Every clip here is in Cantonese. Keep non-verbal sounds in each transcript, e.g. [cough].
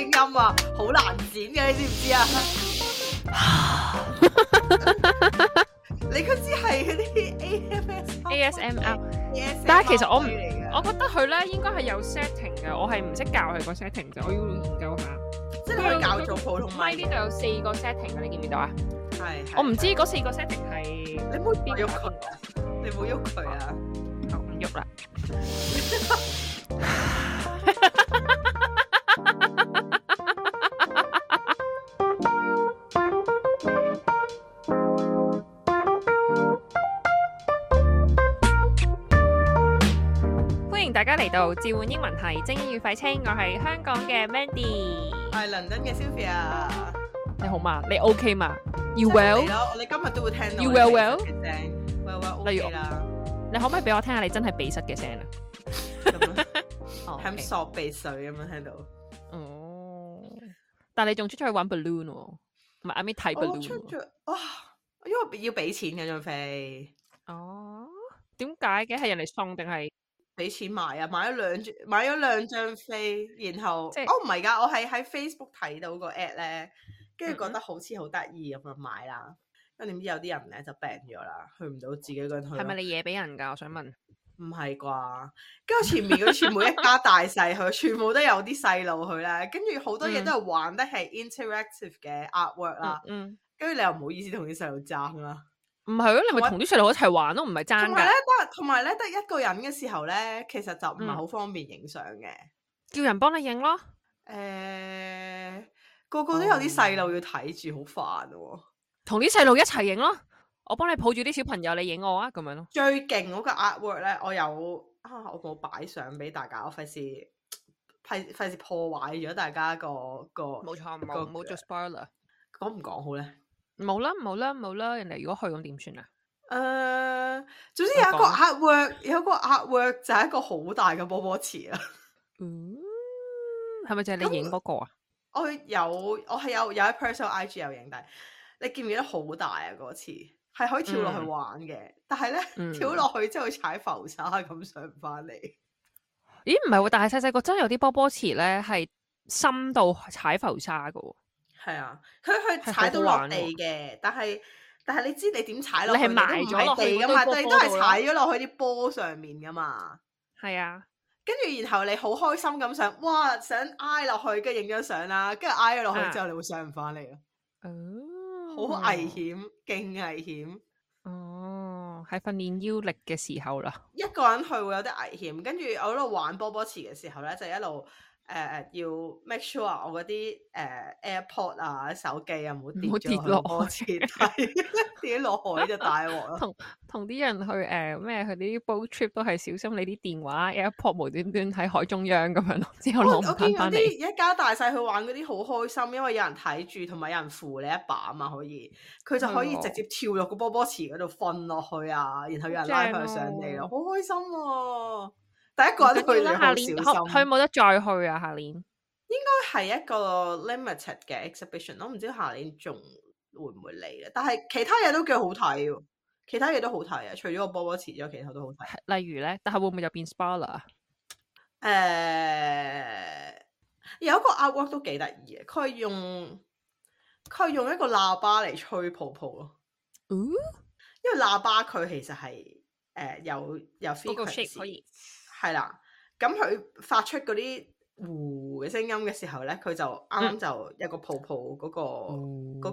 聲音啊，好難剪嘅，你知唔知啊？你嗰啲係嗰啲 A M S A S M L，但係其實我唔，我覺得佢咧應該係有 setting 嘅，我係唔識教佢個 setting 嘅，我要研究下。即係教做普通。My 呢度有四個 setting 啊，你見唔見到啊？係。我唔知嗰四個 setting 係你冇變，你冇喐佢啊？我唔喐啦。嚟到，召喚英文系精英語廢青，我係香港嘅 Mandy，我係倫敦嘅 Sylvia。你好嘛？你 OK 嘛？You well？係咯，你今日都會聽到。You well well？Well well，好啲啦。你可唔可以俾我聽下你真係鼻塞嘅聲啊？哦，係咪嗦鼻水咁樣喺度？哦，但你仲出出去玩 balloon，唔係啱啱睇 balloon，出住啊，因為要俾錢嘅張飛。哦，點解嘅係人哋送定係？俾錢買啊！買咗兩張，買咗兩張飛，然後，哦唔係㗎，oh、God，我係喺 Facebook 睇到個 ad 咧，跟住覺得好似好得意咁，買啦，嗯嗯。咁點知有啲人咧就病咗啦，去唔到自己個。係咪你嘢俾人㗎？我想問。唔係啩？跟住前面嗰全部一家大細去， [laughs] 全部都有啲細路去啦。跟住好多嘢都係玩得係 interactive 嘅 artwork 啦。嗯，嗯，嗯。跟住你又唔好意思同啲細路爭啦。唔係咯，你咪同啲細路一齊玩咯，唔係爭。同埋咧，得同埋咧，得一個人嘅時候咧，其實就唔係好方便影相嘅。叫人幫你影咯。誒、欸，個個都有啲細路要睇住，好煩、哦。同啲細路一齊影咯，我幫你抱住啲小朋友，你影我啊，咁樣咯。最勁嗰個 artwork 咧，我有啊，我冇擺相俾大家，我費事費費事破壞咗大家個個。冇錯錯，冇冇做 spoiler，講唔講好咧？冇啦，冇啦，冇啦！人哋如果去咁點算啊？誒、呃，總之有一個 artwork 有一個 artwork 就係一個好大嘅波波池啊。嗯，係咪就係你影嗰，那個啊？我有，我係有，有一 personal IG 有影低。你見唔見得好大啊？嗰次係可以跳落去玩嘅，嗯，但係咧跳落去之後踩浮沙咁上唔翻嚟。咦？唔係喎，但係細細個真係有啲波波池咧，係深度踩浮沙噶。係啊，佢去踩到落地嘅，啊，但係但係你知你點踩落你係埋唔落地噶嘛，波波對都係踩咗落去啲波上面噶嘛，係啊。跟住然後你好開心咁想，哇！想挨落去跟住影張相啦，跟住挨咗落去之，啊，後你會上唔翻嚟啊。哦，好危險，勁危險。哦，喺訓練腰力嘅時候啦，一個人去會有啲危險。跟住我喺度玩波波池嘅時候咧，就一路。誒、呃、要 make sure 我嗰啲誒、呃、AirPod 啊手機啊唔好跌咗，跌落 [laughs] [laughs] 海就大鑊。同同啲人去誒咩？佢、呃、啲 boat trip 都係小心你啲電話 AirPod 無端端喺海中央咁樣咯。之後攞唔翻翻嚟。而我、okay，一家大細去玩嗰啲好開心，因為有人睇住，同埋有人扶你一把啊嘛，可以佢就可以直接跳落個波波池嗰度瞓落去啊，嗯、然後有人拉佢上嚟咯，好、啊、開心喎、啊！第一個，跟住咧，下年去冇得再去啊！下年應該係一個 limited 嘅 exhibition，我唔知下年仲會唔會嚟咧？但係其他嘢都幾好睇，其他嘢都好睇啊！除咗個波波池之外，其他都好睇。例如咧，但係會唔會就變 spala？誒、呃，有一個 artwork 都幾得意嘅，佢用佢用一個喇叭嚟吹泡泡咯。嗯、哦，因為喇叭佢其實係誒、呃、有有 frequency 係啦，咁佢、啊、發出嗰啲嗚嘅聲音嘅時候咧，佢就啱啱就一個泡泡嗰、嗰個、嗯、個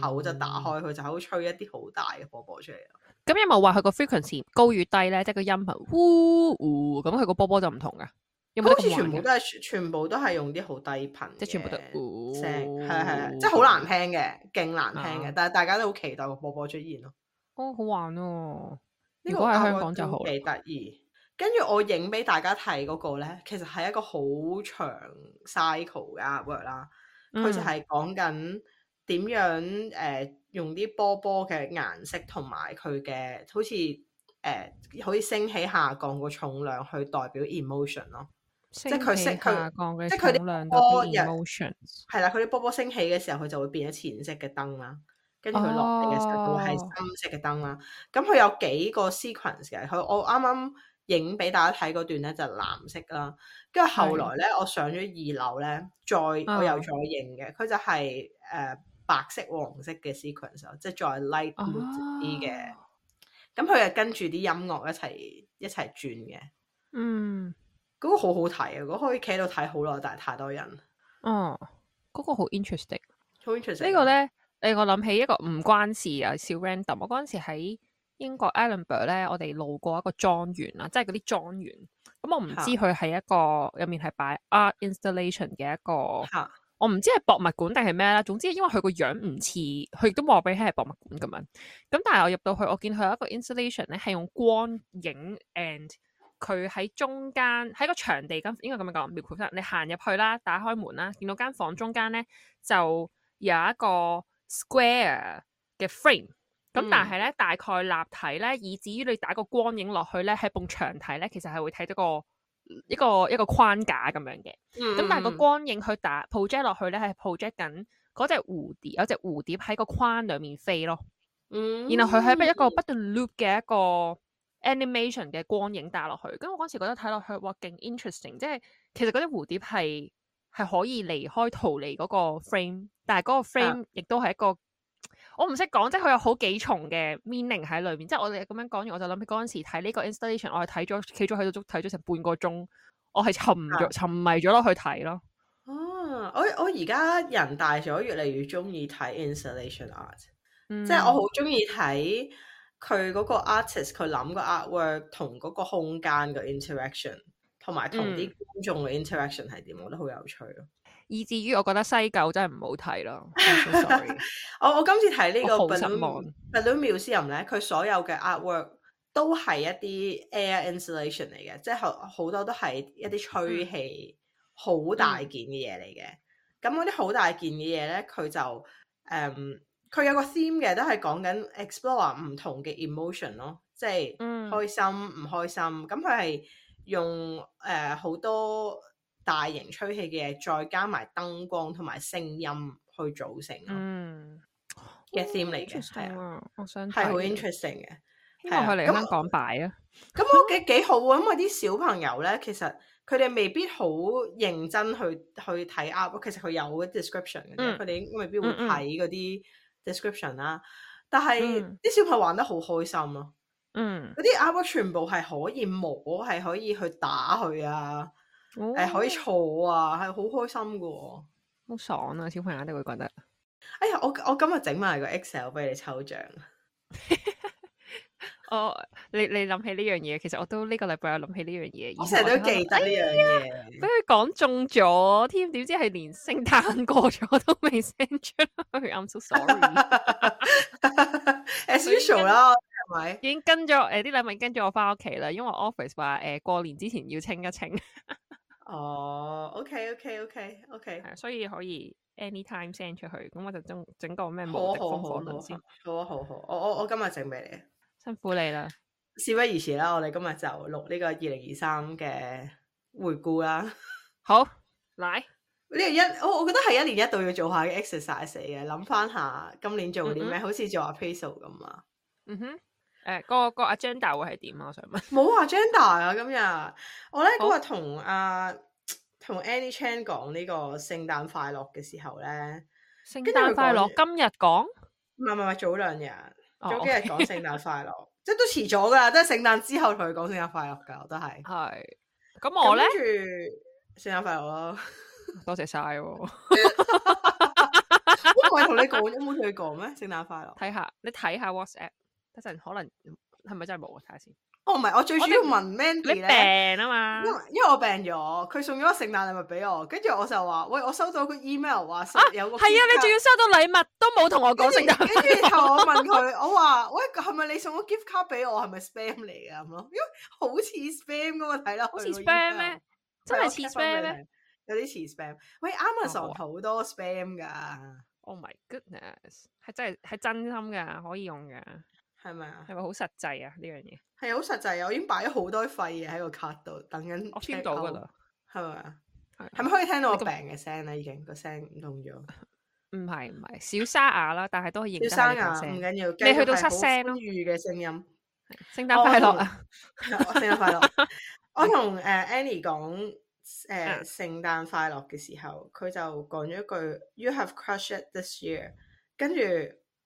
口就打開，佢就好吹一啲好大嘅波波出嚟咯。咁有冇話佢個 frequency 高與低咧？即係個音頻嗚嗚，咁佢個波波就唔同噶。有冇好似、啊、全部都係全部都係用啲好低頻，即係全部都聲，係係，即係好難聽嘅，勁難聽嘅。嗯、但係大家都好期待個波波出現咯。哦，好玩哦、啊！如果喺香港就好，幾得意。跟住我影俾大家睇嗰個咧，其實係一個好長 cycle 嘅 work 啦。佢、嗯、就係講緊點樣誒、呃，用啲波波嘅顏色同埋佢嘅好似誒，好似、呃、可以升起下降個重量去代表 emotion 咯。升起下降嘅即係佢啲波波 emotion。係啦，佢啲波波升起嘅時候，佢就會變咗淺色嘅燈啦。跟住佢落嚟嘅時候，哦、會係深色嘅燈啦。咁佢有幾個 sequence 嘅，佢我啱啱，影俾大家睇嗰段咧就係、藍色啦，跟住後，後來咧是我上咗二樓咧再我又再影嘅，佢、oh. 就係、是、誒、呃、白色黃色嘅 sequence，即係再 light mood 啲嘅，咁佢又跟住啲音樂一齊一齊轉嘅。嗯，嗰個好好睇啊！嗰、那個、可以企喺度睇好耐，但係太多人。哦、oh,，嗰個好 interesting，好 interesting。呢個咧，誒我諗起一個唔關事啊，小 random。我嗰陣時喺。英國 Alenber 咧，我哋路過一個莊園啦，即係嗰啲莊園。咁我唔知佢係一個入面係擺 art installation 嘅一個，一個 harder. 我唔知係博物館定係咩啦。總之因為佢個樣唔似，佢亦都話俾佢係博物館咁樣。咁但係我入到去，我見佢有一個 installation 咧，係用光影 and 佢喺中間喺個場地，咁應該咁樣講。你行入去啦，打開門啦，見到間房中間咧就有一個 square 嘅 frame。咁、嗯、但係咧，大概立體咧，以至於你打個光影落去咧，喺埲牆體咧，其實係會睇到個一個一個，一個框架咁樣嘅。咁、嗯、但係個光影佢打 project 落去咧，係 project 緊嗰隻蝴蝶，有隻蝴蝶喺個框裏面飛咯。嗯、然後佢喺不一個不斷 loop 嘅一個 animation 嘅光影打落去。咁我嗰時覺得睇落去，哇，勁 interesting！即係其實嗰啲蝴蝶係係可以離開逃離嗰個 frame，但係嗰個 frame 亦都係一個。我唔識講，即係佢有好幾重嘅 meaning 喺裏面。即係我哋咁樣講完，我就諗起嗰陣時睇呢個 installation，我係睇咗，企咗喺度足睇咗成半個鐘，我係沉著沉迷咗落去睇咯。哦、啊，我我而家人大咗，越嚟越中意睇 installation art，嗯、即係我好中意睇佢嗰個 artist 佢諗個 artwork 同嗰個空間嘅 interaction，同埋同啲觀眾嘅 interaction 係點，嗯、我覺得好有趣咯。以至於我覺得西九真係唔好睇咯。我我今次睇呢個 Brun Bruno Mioshi 呢佢所有嘅 artwork 都係一啲 air installation 嚟嘅，即係好好多都係一啲吹氣好大件嘅嘢嚟嘅。咁嗰啲好大件嘅嘢咧，佢就誒佢、嗯、有個 theme 嘅，都係講緊 explore 唔同嘅 emotion 咯，即係開心唔開心。咁佢係用誒好、呃、多。大型吹氣嘅嘢，再加埋燈光同埋聲音去組成，嗯嘅 team 嚟嘅，係啊，我想係好 interesting 嘅，因為佢嚟香港擺啊，咁都幾幾好啊。因為啲小朋友咧，其實佢哋未必好認真去去睇 artwork，其實佢有 description 嘅，佢哋未必會睇嗰啲 description 啦。但係啲小朋友玩得好開心咯，嗯，嗰啲 artwork 全部係可以摸，係可以去打佢啊。誒、 [music] 哎，可以嘈啊，係好開心噶，好爽啊！小朋友一定會覺得。哎呀，我我今日整埋個 Excel 俾你抽獎。 [laughs] 我你你諗起呢樣嘢，其實我都呢、呢個禮拜有諗起呢樣嘢，成日都記得呢樣嘢。俾佢講中咗添，點知係連聖誕過咗都未 send 出。 [laughs] I'm so sorry。Ex [laughs] cuse me 啦，係咪？已經跟咗誒啲禮物跟咗我翻屋企啦，因為 office 話誒過年之前要清一清。哦、oh，OK OK OK OK，係所以、so, 可以 anytime send 出去，咁我就整整個咩無敵防火盾先， [noise] [noise] 好好，好， [noise] [noise] 好，好 [noise] 我我我今日整俾你，辛苦你啦。事不宜遲啦，我哋今日就錄呢個二零二三嘅回顧啦。 [laughs] 好，嚟，呢一， [noise] [noise] 我我覺得係一年一度要做下 exercise 嘅，諗翻下今年做啲咩，嗯嗯好做似做阿 Peso 咁啊。嗯哼。誒，欸那個阿 agenda、那個、會係點啊？我想問，冇話 agenda 啊，今日我咧嗰日同阿同 Annie Chan 講呢個聖誕快樂嘅時候咧，聖誕快樂今日講，唔係唔係早兩日，早幾日講聖誕快樂，哦 okay、 [laughs] 即係都遲咗噶，都係聖誕之後同佢講聖誕快樂噶，我都係係，咁、嗯、我咧，住聖誕快樂咯，多謝晒、哦， [laughs] [laughs] [laughs] 我係同你講，有冇同佢講咩？聖誕快樂，睇下你睇下 WhatsApp。陣可能係咪真係冇啊？睇下先。哦，唔係，我最主要問 Mandy 你病啊嘛？因為因為我病咗，佢送咗個聖誕禮物俾我，跟住我就話：喂，我收到個 email 話有個係啊！你仲要收到禮物都冇同我講聲，跟住然後我問佢：我話喂，係咪你送個 gift 卡俾我？係咪 spam 嚟噶咁咯？因為好似 spam 咁啊，睇咯，好似 spam 咩？真係似 spam 咩？有啲似 spam。喂，Amazon 好多 spam 噶。Oh my goodness！係真係真心噶，可以用噶。係咪啊？係咪好實際啊？呢樣嘢係啊好實際啊！我已經擺咗好多廢嘢喺個卡度，等緊我到噶啦。係咪啊？係咪可以聽到我病嘅聲咧？已經個聲唔同咗，唔係唔係小沙啞啦，但係都可以。小沙啞唔緊要，你去到七聲咯。預嘅聲音，聖誕快樂啊！聖誕快樂。我同誒 Annie 講誒聖誕快樂嘅時候，佢就講咗一句 You have crushed it this year，跟住。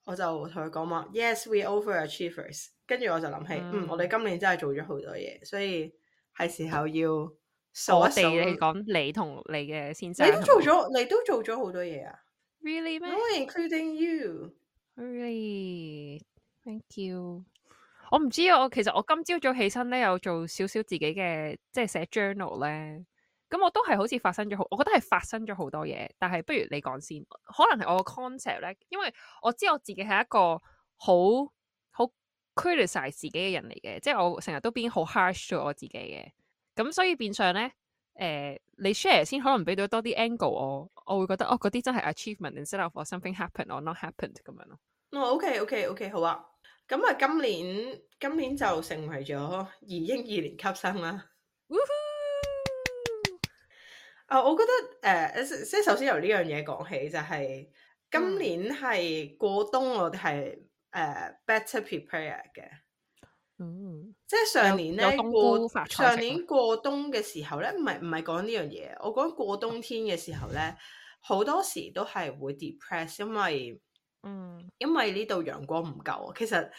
我就同佢講話，Yes, we overachievers 跟住我就諗起，嗯,嗯，我哋今年真係做咗好多嘢，所以係時候要鎖鎖我哋嚟講你同你嘅先生。你都做咗，你都做咗好多嘢啊？Really 咩、no、？Including you, really? Thank you 我。我唔知我其實我今朝早起身咧，有做少少自己嘅，即係寫 journal 咧。咁我都係好似發生咗好，我覺得係發生咗好多嘢。但係不如你講先，可能係我個 concept 咧，因為我知我自己係一個好好 criticize 自己嘅人嚟嘅，即係我成日都變好 harsh 咗我自己嘅。咁所以變相咧，誒、呃，你 share 先可能俾到多啲 angle 我，我會覺得哦，嗰啲真係 achievement instead of something happened or not happened 咁樣咯。哦，OK，OK，OK，okay, okay, okay，好啊。咁啊，今年今年就成為咗二英二年級生啦。啊，oh, 我覺得誒誒、呃，即係首先由呢樣嘢講起，就係、是、今年係過冬，我哋係誒 better prepare 嘅，嗯，呃、嗯，即係上年咧過上年過冬嘅時候咧，唔係唔係講呢樣嘢，我講過冬天嘅時候咧，好、嗯、多時都係會 depress，因為嗯，因為呢度陽光唔夠，其實。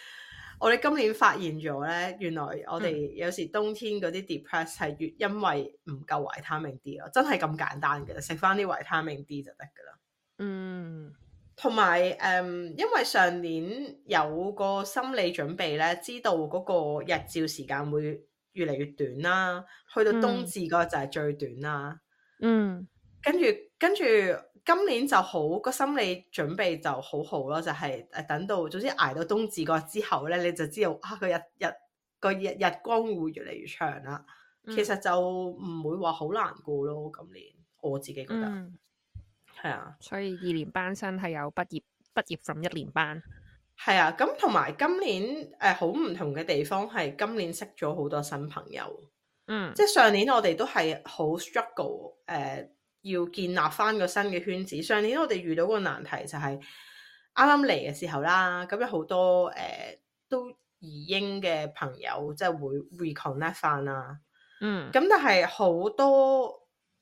我哋今年發現咗咧，原來我哋有時冬天嗰啲 depress 係越因為唔夠維他命 D 咯，真係咁簡單嘅，食翻啲維他命 D 就得噶啦。嗯，同埋誒，因為上年有個心理準備咧，知道嗰個日照時間會越嚟越短啦，去到冬至嗰日就係最短啦。嗯，跟住跟住。今年就好，個心理準備就好好咯，就係、是、誒等到，總之捱到冬至嗰之後咧，你就知道，哇、啊、個日日個日日光會越嚟越長啦。其實就唔會話好難過咯。今年我自己覺得係、嗯、啊，所以二年班生係有畢業畢業 from 一年班，係啊。咁同埋今年誒好唔同嘅地方係今年識咗好多新朋友，嗯，即係上年我哋都係好 struggle 誒、呃。要建立翻個新嘅圈子。上年我哋遇到個難題就係啱啱嚟嘅時候啦，咁有好多誒、呃、都移英嘅朋友，即係會 reconnect 翻啦。嗯，咁但係好多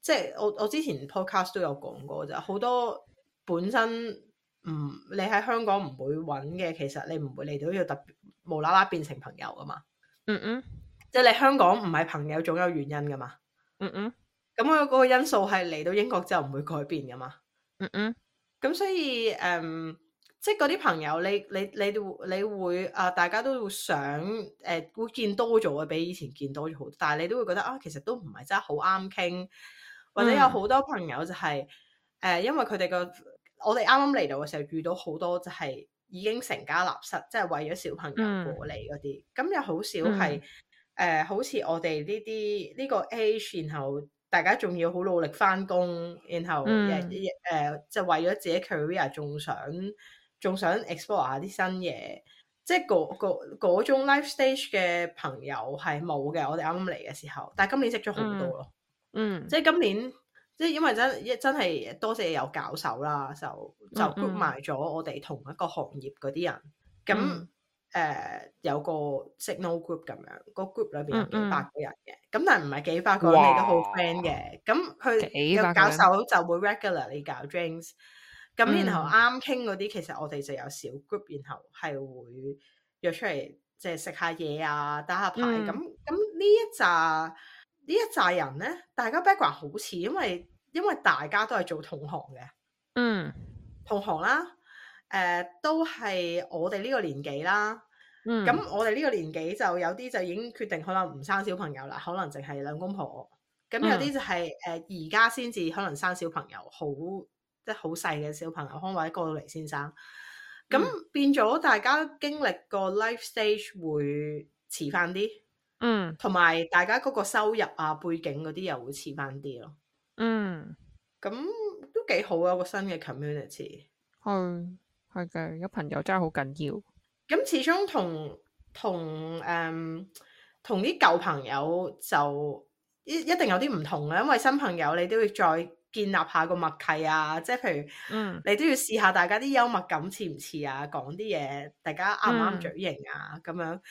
即係我我之前 podcast 都有講過就好多本身唔你喺香港唔會揾嘅，其實你唔會嚟到呢度特別無啦啦變成朋友噶嘛。嗯嗯，即係你香港唔係朋友總有原因噶嘛。嗯嗯。咁嗰個因素係嚟到英國之後唔會改變噶嘛？嗯嗯。咁所以誒、嗯，即係嗰啲朋友，你你你，你會你會啊，大家都會想誒、呃、會見多咗啊，比以前見多咗好多。但係你都會覺得啊，其實都唔係真係好啱傾。或者有好多朋友就係、是、誒，嗯、因為佢哋個我哋啱啱嚟到嘅時候遇到好多就係已經成家立室，即、就、係、是、為咗小朋友過嚟嗰啲。咁又好少係誒、嗯呃，好似我哋呢啲呢個 age 然後。大家仲要好努力翻工，然後誒誒、嗯呃，就為咗自己 career 仲想仲想 explore 下啲新嘢，即係嗰種 life stage 嘅朋友係冇嘅。我哋啱啱嚟嘅時候，但係今年識咗好多咯、嗯。嗯，即係今年即係因為真一真係多謝有教授啦，就就 group 埋咗我哋同一個行業嗰啲人咁。誒、呃，有個 signal group 咁樣，個 group 裏邊有幾百個人嘅，咁、嗯嗯、但係唔係幾百個人哇你都好 friend 嘅，咁佢又搞手就會 regularly 你搞 drinks，咁然後啱傾嗰啲，嗯、其實我哋就有小 group，然後係會約出嚟，即係食下嘢啊，打下牌咁，咁、嗯、呢一紮呢一紮人咧，大家 background 好似，因為因為大家都係做同行嘅，嗯，同行啦。誒，uh，都係我哋呢個年紀啦，咁、嗯、我哋呢個年紀就有啲就已經決定可能唔生小朋友啦，可能淨係兩公婆。咁有啲就係、是、誒，而家先至可能生小朋友，好即係好細嘅小朋友，或者過到嚟先生。咁變咗大家經歷個 life stage 會遲翻啲，嗯，同埋大家嗰個收入啊、背景嗰啲又會遲翻啲咯。嗯，咁都幾好啊，個新嘅 community。嗯。係嘅，有朋友真係好緊要。咁始終同同誒同啲舊朋友就一一定有啲唔同啦，因為新朋友你都要再建立下個默契啊，即係譬如嗯，你都要試下大家啲幽默感似唔似啊，講啲嘢大家啱唔啱嘴型啊咁樣，嗯。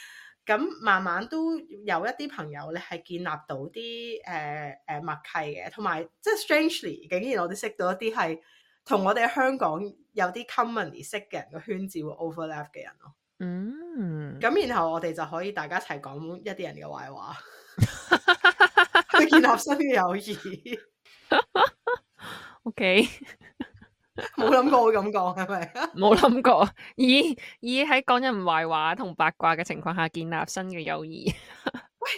咁慢慢都有一啲朋友你係建立到啲誒誒默契嘅，同埋即係 strangely 竟然我哋識到一啲係同我哋香港，有啲 commonly 識嘅人個圈子會 overlap 嘅人咯，嗯，咁然後我哋就可以大家一齊講一啲人嘅壞話，去建立新嘅友誼。OK，冇諗過會咁講係咪？冇諗過，以以喺講人壞話同八卦嘅情況下建立新嘅友誼。 [laughs] 喂，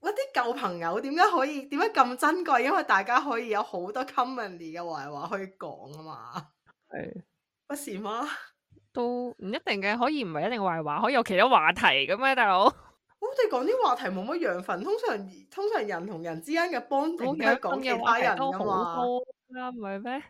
嗰啲舊朋友點解可以點解咁珍貴？因為大家可以有好多 commonly 嘅壞話去講啊嘛。係，是不是嗎？都唔一定嘅，可以唔係一定壞話，可以有其他話題嘅咩，大佬？ [laughs] 我哋講啲話題冇乜養分，通常通常人同人之間嘅幫襯都係講其他人他好多，啱唔係咩？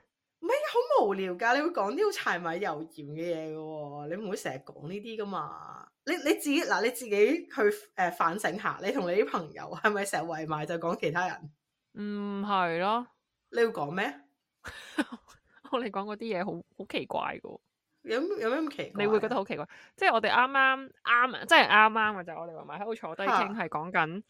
唔係好無聊噶，你會講啲好柴米油鹽嘅嘢噶，你唔會成日講呢啲噶嘛。你你自己嗱你自己去誒、呃、反省下，你同你啲朋友係咪成日圍埋就講其他人？唔係咯，你要講咩？ [laughs] [noise] 我哋講嗰啲嘢好好奇怪㗎，有咩有咩咁奇怪？ [noise] 你會覺得好奇怪，即係我哋啱啱啱，即係啱啱啊！就我哋話埋喺度坐低傾，係講緊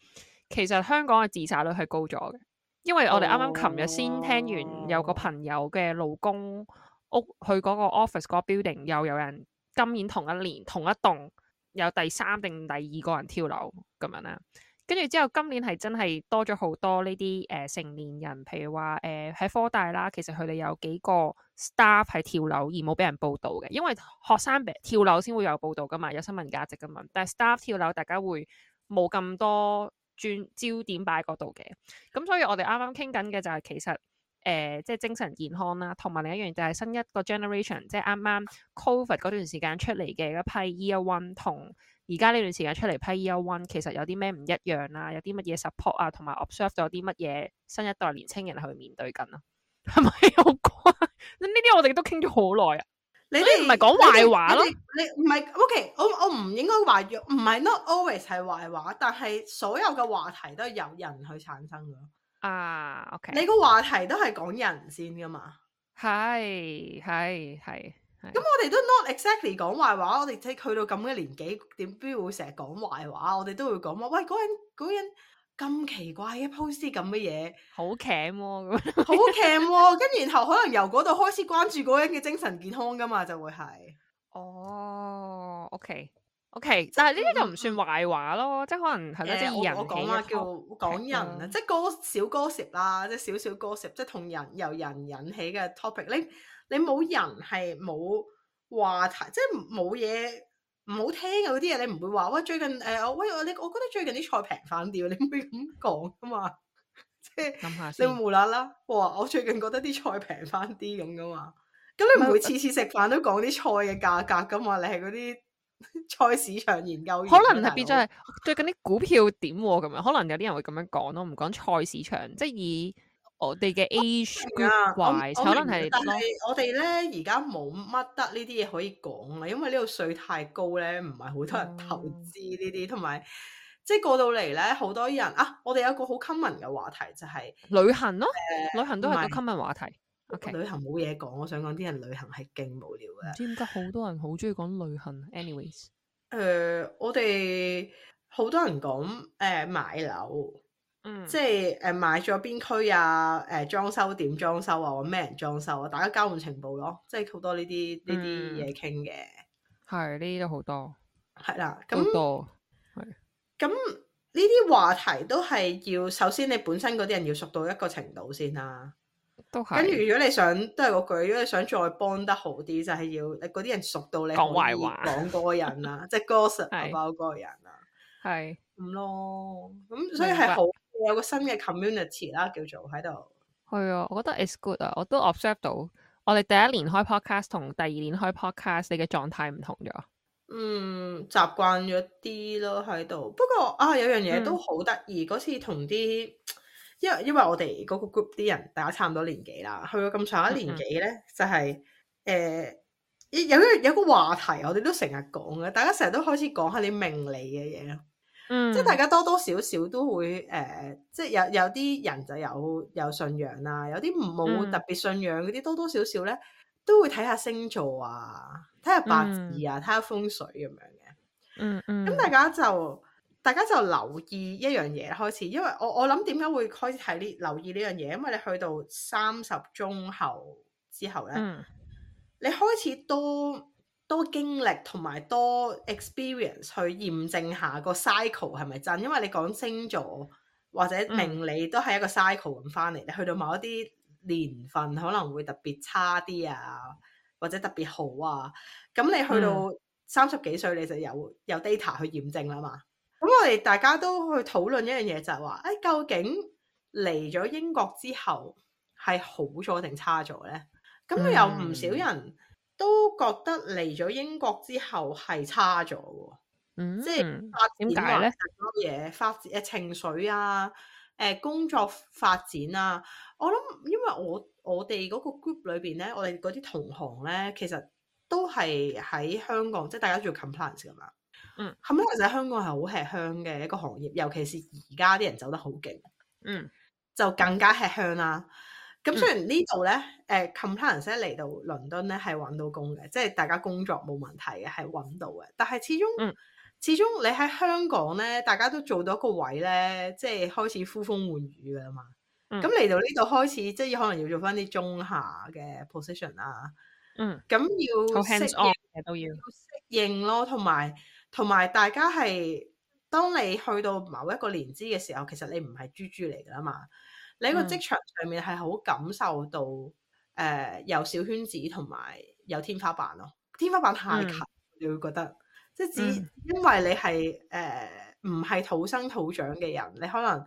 其實香港嘅自殺率係高咗嘅，因為我哋啱啱琴日先聽完有個朋友嘅老公屋，去嗰個 office 嗰個 building 又有人今年同一年同一棟有第三定第二個人跳樓咁樣啦。跟住之後，今年係真係多咗好多呢啲誒成年人，譬如話誒喺科大啦，其實佢哋有幾個 staff 係跳樓而冇俾人報道嘅，因為學生跳樓先會有報道噶嘛，有新聞價值噶嘛。但係 staff 跳樓，大家會冇咁多專焦點擺喺嗰度嘅。咁所以，我哋啱啱傾緊嘅就係其實誒、呃，即係精神健康啦，同埋另一樣就係新一個 generation，即係啱啱 COVID 嗰段時間出嚟嘅一批 Year One 同。而家呢段時間出嚟批 E.O. One，其實有啲咩唔一樣啊？有啲乜嘢 support 啊？同埋 observe 到啲乜嘢新一代年青人去面對緊啊？係咪有關？呢啲我哋都傾咗好耐啊！你哋唔係講壞話咯？你唔係 OK，我我唔應該話唔係 not always 係壞話，但係所有嘅話題都係有人去產生噶。啊，OK，你個話題都係講人先噶嘛？係係係。咁、 [noise] 嗯、我哋都 not exactly 講壞，是壞話，我哋即係去到咁嘅年紀，點會成日講壞話？我哋都會講話，喂嗰人嗰人咁奇怪，一 post 啲咁嘅嘢，好 cam 喎、哦，好 cam 喎，跟住然後可能由嗰度開始關注嗰人嘅精神健康噶嘛，就會係哦、oh，OK OK，但係呢啲就唔算壞話咯， [noise] 即係可能係嗰啲人 ic，我我講話叫講人啊、嗯，即係嗰小歌詞啦，即係少少歌詞，即係同人由人，由人引起嘅 topic 呢？你冇人係冇話題，即係冇嘢唔好聽嗰啲嘢你唔會話，喂，最近誒，我、欸、喂我你，我覺得最近啲菜平返啲，你唔會咁講噶嘛？即 [laughs] 係、就是、你會無啦啦！我話我最近覺得啲菜平返啲咁噶嘛，咁你唔會次次食飯都講啲菜嘅價格噶嘛？你係嗰啲菜市場研究員，可能係變咗係最近啲股票點咁樣，可能有啲人會咁樣講咯。唔講菜市場，即係以。我哋嘅 A 可能咁，但係我哋咧而家冇乜得呢啲嘢可以講啦，因為呢度稅太高咧，唔係好多人投資呢啲，同埋、嗯、即係過到嚟咧，好多人啊，我哋有一個好 common 嘅話題就係、是、旅行咯，呃、旅行都係個 common 話題。是 OK，旅行冇嘢講，我想講啲人旅行係勁無聊嘅。唔知點解好多人好中意講旅行。Anyways，誒、呃，我哋好多人講誒、呃、買樓。即係誒買咗邊區啊，誒裝修點裝修啊，我咩人裝修啊，大家交換情報咯，即係好多呢啲呢啲嘢傾嘅，係呢啲都好多，係啦，咁多係，咁呢啲話題都係要首先你本身嗰啲人要熟到一個程度先啦，都係。跟住如果你想都係嗰句，如果你想再幫得好啲，就係要嗰啲人熟到你講壞話講個人啦，即係 gossip about 個人啦，係咁咯，咁所以係好。有個新嘅 community 啦，叫做喺度。係啊，我覺得 it's good 啊，我都 observe 到，我哋第一年開 podcast 同第二年開 podcast，你嘅狀態唔同咗。嗯，習慣咗啲咯喺度。不過啊，有樣嘢都好得意，嗰、嗯、次同啲，因為因為我哋嗰個 group 啲人，大家差唔多年紀啦，去到咁上下年紀咧，嗯嗯就係、是、誒、呃，有有個話題，我哋都成日講嘅，大家成日都開始講下你命理嘅嘢。嗯、即係大家多多少少都會誒、呃，即係有有啲人就有有信仰啦、啊，有啲冇特別信仰嗰啲，嗯、多多少少咧都會睇下星座啊，睇下八字啊，睇、嗯、下風水咁樣嘅、嗯。嗯嗯。咁大家就大家就留意一樣嘢開始，因為我我諗點解會開始睇呢留意呢樣嘢，因為你去到三十鐘後之後咧，嗯、你開始都。多經歷同埋多 experience 去驗證下個 cycle 係咪真？因為你講星座或者命理都係一個 cycle 咁翻嚟。你、嗯、去到某一啲年份可能會特別差啲啊，或者特別好啊。咁你去到三十幾歲，你就有有 data 去驗證啦嘛。咁我哋大家都去討論一樣嘢就係、是、話：誒、哎、究竟嚟咗英國之後係好咗定差咗呢？咁有唔少人，嗯都覺得嚟咗英國之後係差咗喎，嗯、即係點解嘢發展誒何情緒啊，誒、呃、工作發展啊，我諗因為我我哋嗰個 group 裏邊咧，我哋嗰啲同行咧，其實都係喺香港，即係大家做 compliance 噶嘛。嗯，咁咧其實香港係好吃香嘅一個行業，尤其係而家啲人走得好勁，嗯，就更加吃香啦。咁、嗯、雖然呢度咧，誒、呃、compliance 嚟到倫敦咧係揾到工嘅，即係大家工作冇問題嘅，係揾到嘅。但係始終，嗯、始終你喺香港咧，大家都做到一個位咧，即係開始呼風喚雨嘅啦嘛。咁嚟、嗯、到呢度開始，即係可能要做翻啲中下嘅 position 啊。嗯，咁要適應嘅都、嗯、要適應咯，同埋同埋大家係，當你去到某一個年資嘅時候，其實你唔係豬豬嚟㗎嘛。你個職場上面係好感受到，誒、嗯呃、有小圈子同埋有天花板咯、啊。天花板太近，嗯、你會覺得即係只因為你係誒唔係土生土長嘅人，你可能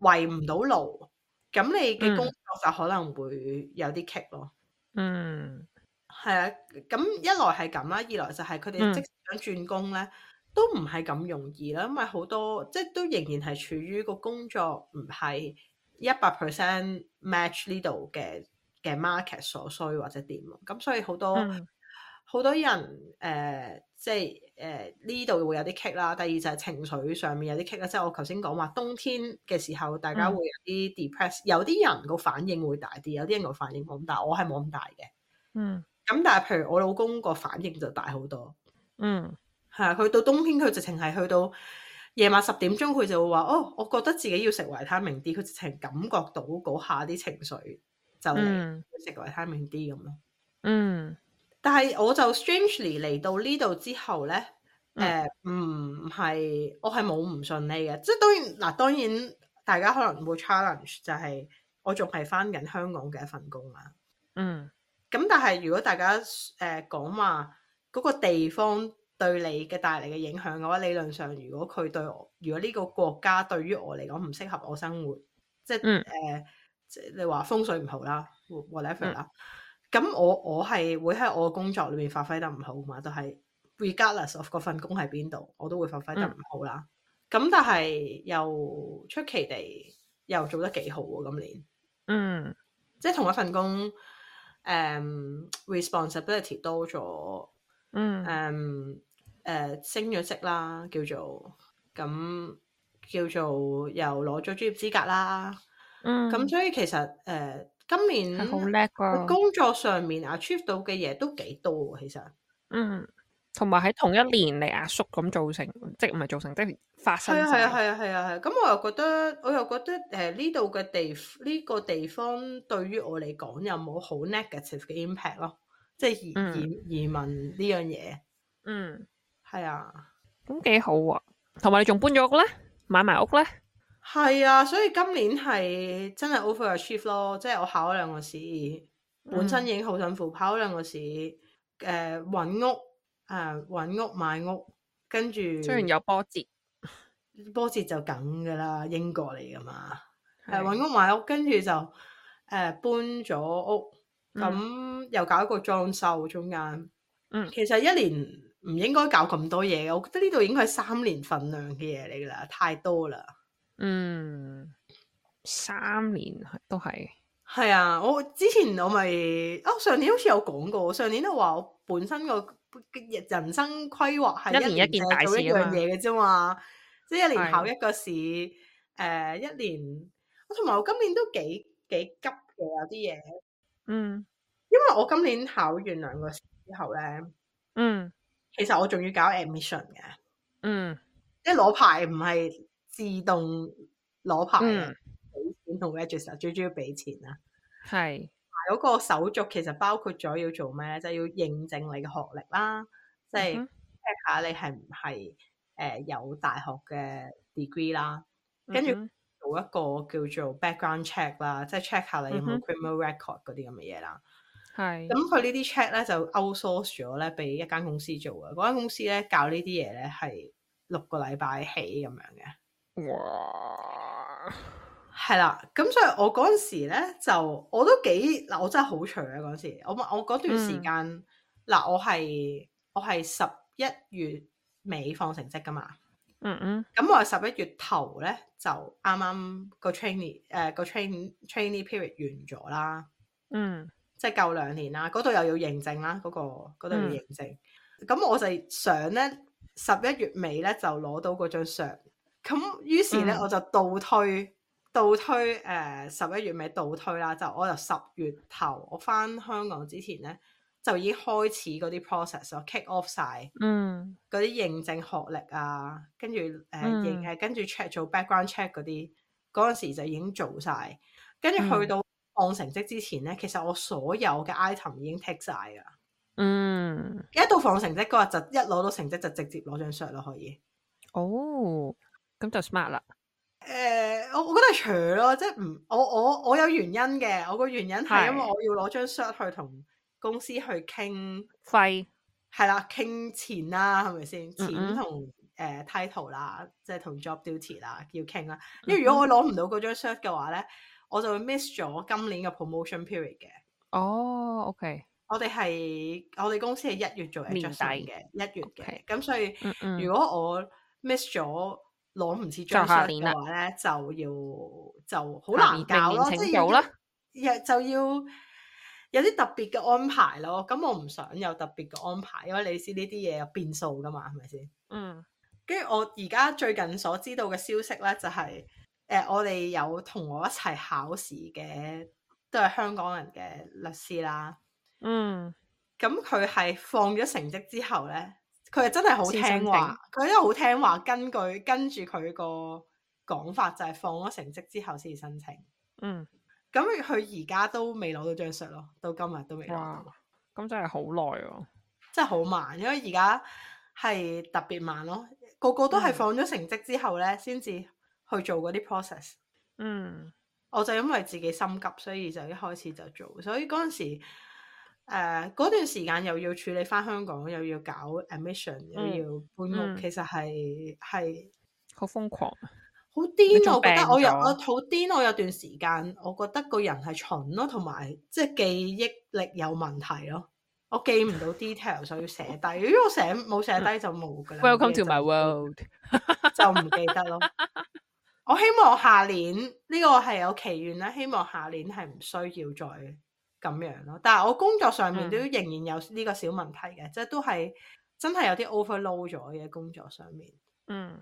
圍唔到路，咁你嘅工作就可能會有啲棘咯。嗯，係啊。咁一來係咁啦，二來就係佢哋即使想轉工咧，都唔係咁容易啦。因為好多即係都仍然係處於個工作唔係。一百 percent match 呢度嘅嘅 market 所需或者點啊？咁所以好多好、嗯、多人誒、呃，即係誒呢度會有啲 kick 啦。第二就係情緒上面有啲 kick 啦。即係我頭先講話冬天嘅時候，大家會有啲 depress、嗯。有啲人個反應會大啲，有啲人個反應冇咁大，大。我係冇咁大嘅。嗯。咁但係譬如我老公個反應就大好多。嗯。係啊，佢到冬天佢直情係去到。夜晚十點鐘佢就會話哦，oh, 我覺得自己要食維他命 D，佢直情感覺到嗰下啲情緒就食、嗯、維他命 D 咁咯。嗯，但係我就 strangely 嚟到呢度之後呢，誒唔係我係冇唔信你嘅，即、就、係、是、當然嗱、啊，當然大家可能會 challenge 就係我仲係返緊香港嘅一份工啊。嗯，咁但係如果大家誒、呃、講話嗰個地方，對你嘅帶嚟嘅影響嘅話，理論上如果佢對我，如果呢個國家對於我嚟講唔適合我生活，即係誒，即係、嗯呃、你話風水唔好啦，whatever 啦，咁、嗯、我我係會喺我嘅工作裏面發揮得唔好嘛，就係 regardless of 嗰份工喺邊度，我都會發揮得唔好啦。咁、嗯、但係又出奇地又做得幾好喎，今年，嗯，即係同一份工，誒、um,，responsibility 多咗，um, 嗯，誒。誒、uh, 升咗職啦，叫做咁，叫做又攞咗專業資格啦。嗯，咁所以其實誒、uh, 今年好叻㗎。工作上面 Achieve 到嘅嘢都幾多喎，其實。嗯，同埋喺同一年嚟，阿叔咁造、嗯、造成，即唔係造成，即係發生。係啊係啊係啊係啊係。咁我又覺得，我又覺得誒呢度嘅地呢個地方對於我嚟講有冇好 negative 嘅 impact 咯，即係移移移民呢樣嘢。嗯。嗯嗯係啊，咁幾好啊，同埋你仲搬咗屋咧，買埋屋咧？係啊，所以今年係真係 over achieve 咯，即係我考咗兩個試，嗯、本身已經好辛苦，跑咗兩個試，誒、呃，搵屋誒，搵、呃、屋買屋，跟住雖然有波折，波折就梗噶啦，英國嚟噶嘛，誒是，搵、呃、屋買屋，跟住就誒、呃、搬咗屋，咁又搞一個裝修中間，嗯，其實一年。唔應該搞咁多嘢嘅，我覺得呢度應該係三年份量嘅嘢嚟噶啦，太多啦。嗯，三年都係係啊！我之前我咪哦，上年好似有講過，上年都話我本身個人生規劃係一,一年一件大做一樣嘢嘅啫嘛，的即係一年考一個試。誒、呃，一年我同埋我今年都幾幾急嘅有啲嘢。嗯，因為我今年考完兩個試之後咧，嗯。其實我仲要搞 admission 嘅，嗯，即係攞牌唔係自動攞牌嘅，俾、嗯、錢同 register 最主要俾錢啊，係是，嗰個手續其實包括咗要做咩咧，就係、要認證你嘅學歷啦，即係 check 下你係唔係誒有大學嘅 degree 啦，跟住做一個叫做 background check 啦，即係 check 下你有冇 criminal record 嗰啲咁嘅嘢啦。係咁，佢是呢啲 check 咧就 outsource 咗咧，俾一間公司做嘅。嗰間公司咧教呢啲嘢咧係六個禮拜起咁樣嘅。哇，係啦。咁所以我嗰陣時咧就我都幾嗱，我真係好長啊。嗰陣時我我嗰段時間嗱、嗯，我係我係十一月尾放成績噶嘛。嗯嗯。咁我係十一月頭咧就啱啱個 training 誒、呃、個 train training tra period 完咗啦。嗯。即係夠兩年啦，度又要認證啦，嗰個嗰度要認證，咁、嗯、我就想咧十一月尾咧就攞到張相。咁於是咧我就倒推、嗯，倒推誒十一月尾倒推啦，就我就十月頭我翻香港之前咧就已經開始啲 process，我 kick off 晒，嗯，啲認證學歷啊，跟住誒認係跟住 check 做 background check 啲，嗰陣時就已經做晒跟住去到、嗯。放成績之前咧，其實我所有嘅 item 已經 take 晒噶啦。嗯，一到放成績嗰日就一攞到成績就直接攞張 shirt 啦，可以。哦，咁就 smart 啦。誒，我我覺得係蠢咯，即係唔，我我我有原因嘅。我個原因係因為我要攞張 shirt 去同公司去傾費，係啦 Right.、啊，傾錢啦，係咪先？錢同誒 title 啦，即係同 job duty 啦，要傾啦。因為如果我攞唔到嗰張 shirt 嘅話咧。我就會 miss 咗今年嘅 promotion period 嘅。哦、oh，OK 我。我哋係我哋公司係一月做 adjustment 嘅，一月嘅。咁 Okay. 所以、嗯嗯、如果我 miss 咗攞唔似獎賞嘅話咧，就要就好難搞咯，有即係要咧，就要有啲特別嘅安排咯。咁我唔想有特別嘅安排，因為你知呢啲嘢有變數噶嘛，係咪先？嗯。跟住我而家最近所知道嘅消息咧、就是，就係。誒、呃，我哋有同我一齊考試嘅，都係香港人嘅律師啦。嗯，咁佢係放咗成績之後呢，佢又真係好聽話，佢都好聽話。根據跟住佢個講法，就係、是、放咗成績之後先申請。嗯，咁佢而家都未攞到張相咯，到今日都未攞到。咁真係好耐喎，真係好慢，因為而家係特別慢咯。個個都係放咗成績之後呢，先至、嗯。去做嗰啲 process，嗯，我就因為自己心急，所以就一開始就做，所以嗰陣時，誒、呃、嗰段時間又要處理翻香港，又要搞 admission，、嗯、又要搬屋，嗯、其實係係好瘋狂，啊，好癲。我覺得我有我好癲，我有段時間我覺得個人係蠢咯，同埋即係記憶力有問題咯，我記唔到 detail，所以寫低，如果我寫冇寫低就冇噶啦。嗯、Welcome to my world，就唔記得咯。 [laughs] 我希望下年呢、這個係有祈願啦，希望下年係唔需要再咁樣咯。但係我工作上面都仍然有呢個小問題嘅，嗯、即係都係真係有啲 overload 咗嘅工作上面。嗯，誒、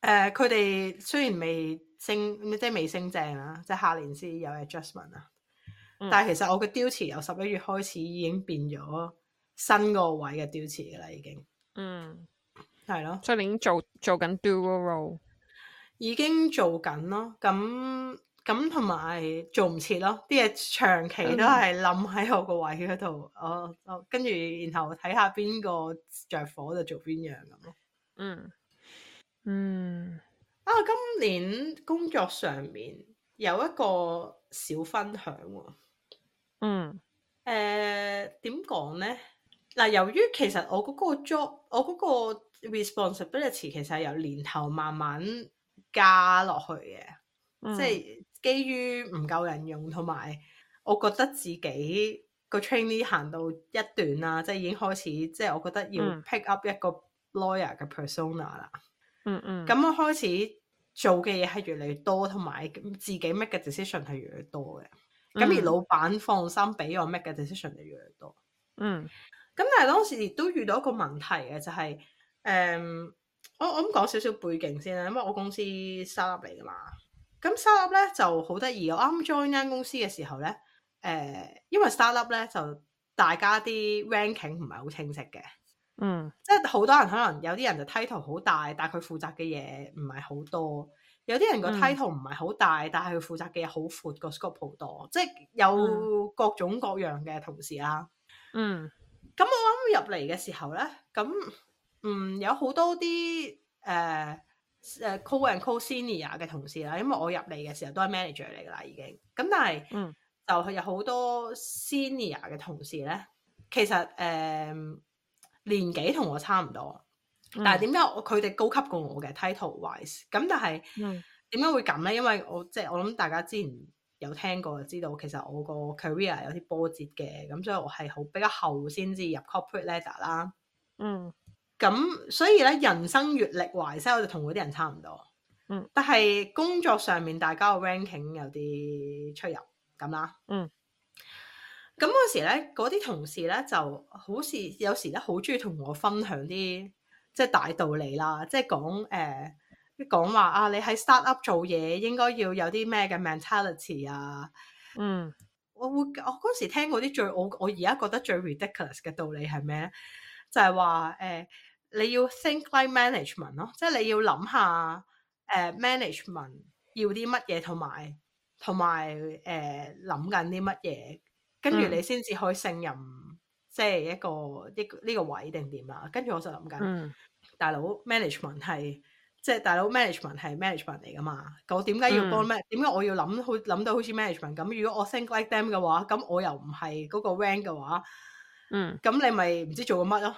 呃，佢哋雖然未升，即係未升正啦、啊，即係下年先有 adjustment 啦、啊。嗯、但係其實我嘅 duties 由十一月開始已經變咗新個位嘅 duties 噶啦，已經。嗯，係咯，所以你已經做做緊 dual role 已經做緊咯，咁咁同埋做唔切咯。啲嘢長期都係諗喺我個位嗰度，我跟住然後睇下邊個着火就做邊樣咁咯、嗯。嗯嗯啊，今年工作上面有一個小分享喎、哦。嗯誒點講咧？嗱、呃呃，由於其實我嗰個 job，我嗰個 responsibility 其實係由年頭慢慢加落去嘅，嗯、即係基於唔夠人用，同埋我覺得自己個 training 行到一段啦，即係已經開始，即係我覺得要 pick up、嗯、一個 lawyer 嘅 persona 啦、嗯。嗯嗯。咁我開始做嘅嘢係越嚟越多，同埋自己 make 嘅 decision 係越嚟越多嘅。咁、嗯、而老闆放心俾我 make 嘅 decision 就越嚟越多。嗯。咁、嗯、但係當時亦都遇到一個問題嘅，就係、是、誒。Um, 我我咁講少少背景先啦，因為我公司 startup 嚟噶嘛，咁 startup 咧就好得意。我啱 join 間公司嘅時候咧，誒、呃，因為 startup 咧就大家啲 ranking 唔係好清晰嘅，嗯，即係好多人可能有啲人就 title 好大，但係佢負責嘅嘢唔係好多；有啲人個 title 唔係好大，但係佢負責嘅嘢好闊個 scope 好多，即係有各種各樣嘅同事啦、啊。嗯，咁、嗯、我啱入嚟嘅時候咧，咁。嗯，有好多啲誒誒，quote unquote senior 嘅同事啦。因為我入嚟嘅時候都係 manager 嚟㗎喇，已經咁。但係、嗯、就係有好多 senior 嘅同事咧，其實誒、呃、年紀同我差唔多，但係點解佢哋高級過我嘅 title wise？咁但係點解會咁咧？因為我即係我諗大家之前有聽過就知道，其實我個 career 有啲波折嘅，咁所以我係好比較後先至入 corporate ladder 啦。嗯。咁所以咧，人生閱歷、懷識，我就同嗰啲人差唔多。嗯，但係工作上面，大家嘅 ranking 有啲出入咁啦。嗯，咁嗰時咧，嗰啲同事咧就好似有時咧，好中意同我分享啲即係大道理啦，即係講誒，講、呃、話啊，你喺 startup 做嘢應該要有啲咩嘅 mentality 啊。嗯，我會我嗰時聽嗰啲最我我而家覺得最 ridiculous 嘅道理係咩咧？就係話誒。呃呃你要 think like management 咯，即係你要諗下誒、呃、management 要啲乜嘢，同埋同埋誒諗緊啲乜嘢，跟住你先至可以勝任、嗯、即係一個呢個呢個，個位定點啦。跟住我就諗緊、嗯、大佬 management 係，即係大佬 management 係 management 嚟㗎嘛。我點解要幫咩、嗯？點解我要諗好諗到好似 management 咁？如果我 think like them 嘅話，咁我又唔係嗰個 rank 嘅話，嗯，咁你咪唔知做過乜咯，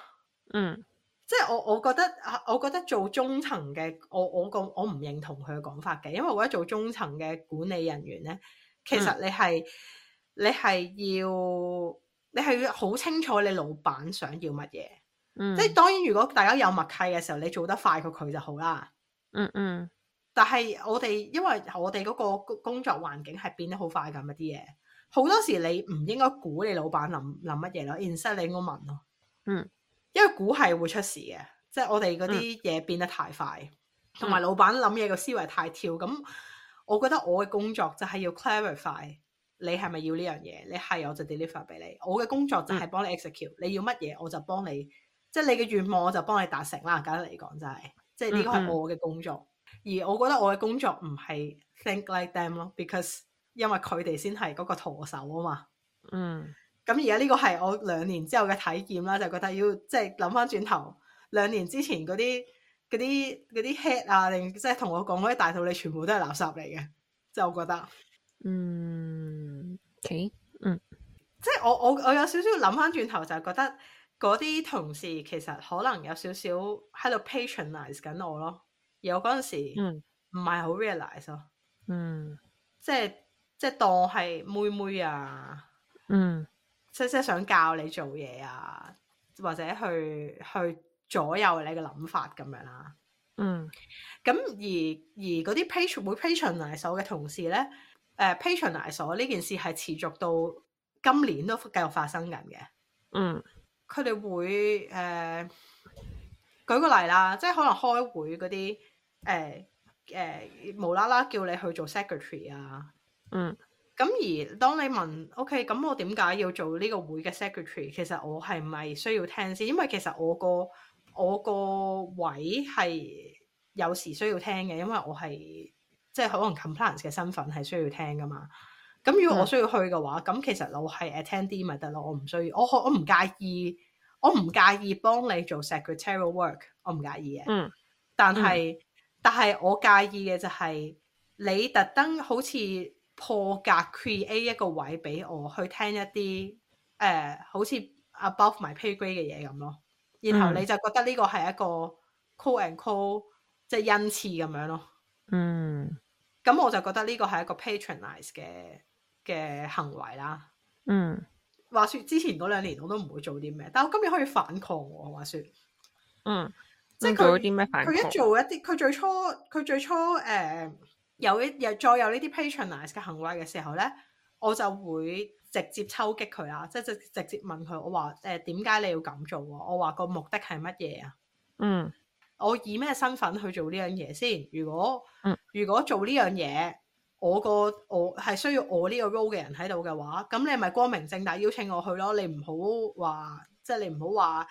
嗯。即係我，我覺得我覺得做中層嘅，我我個我唔認同佢嘅講法嘅，因為我覺得做中層嘅管理人員咧，其實你係、嗯、你係要你係要好清楚你老闆想要乜嘢。嗯、即係當然，如果大家有默契嘅時候，你做得快過佢就好啦、嗯。嗯嗯。但係我哋因為我哋嗰個工作環境係變得好快咁嘅啲嘢，好多時你唔應該估你老闆諗諗乜嘢咯 instead 你應該問咯。嗯。因為股係會出事嘅，即係我哋嗰啲嘢變得太快，同埋、嗯、老闆諗嘢個思維太跳。咁我覺得我嘅工作就係要 clarify 你係咪要呢樣嘢，你係我就 deliver 俾你。我嘅工作就係幫你 execute。嗯、你要乜嘢我就幫你，即係你嘅願望我就幫你達成啦。簡單嚟講，就係即係呢個係我嘅工作。嗯、而我覺得我嘅工作唔係 think like them 咯，because 因為佢哋先係嗰個舵手啊嘛。嗯。咁而家呢個係我兩年之後嘅體驗啦，就覺得要即係諗翻轉頭兩年之前嗰啲嗰啲嗰啲 head 啊，定即係同我講嗰啲大道理，全部都係垃圾嚟嘅，就覺得嗯，K 嗯，okay. mm. 1 即係我我我有少少諗翻轉頭，就覺得嗰啲同事其實可能有少少喺度 patronize 緊我咯。而我嗰陣時唔係好 realize 咯，嗯、mm.，即係即係當我係妹妹啊，嗯。Mm. 即即想教你做嘢啊，或者去去左右你嘅諗法咁樣啦、啊。嗯。咁而而嗰啲 page 會 patronize 嘅同事咧，誒、呃、patronize 呢件事係持續到今年都繼續發生緊嘅。嗯。佢哋會誒、呃、舉個例啦，即係可能開會嗰啲誒誒無啦啦叫你去做 secretary 啊。嗯。咁而當你問，OK，咁我點解要做呢個會嘅 secretary？其實我係咪需要聽先？因為其實我個我個位係有時需要聽嘅，因為我係即係可能 compliance 嘅身份係需要聽噶嘛。咁如果我需要去嘅話，咁、嗯、其實我係 attend 啲咪得咯。我唔需要，我我唔介意，我唔介意幫你做 secretarial work，我唔介意嘅、嗯。但係但係我介意嘅就係、是、你特登好似。破格 create 一個位俾我去聽一啲誒、呃，好似 above my pay grade 嘅嘢咁咯。然後你就覺得呢個係一個 call and call，即係恩賜咁樣咯。嗯，咁我就覺得呢個係一個 patronize 嘅嘅行為啦。嗯，話説之前嗰兩年我都唔會做啲咩，但我今年可以反抗喎、哦。話説，嗯，即係佢佢一做一啲，佢最初佢最初誒。呃有呢又再有呢啲 patronize 嘅行為嘅時候呢，我就會直接抽擊佢啊！即係直接問佢、呃，我話誒點解你要咁做？我話個目的係乜嘢啊？嗯，我以咩身份去做呢樣嘢先？如果如果做呢樣嘢，我個我係需要我呢個 role 嘅人喺度嘅話，咁你咪光明正大邀請我去咯。你唔好話，即係你唔好話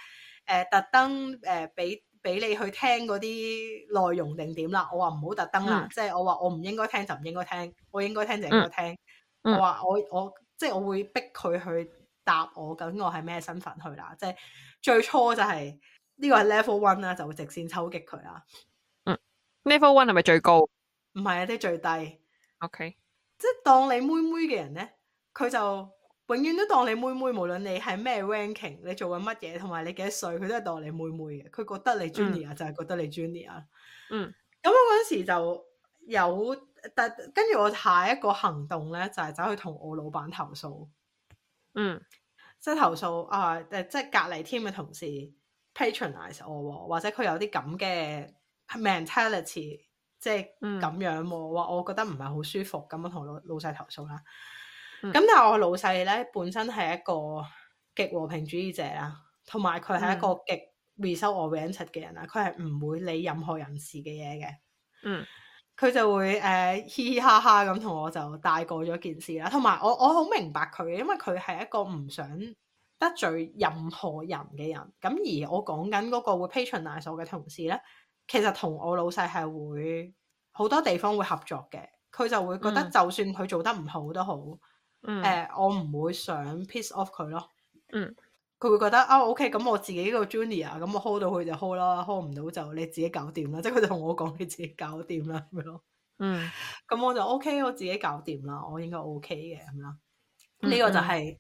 誒特登誒俾。呃俾你去聽嗰啲內容定點啦，我話唔好特登啦，嗯、即係我話我唔應該聽就唔應該聽，我應該聽就應該聽，嗯、我話我我即係我會逼佢去答我，究竟我係咩身份去啦？即係最初就係呢個係 level one 啦，就會直線抽擊佢啊。嗯，level one 係咪最高？唔係啊，即係最低。OK，即係當你妹妹嘅人咧，佢就。永遠都當你妹妹，無論你係咩 ranking，你做緊乜嘢，同埋你幾多歲，佢都係當你妹妹嘅。佢覺得你 junior、嗯、就係覺得你 junior。嗯，咁我嗰時就有，但跟住我下一個行動咧就係、是、走去同我老闆投訴。嗯，即係投訴啊，誒，即係隔離 team 嘅同事 patronize 我，或者佢有啲咁嘅 mentality，即係咁樣，話、嗯、我覺得唔係好舒服，咁樣同老老細投訴啦。咁、嗯、但係我老細咧本身係一個極和平主義者啊，同埋佢係一個極唔收我搲柒嘅人啊，佢係唔會理任何人事嘅嘢嘅。嗯，佢就會誒、呃、嘻嘻哈哈咁同我就大過咗件事啦。同埋我我好明白佢，因為佢係一個唔想得罪任何人嘅人。咁、嗯、而我講緊嗰個會 patronise 我嘅同事咧，其實同我老細係會好多地方會合作嘅。佢就會覺得就算佢做得唔好都好。誒，嗯 uh, 我唔會想 piss off 佢咯。嗯，佢會覺得啊，OK，咁我自己個 junior，咁我 hold 到佢就 hold 啦，hold 唔到就你自己搞掂啦。即係佢就同我講你自己搞掂啦咁樣咯。嗯，咁 [laughs] 我就 OK，我自己搞掂啦。我應該 OK 嘅咁樣。呢、嗯、個就係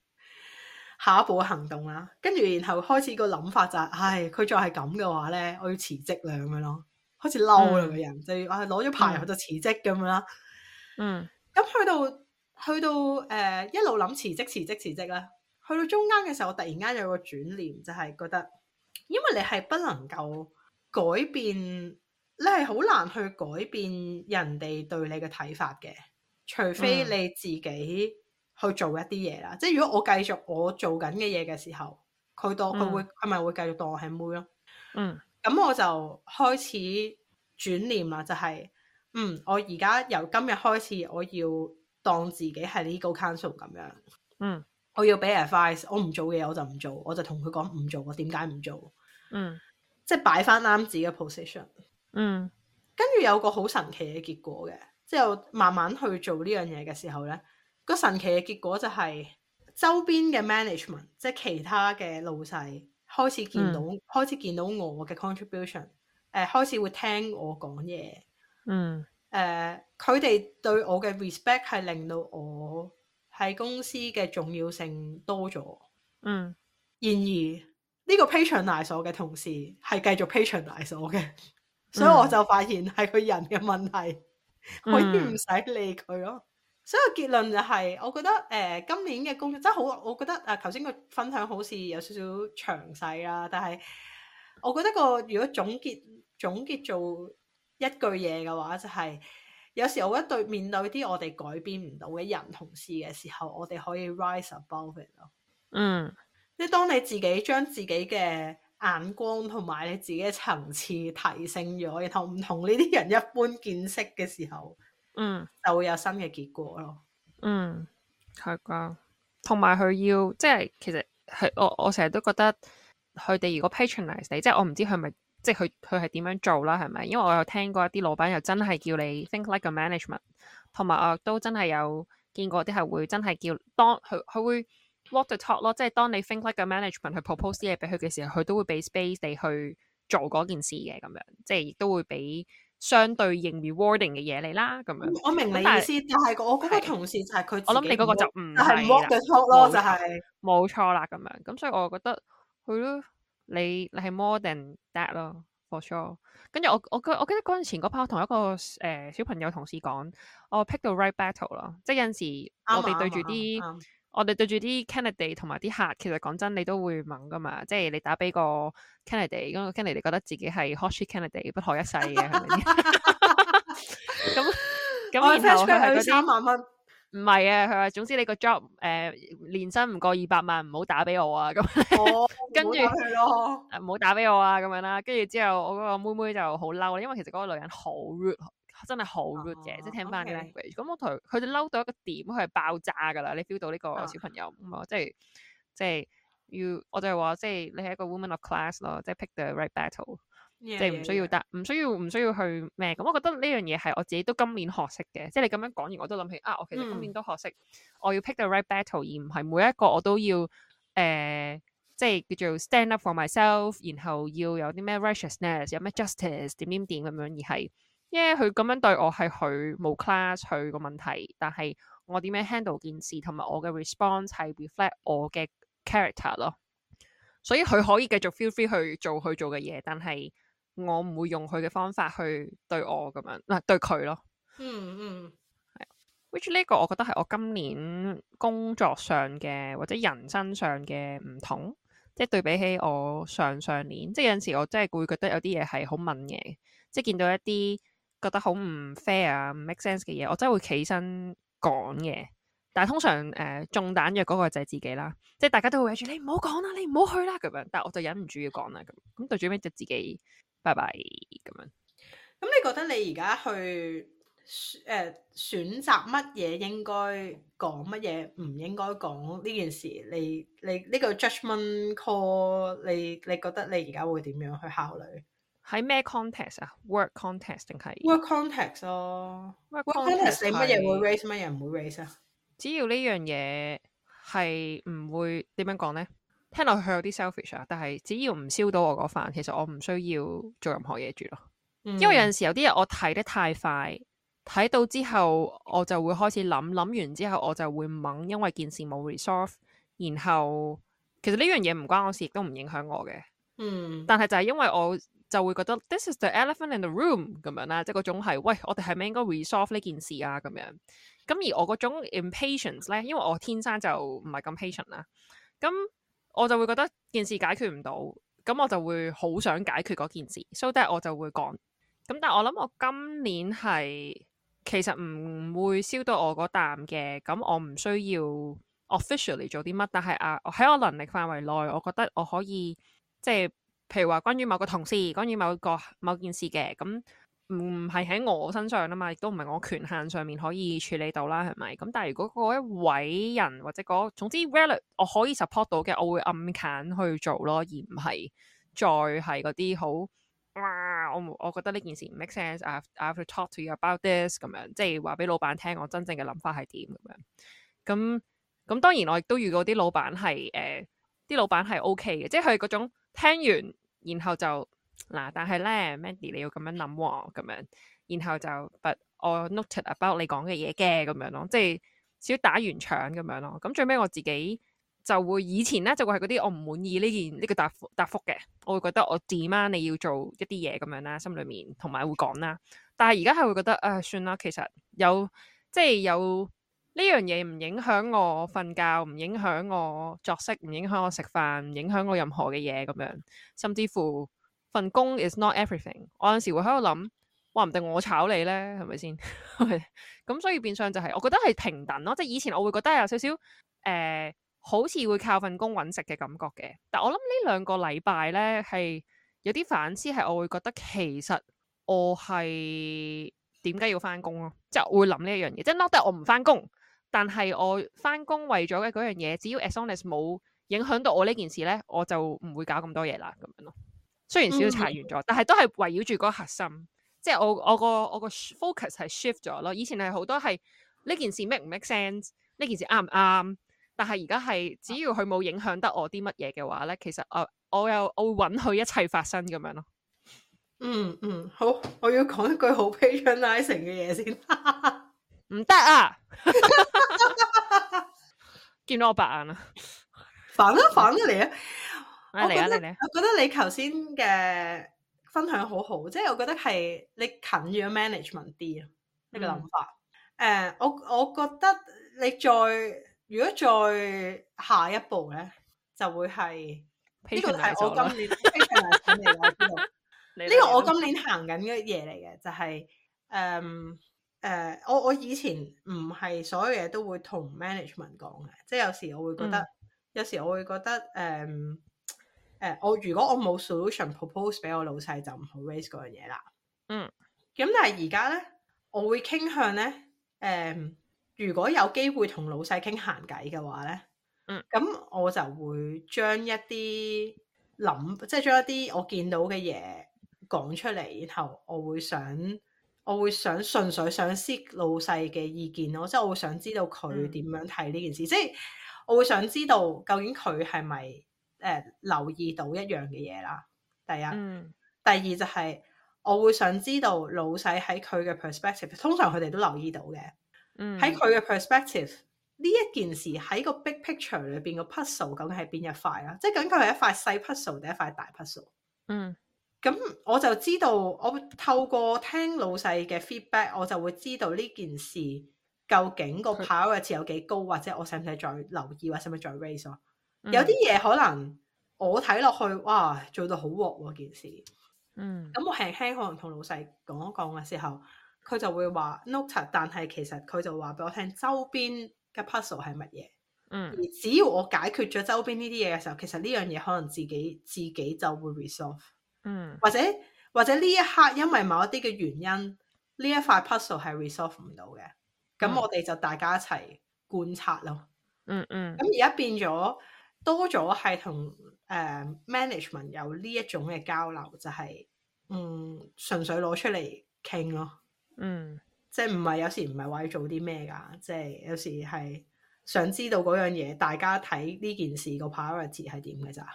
下一步嘅行動啦。跟住然後開始個諗法就係、是，唉，佢再係咁嘅話咧，我要辭職啦咁樣咯。開始嬲啦個人，就係攞咗牌我就辭職咁樣啦。嗯，咁去到。去到誒、呃，一路諗辭職、辭職、辭職啦。去到中間嘅時候，我突然間有個轉念，就係、是、覺得，因為你係不能夠改變，你係好難去改變人哋對你嘅睇法嘅，除非你自己去做一啲嘢啦。嗯、即係如果我繼續我做緊嘅嘢嘅時候，佢當佢會係咪、嗯、會繼續當我係妹咯？嗯，咁我就開始轉念啦，就係、是、嗯，我而家由今日開始，我要。當自己係呢個 counsel 咁樣，嗯，我要俾人 advice，我唔做嘢我就唔做，我就同佢講唔做，我點解唔做？嗯，即係擺翻啱自己嘅 position。嗯，跟住有個好神奇嘅結果嘅，即係慢慢去做呢樣嘢嘅時候呢，個神奇嘅結果就係周邊嘅 management，即係其他嘅老細開始見到，嗯、開始見到我嘅 contribution，誒、嗯呃、開始會聽我講嘢，嗯。誒，佢哋、uh, 對我嘅 respect 係令到我喺公司嘅重要性多咗。嗯，然而呢、這個 patronise 我嘅同事係繼續 patronise 我嘅，嗯、所以我就發現係佢人嘅問題，我唔使理佢咯。嗯、所以結論就係、是，我覺得誒、呃，今年嘅工作真係好。我覺得誒，頭先個分享好似有少少詳細啦、啊，但係我覺得個如果總結總結做。一句嘢嘅話就係，有時候我覺得對面對啲我哋改變唔到嘅人同事嘅時候，我哋可以 rise above it 咯。嗯，即係當你自己將自己嘅眼光同埋你自己嘅層次提升咗，然後唔同呢啲人一般見識嘅時候，嗯，就會有新嘅結果咯。嗯，係噶，同埋佢要即係，其實係我我成日都覺得佢哋如果 patronise 你，即係我唔知佢咪。即係佢佢係點樣做啦？係咪？因為我有聽過一啲老闆又真係叫你 think like a management，同埋亦都真係有見過啲係會真係叫當佢佢會 walk the talk 咯。即係當你 think like a management 去 propose 啲嘢俾佢嘅時候，佢都會俾 space 你去做嗰件事嘅咁樣，即係亦都會俾相對應 rewarding 嘅嘢你啦咁樣。我明你意思，但係是我嗰個同事就係佢。我諗你嗰個就唔係 walk the talk 咯，就係，錯就係冇錯啦咁樣。咁所以我覺得佢咯。你你係 more than that 咯，for sure。跟住我我我記得嗰陣前嗰排，我同一個誒、呃、小朋友同事講，我 pick 到 right battle 咯。即係有陣時我哋對住啲、嗯嗯、我哋對住啲 candidate 同埋啲客，其實講真你都會猛噶嘛。即係你打俾個 candidate，咁個 candidate 覺得自己係 hot shit candidate，不可一世嘅。係咪？咁咁然後佢係三萬蚊。唔係啊，佢話總之你個 job 誒、呃、年薪唔過二百萬，唔好打俾我啊咁。Oh, [laughs] 跟住著，誒唔好打俾、啊、我啊咁樣啦。跟住之後，我嗰個妹妹就好嬲啦，因為其實嗰個女人好 rude，真係好 rude 嘅，即係、uh, 聽翻啲 language 咁我同佢就嬲到一個點，佢係爆炸㗎啦。你 feel 到呢個小朋友咁啊？即係即係 you 我就係話，即係你係一個 woman of class 咯，即係 pick the right battle。Yeah, yeah, yeah. 即係唔需要得，唔需要唔需要去咩咁？我覺得呢樣嘢係我自己都今年學識嘅。即係你咁樣講完，我都諗起啊，我其實今年都學識、嗯、我要 pick the right battle，而唔係每一個我都要誒、呃，即係叫做 stand up for myself，然後要有啲咩 righteousness，有咩 justice 點點點咁樣，樣。而係因為佢咁樣對我係佢冇 class 佢個問題，但係我點樣 handle 件事同埋我嘅 response 係 reflect 我嘅 character 咯。所以佢可以繼續 feel free 去做佢做嘅嘢，但係。我唔會用佢嘅方法去對我咁樣，嗱、啊、對佢咯。嗯嗯，係，which 呢個我覺得係我今年工作上嘅或者人生上嘅唔同，即係對比起我上上年，即係有陣時我真係會覺得有啲嘢係好敏嘅，即係見到一啲覺得好唔 fair 唔 make sense 嘅嘢，我真係會企身講嘅。但係通常誒中、呃、彈藥嗰個就係自己啦，即係大家都會話住你唔好講啦，你唔好去啦咁樣，但係我就忍唔住要講啦咁，咁到最屘就自己。拜拜咁樣。咁、嗯、你覺得你而家去誒、呃、選擇乜嘢應該講，乜嘢唔應該講呢件事？你你呢個 judgment call，你你覺得你而家會點樣去考慮？喺咩 context 啊？Work context 定係？Work context 咯。Work context 你乜嘢會 raise，乜嘢唔會 raise 啊？只要呢樣嘢係唔會點樣講咧？聽落去有啲 selfish 啊，但係只要唔燒到我嗰飯，其實我唔需要做任何嘢住咯。嗯、因為有陣時有啲嘢我睇得太快，睇到之後我就會開始諗，諗完之後我就會猛，因為件事冇 resolve。然後其實呢樣嘢唔關我事，亦都唔影響我嘅。嗯，但係就係因為我就會覺得 this is the elephant in the room 咁樣啦，即係嗰種係喂，我哋係咪應該 resolve 呢件事啊？咁樣咁而我嗰種 impatience 咧，因為我天生就唔係咁 patient 啦，咁。我就會覺得件事解決唔到，咁我就會好想解決嗰件事，So that 我就會講。咁但係我諗我今年係其實唔會燒到我嗰啖嘅，咁我唔需要 officially 做啲乜，但係啊喺我能力範圍內，我覺得我可以即係譬如話關於某個同事，關於某個某件事嘅咁。唔係喺我身上啦嘛，亦都唔係我權限上面可以處理到啦，係咪？咁但係如果嗰一位人或者嗰、那個、總之 relevant 我可以 support 到嘅，我會暗砍去做咯，而唔係再係嗰啲好哇，我我覺得呢件事唔 make sense, I have to talk to you about this 咁樣，即係話俾老闆聽我真正嘅諗法係點咁樣。咁咁當然我亦都遇過啲老闆係誒，啲、呃、老闆係 OK 嘅，即係佢嗰種聽完然後就。嗱，但係咧，Mandy 你要咁樣諗，哦，咁樣，然後就，but 我 noted about 你講嘅嘢嘅，咁樣咯，即係少打完場咁樣咯。咁最屘我自己就會以前咧就會係嗰啲我唔滿意呢件呢、呢個答答覆嘅，我會覺得我點啊，你要做一啲嘢咁樣啦，心裏面同埋會講啦。但係而家係會覺得，誒、呃，算啦，其實有即係有呢樣嘢唔影響我瞓覺，唔影響我作息，唔影響我食飯，唔影響我任何嘅嘢咁樣，甚至乎。份工 is not everything。我有時會喺度諗，話唔定我炒你咧，係咪先？咁、 [laughs] 嗯、所以變相就係、是、我覺得係平等咯。即係以前我會覺得有少少誒，好似會靠份工揾食嘅感覺嘅。但我諗呢兩個禮拜咧係有啲反思，係我會覺得其實我係點解要翻工咯？即係會諗呢一樣嘢，即係 not that 我唔翻工，但係我翻工為咗嘅嗰樣嘢，只要 as long as 冇影響到我呢件事咧，我就唔會搞咁多嘢啦，咁樣咯。雖然少查完咗，mm hmm. 但係都係圍繞住嗰個核心，即係我我個我個 focus 係 shift 咗咯。以前係好多係呢件事 make 唔 make sense，呢件事啱唔啱？但係而家係只要佢冇影響得我啲乜嘢嘅話咧，其實我我又我會允許一切發生咁樣咯。嗯嗯、mm，hmm. 好，我要講一句好 patronising 嘅嘢先，唔 [laughs] 得行啊，見 [laughs] [laughs] [laughs] 到我白眼 [laughs] 啊，煩啊煩啊你！ [laughs] [laughs] 啊、我覺得、啊啊、我覺得你頭先嘅分享好好，即係我覺得係你近咗 management 啲啊，呢、嗯、個諗法。誒、uh，我我覺得你再如果再下一步咧，就會係呢 ient 個係我今年非呢了 [laughs] 個我今年行緊嘅嘢嚟嘅，就係誒誒，um, uh, 我我以前唔係所有嘢都會同 management 講嘅，即係有時我會覺得，嗯、有時我會覺得誒。Um, 誒，我如果我冇 solution propose 俾我老細，就唔好 raise 嗰樣嘢啦。嗯。咁但係而家咧，我會傾向咧，誒，如果有機會同老細傾閒偈嘅話咧，嗯。咁我就會將一啲諗，即係將一啲我見到嘅嘢講出嚟，然後我會想，我會想順水想 seek 老細嘅意見咯，即係我會想知道佢點樣睇呢件事，即係我會想知道究竟佢係咪？誒、呃、留意到一樣嘅嘢啦，第一，嗯、第二就係、是、我會想知道老細喺佢嘅 perspective，通常佢哋都留意到嘅，喺佢嘅、嗯、perspective 呢一件事喺個 big picture 裏邊個 puzzle 究竟係邊一塊啊？即係究竟佢係一塊細 puzzle 定一塊大 puzzle？嗯，咁我就知道我透過聽老細嘅 feedback，我就會知道呢件事究竟個跑嘅字有幾高，或者我使唔使再留意，或者使唔使再 raise 咯。有啲嘢可能我睇落去，哇，做到好鑊喎件事。嗯。咁我輕輕可能同老細講一講嘅時候，佢就會話 note，但係其實佢就話俾我聽周邊，周邊嘅 puzzle 係乜嘢。嗯。而只要我解決咗周邊呢啲嘢嘅時候，其實呢樣嘢可能自己自己就會 resolve。嗯，或。或者或者呢一刻因為某一啲嘅原因，呢、嗯、一塊 puzzle 係 resolve 唔到嘅，咁我哋就大家一齊觀察咯。嗯嗯。咁而家變咗。多咗係同誒 management 有呢一種嘅交流，就係嗯純粹攞出嚟傾咯，嗯，嗯即係唔係有時唔係話要做啲咩噶，即係有時係想知道嗰樣嘢，大家睇呢件事個 priority 係點嘅咋，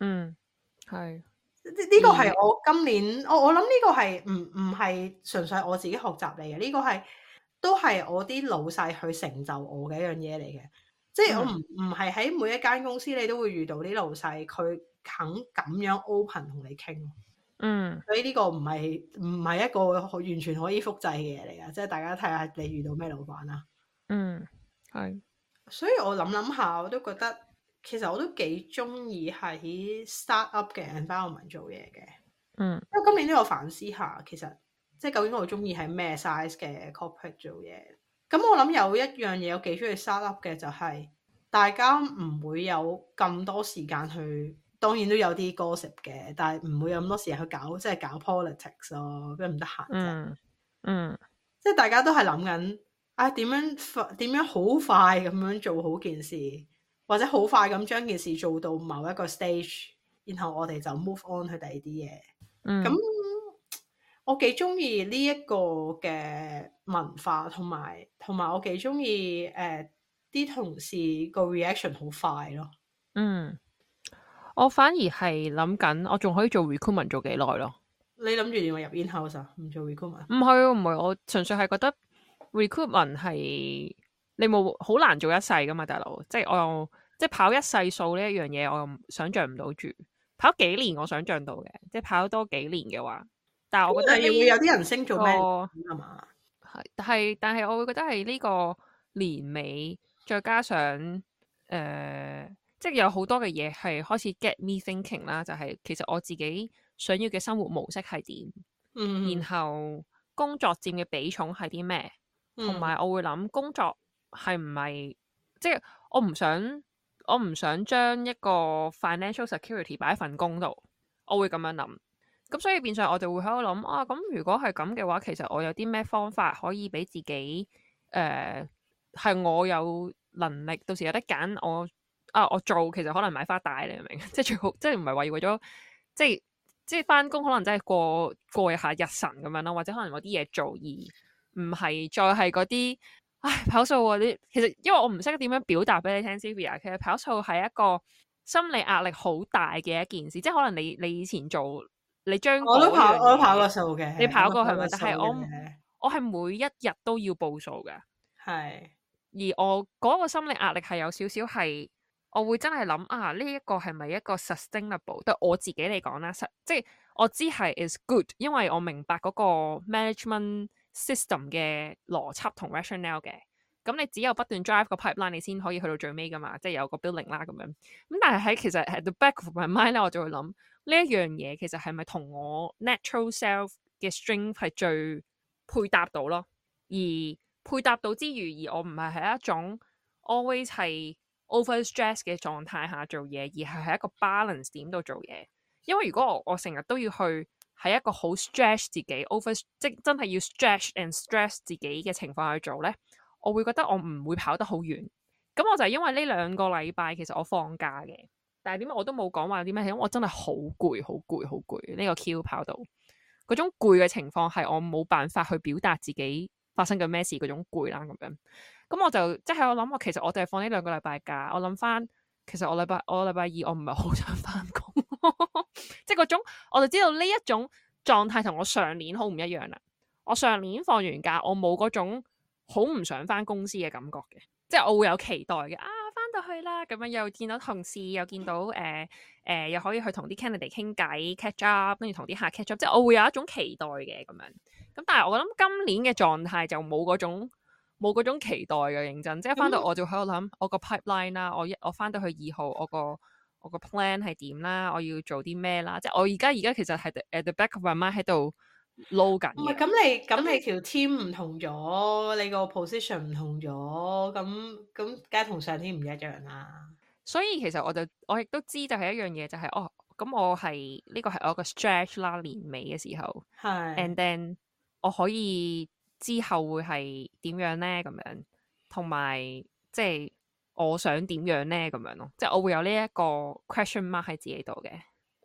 嗯，係呢個係我今年我我諗呢個係唔唔係純粹我自己學習嚟嘅，呢個係都係我啲老細去成就我嘅一樣嘢嚟嘅。即係我唔唔係喺每一間公司你都會遇到啲老細佢肯咁樣 open 同你傾，嗯，所以呢個唔係唔係一個完全可以複製嘅嘢嚟噶，即係大家睇下你遇到咩老闆啦、啊，嗯，係，所以我諗諗下，我都覺得其實我都幾中意係 startup 嘅 environment 做嘢嘅，嗯，因為今年都有反思下，其實即係究竟我中意係咩 size 嘅 corporate 做嘢。咁我諗有一樣嘢我幾中意沙粒嘅就係大家唔會有咁多時間去，當然都有啲 gossip 嘅，但係唔會有咁多時間去搞，即係搞 politics 咯，咁唔得閒。嗯嗯，即係大家都係諗緊啊，點樣點樣好快咁樣做好件事，或者好快咁將件事做到某一個 stage，然後我哋就 move on 去第二啲嘢。嗯。我幾中意呢一個嘅文化，同埋同埋我幾中意誒啲同事個 reaction 好快咯。嗯，我反而係諗緊，我仲可以做 recruitment 做幾耐咯。你諗住點入 in house 啊？唔做 recruitment？唔係唔係、啊啊，我純粹係覺得 recruitment 係你冇好難做一世噶嘛，大佬即係我又即係跑一世數呢一樣嘢，我又想象唔到住跑幾年，我想象到嘅即係跑多幾年嘅話。但係、這個、會有啲人升做咩是？係嘛嗎？係，但係我會覺得係呢個年尾，再加上誒，即、呃、係、就是、有好多嘅嘢係開始 get me thinking 啦。就係、是、其實我自己想要嘅生活模式係點？Mm-hmm. 然後工作佔嘅比重係啲咩？同埋我會諗工作係唔係即係我唔想我唔想將一個 financial security 擺喺份工度。我會咁樣諗。咁、嗯、所以變相我就會喺度諗啊，咁如果係咁嘅話，其實我有啲咩方法可以俾自己？誒、呃，係我有能力到時有得揀，我啊，我做其實可能買花大你明唔明 [laughs] 即？即係最好，即係唔係為為咗即係即係翻工，可能真係過過一下日晨咁樣咯，或者可能我啲嘢做而唔係再係嗰啲唉跑數嗰啲。其實因為我唔識點樣表達俾你聽，Sylvia，其實跑數係一個心理壓力好大嘅一件事，即係可能你你以前做。你將我都跑，我都跑過數嘅。你跑過係咪？但係我的我係每一日都要報數嘅。係的。而我嗰個心理壓力係有少少係，我會真係諗啊，呢一個係咪一個 sustainable？對我自己嚟講啦，即係我知係 is good，因為我明白嗰個 management system 嘅邏輯同 rationale 嘅。咁你只有不斷 drive 個 pipeline，你先可以去到最尾㗎嘛，即係有個 building 啦咁樣。咁但係喺其實喺 the back of my mind 咧，我就會諗呢一樣嘢，其實係咪同我 natural self 嘅 string 係最配搭到咯？而配搭到之餘，而我唔係喺一種 always 係 over stress 嘅狀態下做嘢，而係喺一個 balance 點度做嘢。因為如果我我成日都要去喺一個好 stress 自己 overstress, 即真係要 stress and stress 自己嘅情況去做咧。我會覺得我唔會跑得好遠，咁我就係因為呢兩個禮拜其實我放假嘅，但係點解我都冇講話有啲咩？因為我真係好攰，好攰，好攰。呢、這個 Q 跑到嗰種攰嘅情況係我冇辦法去表達自己發生咗咩事嗰種攰啦，咁樣。咁我就即係、就是、我諗，我其實我淨係放呢兩個禮拜假，我諗翻其實我禮拜我禮拜二我唔係好想翻工，即係嗰種我就知道呢一種狀態同我上年好唔一樣啦。我上年放完假，我冇嗰種。好唔想翻公司嘅感覺嘅，即係我會有期待嘅。啊，翻到去啦，咁樣又見到同事，又見到誒誒、呃呃，又可以去同啲 candidate 傾偈，catch up，跟住同啲客 catch up。即係我會有一種期待嘅咁樣。咁但係我諗今年嘅狀態就冇嗰種冇嗰種期待嘅認真。即係翻到我就喺度諗，我個 pipeline 啦，我一我翻到去二號，我個我個 plan 係點啦，我要做啲咩啦？即係我而家而家其實係誒 the back of my mind 喺度。撈緊唔係咁，你咁你條 team 唔同咗，你個 position 唔同咗，咁咁梗係同上天唔一樣啦。所以其實我就我亦都知，就係一樣嘢，就係哦，咁我係呢個係我個 stretch 啦，年尾嘅時候，係，and then 我可以之後會係點樣咧？咁樣，同埋即係我想點樣咧？咁樣咯，即係我會有呢一個 question mark 喺自己度嘅。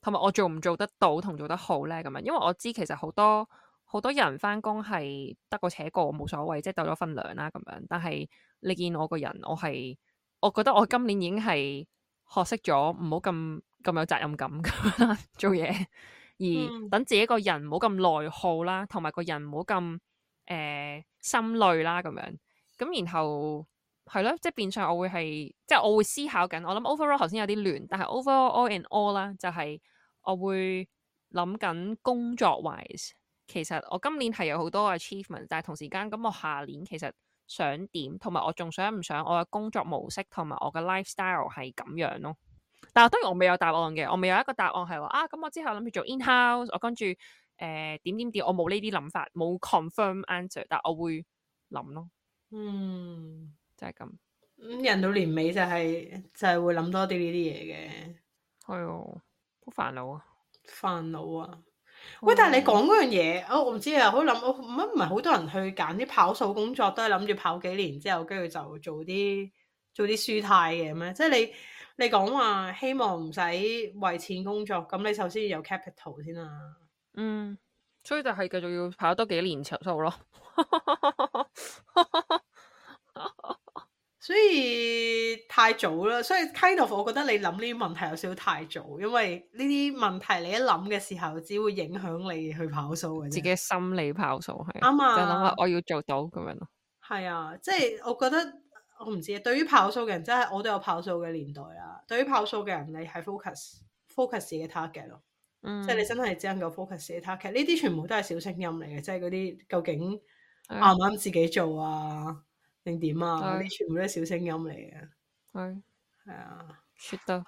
係咪我做唔做得到同做得好咧？咁樣，因為我知其實好多好多人返工係得過且過冇所謂，即係鬥咗分糧啦咁樣。但係你見我個人，我係我覺得我今年已經係學識咗唔好咁咁有責任感做嘢，而等自己個人唔好咁內耗啦，同埋個人唔好咁誒心累啦咁樣。咁然後係咯，即係變相我會係即係我會思考緊。我諗 overall 頭先有啲亂，但係 overall all in all 啦，就係。我會諗緊工作 wise，其實我今年係有好多 achievement，但係同時間咁，我下年其實想點，同埋我仲想唔想我嘅工作模式同埋我嘅 lifestyle 係咁樣咯。但係當然我未有答案嘅，我未有一個答案係話啊，咁我之後諗住做 in house，我跟住誒點點點，我冇呢啲諗法，冇 confirm answer，但係我會諗咯。嗯，就係咁。人到年尾就係就係會諗多啲呢啲嘢嘅。係、嗯嗯好煩惱啊！煩惱啊！喂，啊、喂但係你講嗰樣嘢，我我唔知啊，我諗，乜唔係好多人去揀啲跑數工作，都係諗住跑幾年之後，跟住就做啲做啲舒泰嘅咩？即係你你講話希望唔使為錢工作，咁你首先要有 capital 先啊！嗯，所以就係繼續要跑多幾年長數咯。 [laughs] 所以太早啦，所以 kind of, 我覺得你諗呢啲問題有少少太早，因為呢啲問題你一諗嘅時候，只會影響你去跑數嘅，自己心理跑數係。啱啊！我諗下我要做到咁樣咯。係啊，即、就、係、是、我覺得我唔知啊。對於跑數嘅人真係，就是、我都有跑數嘅年代啊。對於跑數嘅人，你係 focus focus 嘅 target 咯，即係、嗯、你真係只能夠 focus 嘅 target。呢啲全部都係小聲音嚟嘅，即係嗰啲究竟啱唔啱自己做啊？定點啊！嗰啲的全部都係小聲音嚟嘅，係的，係啊的，切得，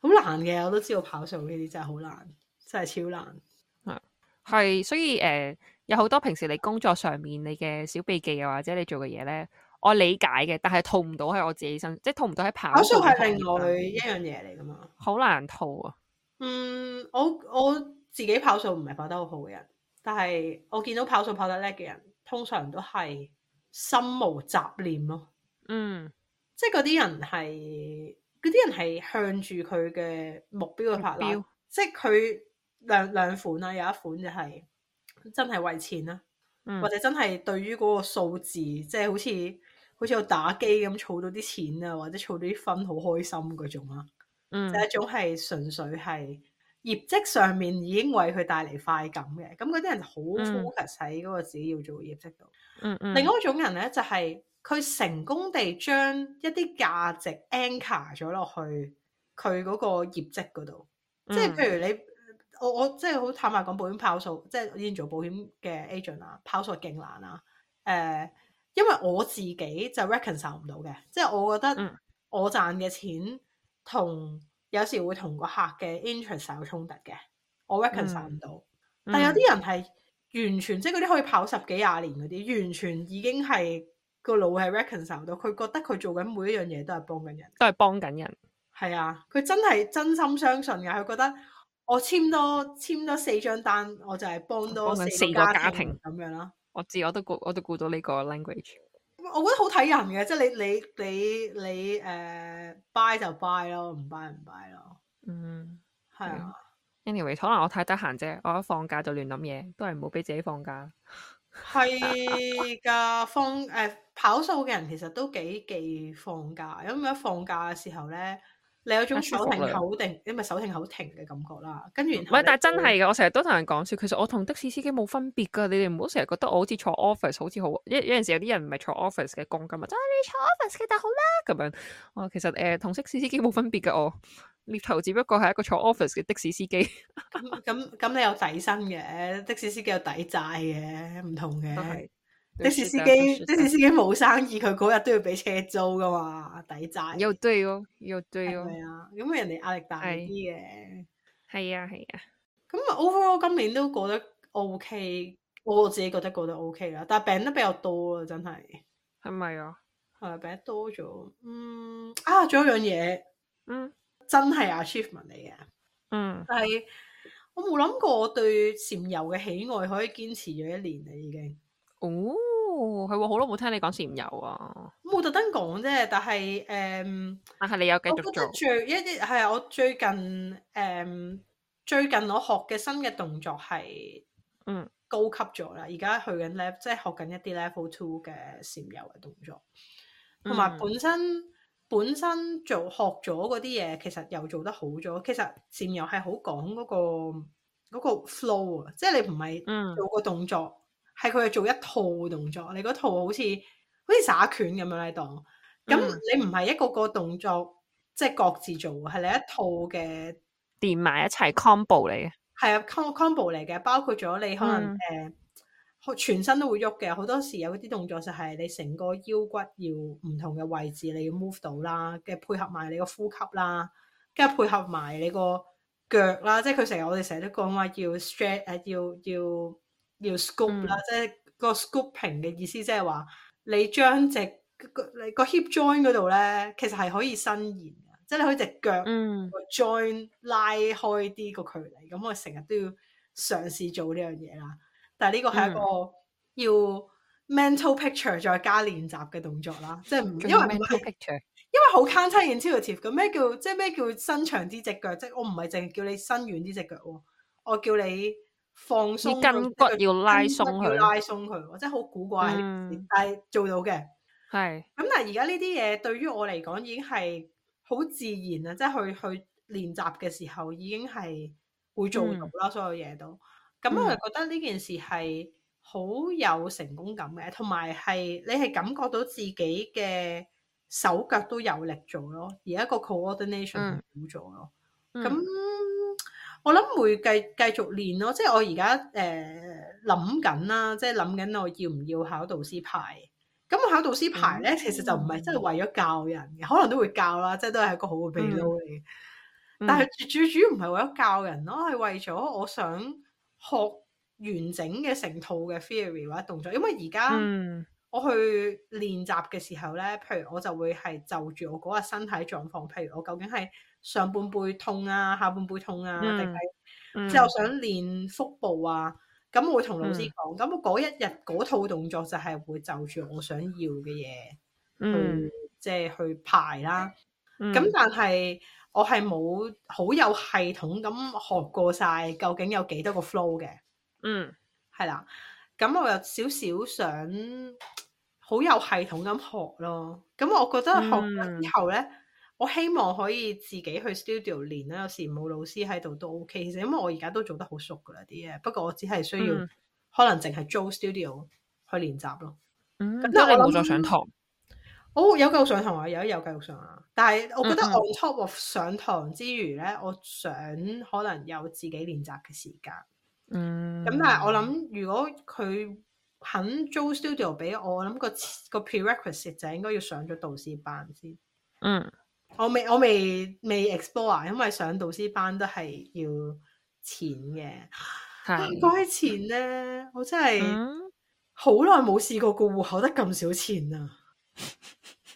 好難嘅，我都知道跑數呢啲真係好難，真係超難。係，係，所以誒、呃，有好多平時你工作上面你嘅小秘技啊，或者你做嘅嘢咧，我理解嘅，但係套唔到喺我自己身，即係套唔到喺跑數。跑數係另外一樣嘢嚟㗎嘛，好難套啊。嗯，我我自己跑數唔係跑得好好嘅人，但係我見到跑數跑得叻嘅人，通常都係。心無雜念咯、啊，嗯，即係嗰啲人係啲人係向住佢嘅目標去拍檔，標即係佢兩兩款啦、啊，有一款就係、是、真係為錢啦、啊，嗯、或者真係對於嗰個數字，即係好似好似打機咁，儲到啲錢啊，或者儲到啲分好開心嗰種啦、啊，嗯，有一種係純粹係。業績上面已經為佢帶嚟快感嘅，咁嗰啲人好 focus 喺嗰個自己要做業績度。嗯嗯、另外一種人咧就係、是、佢成功地將一啲價值 anchor 咗落去佢嗰個業績嗰度，嗯、即係譬如你我我即係好坦白講，保險跑數即係以前做保險嘅 agent 啊，跑數勁難啊。誒、呃，因為我自己就 reconcile 唔到嘅，即係我覺得我賺嘅錢同。有時會同個客嘅 interest 有衝突嘅，我 reconcile 唔到。嗯嗯、但有啲人係完全，即係嗰啲可以跑十幾廿年嗰啲，完全已經係、個腦係 reconcile 到，佢覺得佢做緊每一樣嘢都係幫緊人，都係幫緊人。係啊，佢真係真心相信嘅，佢覺得我簽多簽多四張單，我就係幫多四個家庭咁樣啦。我知，我都估我都估到呢個 language。我覺得好睇人嘅，即係你你你你誒、uh，buy 就 buy 咯，唔 buy 唔 buy 咯。嗯，係啊。anyway，可能我太得閒啫，我一放假就亂諗嘢，都係唔好俾自己放假。係 [laughs] 噶，放誒、呃、跑數嘅人其實都幾忌放假，因為一放假嘅時候咧。你有種手停口定， [music] 因為手停口停嘅感覺啦。跟住然，唔係，但係真係嘅， [music] 我成日都同人講笑。其實我同的士司機冇分別噶，你哋唔好成日覺得我好似坐 office，好似好一有陣時有啲人唔係坐 office 嘅工噶嘛。就係你坐 office 嘅，但好啦咁樣。哦，其實誒，同、呃、的士司機冇分別嘅，我獵頭只不過係一個坐 office 嘅的，的士司機。咁 [laughs] 咁、嗯嗯嗯嗯，你有底薪嘅，的士司機有底債嘅，唔同嘅。 [music] 的士司機，的士司機冇生意，佢嗰日都要俾車租噶嘛，抵債。又對咯、哦，又對咯、哦，係啊。咁啊，人哋壓力大啲嘅。係啊，係啊。咁啊，overall 今年都過得 OK，我自己覺得過得 OK 啦。但係病得比較多啦，真係。係咪啊？係啊，病得多咗？嗯。啊，仲有樣嘢，嗯，真係 achievement 嚟嘅，嗯，但係我冇諗過我對潛遊嘅喜愛可以堅持咗一年啦，已經。哦，佢喎、哦，好耐冇聽你講禪游啊，冇特登講啫，但係誒，嗯、但係你又繼續做，我覺得最一啲係我最近誒、嗯，最近我學嘅新嘅動作係嗯高級咗啦，而家、嗯、去緊 level，即係學緊一啲 level two 嘅禪游嘅動作，同埋本身、嗯、本身做學咗啲嘢，其實又做得好咗。其實禪游係好講個、嗰個 flow 啊，即、就、係、是、你唔係做個動作。嗯係佢係做一套動作，你嗰套好似好似耍拳咁樣喺度。咁你唔係一個個動作，即係各自做，係你一套嘅連埋一齊 combo 嚟嘅。係啊，combo 嚟嘅，包括咗你可能誒、嗯呃、全身都會喐嘅，好多時有啲動作就係你成個腰骨要唔同嘅位置，你要 move 到啦，嘅配合埋你個呼吸啦，跟住配合埋你個腳啦，啦，即係佢成日我哋成日都講話要 stretch 誒，要要。要 scoop 啦、嗯，即係個 scooping 嘅意思，即係話你將隻個你個 hip joint 嗰度咧，其實係可以伸延嘅，即係你可以隻腳 joint 拉開啲個距離。咁、嗯、我成日都要嘗試做呢樣嘢啦。但係呢個係一個要 mental picture 再加練習嘅動作啦。即係因為唔係 mental picture，因為好 counter intuitive 嘅，咩叫即係咩叫伸長啲隻腳？即係我唔係淨係叫你伸遠啲隻腳喎，我叫你。放鬆，筋骨要拉松，要拉鬆佢，嗯、真係好古怪，但係、嗯、做到嘅，係是。咁、嗯、但係而家呢啲嘢對於我嚟講已經係好自然啊，即、就、係、是、去去練習嘅時候已經係會做到啦，嗯、所有嘢都。咁、嗯、我就覺得呢件事係好有成功感嘅，同埋係你係感覺到自己嘅手腳都有力做咯，而一個 coordination 好做咯，咁、嗯。嗯嗯我諗會繼續繼續練咯，即係我而家誒諗緊啦，即係諗緊我要唔要考導師牌。咁考導師牌咧，其實就唔係真係為咗教人嘅，嗯、可能都會教啦，即係都係一個好嘅秘撈嚟。嗯嗯、但係最主要唔係為咗教人咯，係為咗我想學完整嘅成套嘅 theory 或者動作。因為而家我去練習嘅時候咧，譬如我就會係就住我嗰個身體狀況，譬如我究竟係。上半背痛啊，下半背痛啊，定係之後想練腹部啊，咁我會同老師講，咁、嗯、我嗰一日嗰套動作就係會就住我想要嘅嘢，去、嗯、即係去排啦。咁、嗯、但係我係冇好有系統咁學過晒，究竟有幾多個 flow 嘅？嗯，係啦。咁我有少少想好有系統咁學咯。咁我覺得學完之後咧。嗯我希望可以自己去 studio 練啦，有時冇老師喺度都 O K 其實，因為我而家都做得好熟噶喇啲嘢，不過我只係需要可能淨係租 studio 去練習咯。咁、嗯、但係我冇再、嗯、上堂，我有繼續上堂啊，有、有繼續上啊。但係我覺得 on top of 上堂之餘咧，嗯、我想可能有自己練習嘅時間。咁、嗯、但係我諗，如果佢肯租 studio 俾我，我諗個個 prerequisite 就係應該要上咗導師班先。嗯。我未我未未 explore，因為上導師班都係要錢嘅。講起錢咧，我真係好耐冇試過個戶口得咁少錢啊！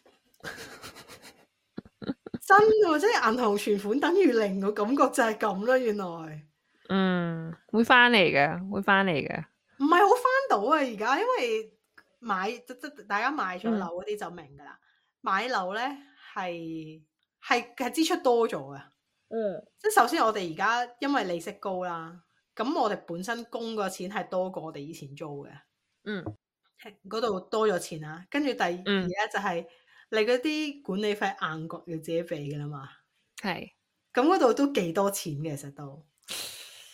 [laughs] [laughs] 真啊，即係銀行存款等於零個感覺就係咁啦。原來，嗯，會翻嚟嘅，會翻嚟嘅，唔係好翻到啊！而家因為買即即大家買咗樓嗰啲就明噶啦，嗯、買樓咧。係係係支出多咗嘅，嗯，即係首先我哋而家因為利息高啦，咁我哋本身供個錢係多過我哋以前租嘅，嗯，嗰度多咗錢啊，跟住第二咧就係你嗰啲管理費硬角要自己俾嘅啦嘛，係，咁嗰度都幾多錢嘅，其實都，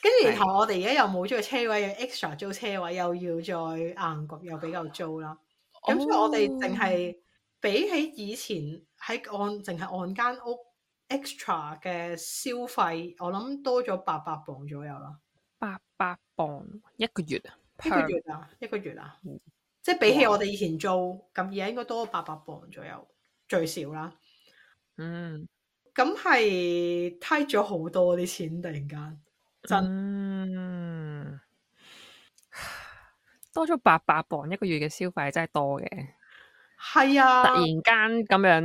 跟住然後我哋而家又冇咗個車位，extra 租車位，又，租車位又要再硬角又比較租啦，咁、哦、所以我哋淨係。比起以前喺按淨係按間屋 extra 嘅消費，我諗多咗八百鎊左右啦。八百鎊一個月啊？一個月啊？一個月啊？嗯、即係比起我哋以前租咁，而家應該多咗八百鎊左右，最少啦。嗯，咁係梯咗好多啲錢，突然間真、嗯、多咗八百鎊一個月嘅消費，真係多嘅。係啊，突然間咁樣，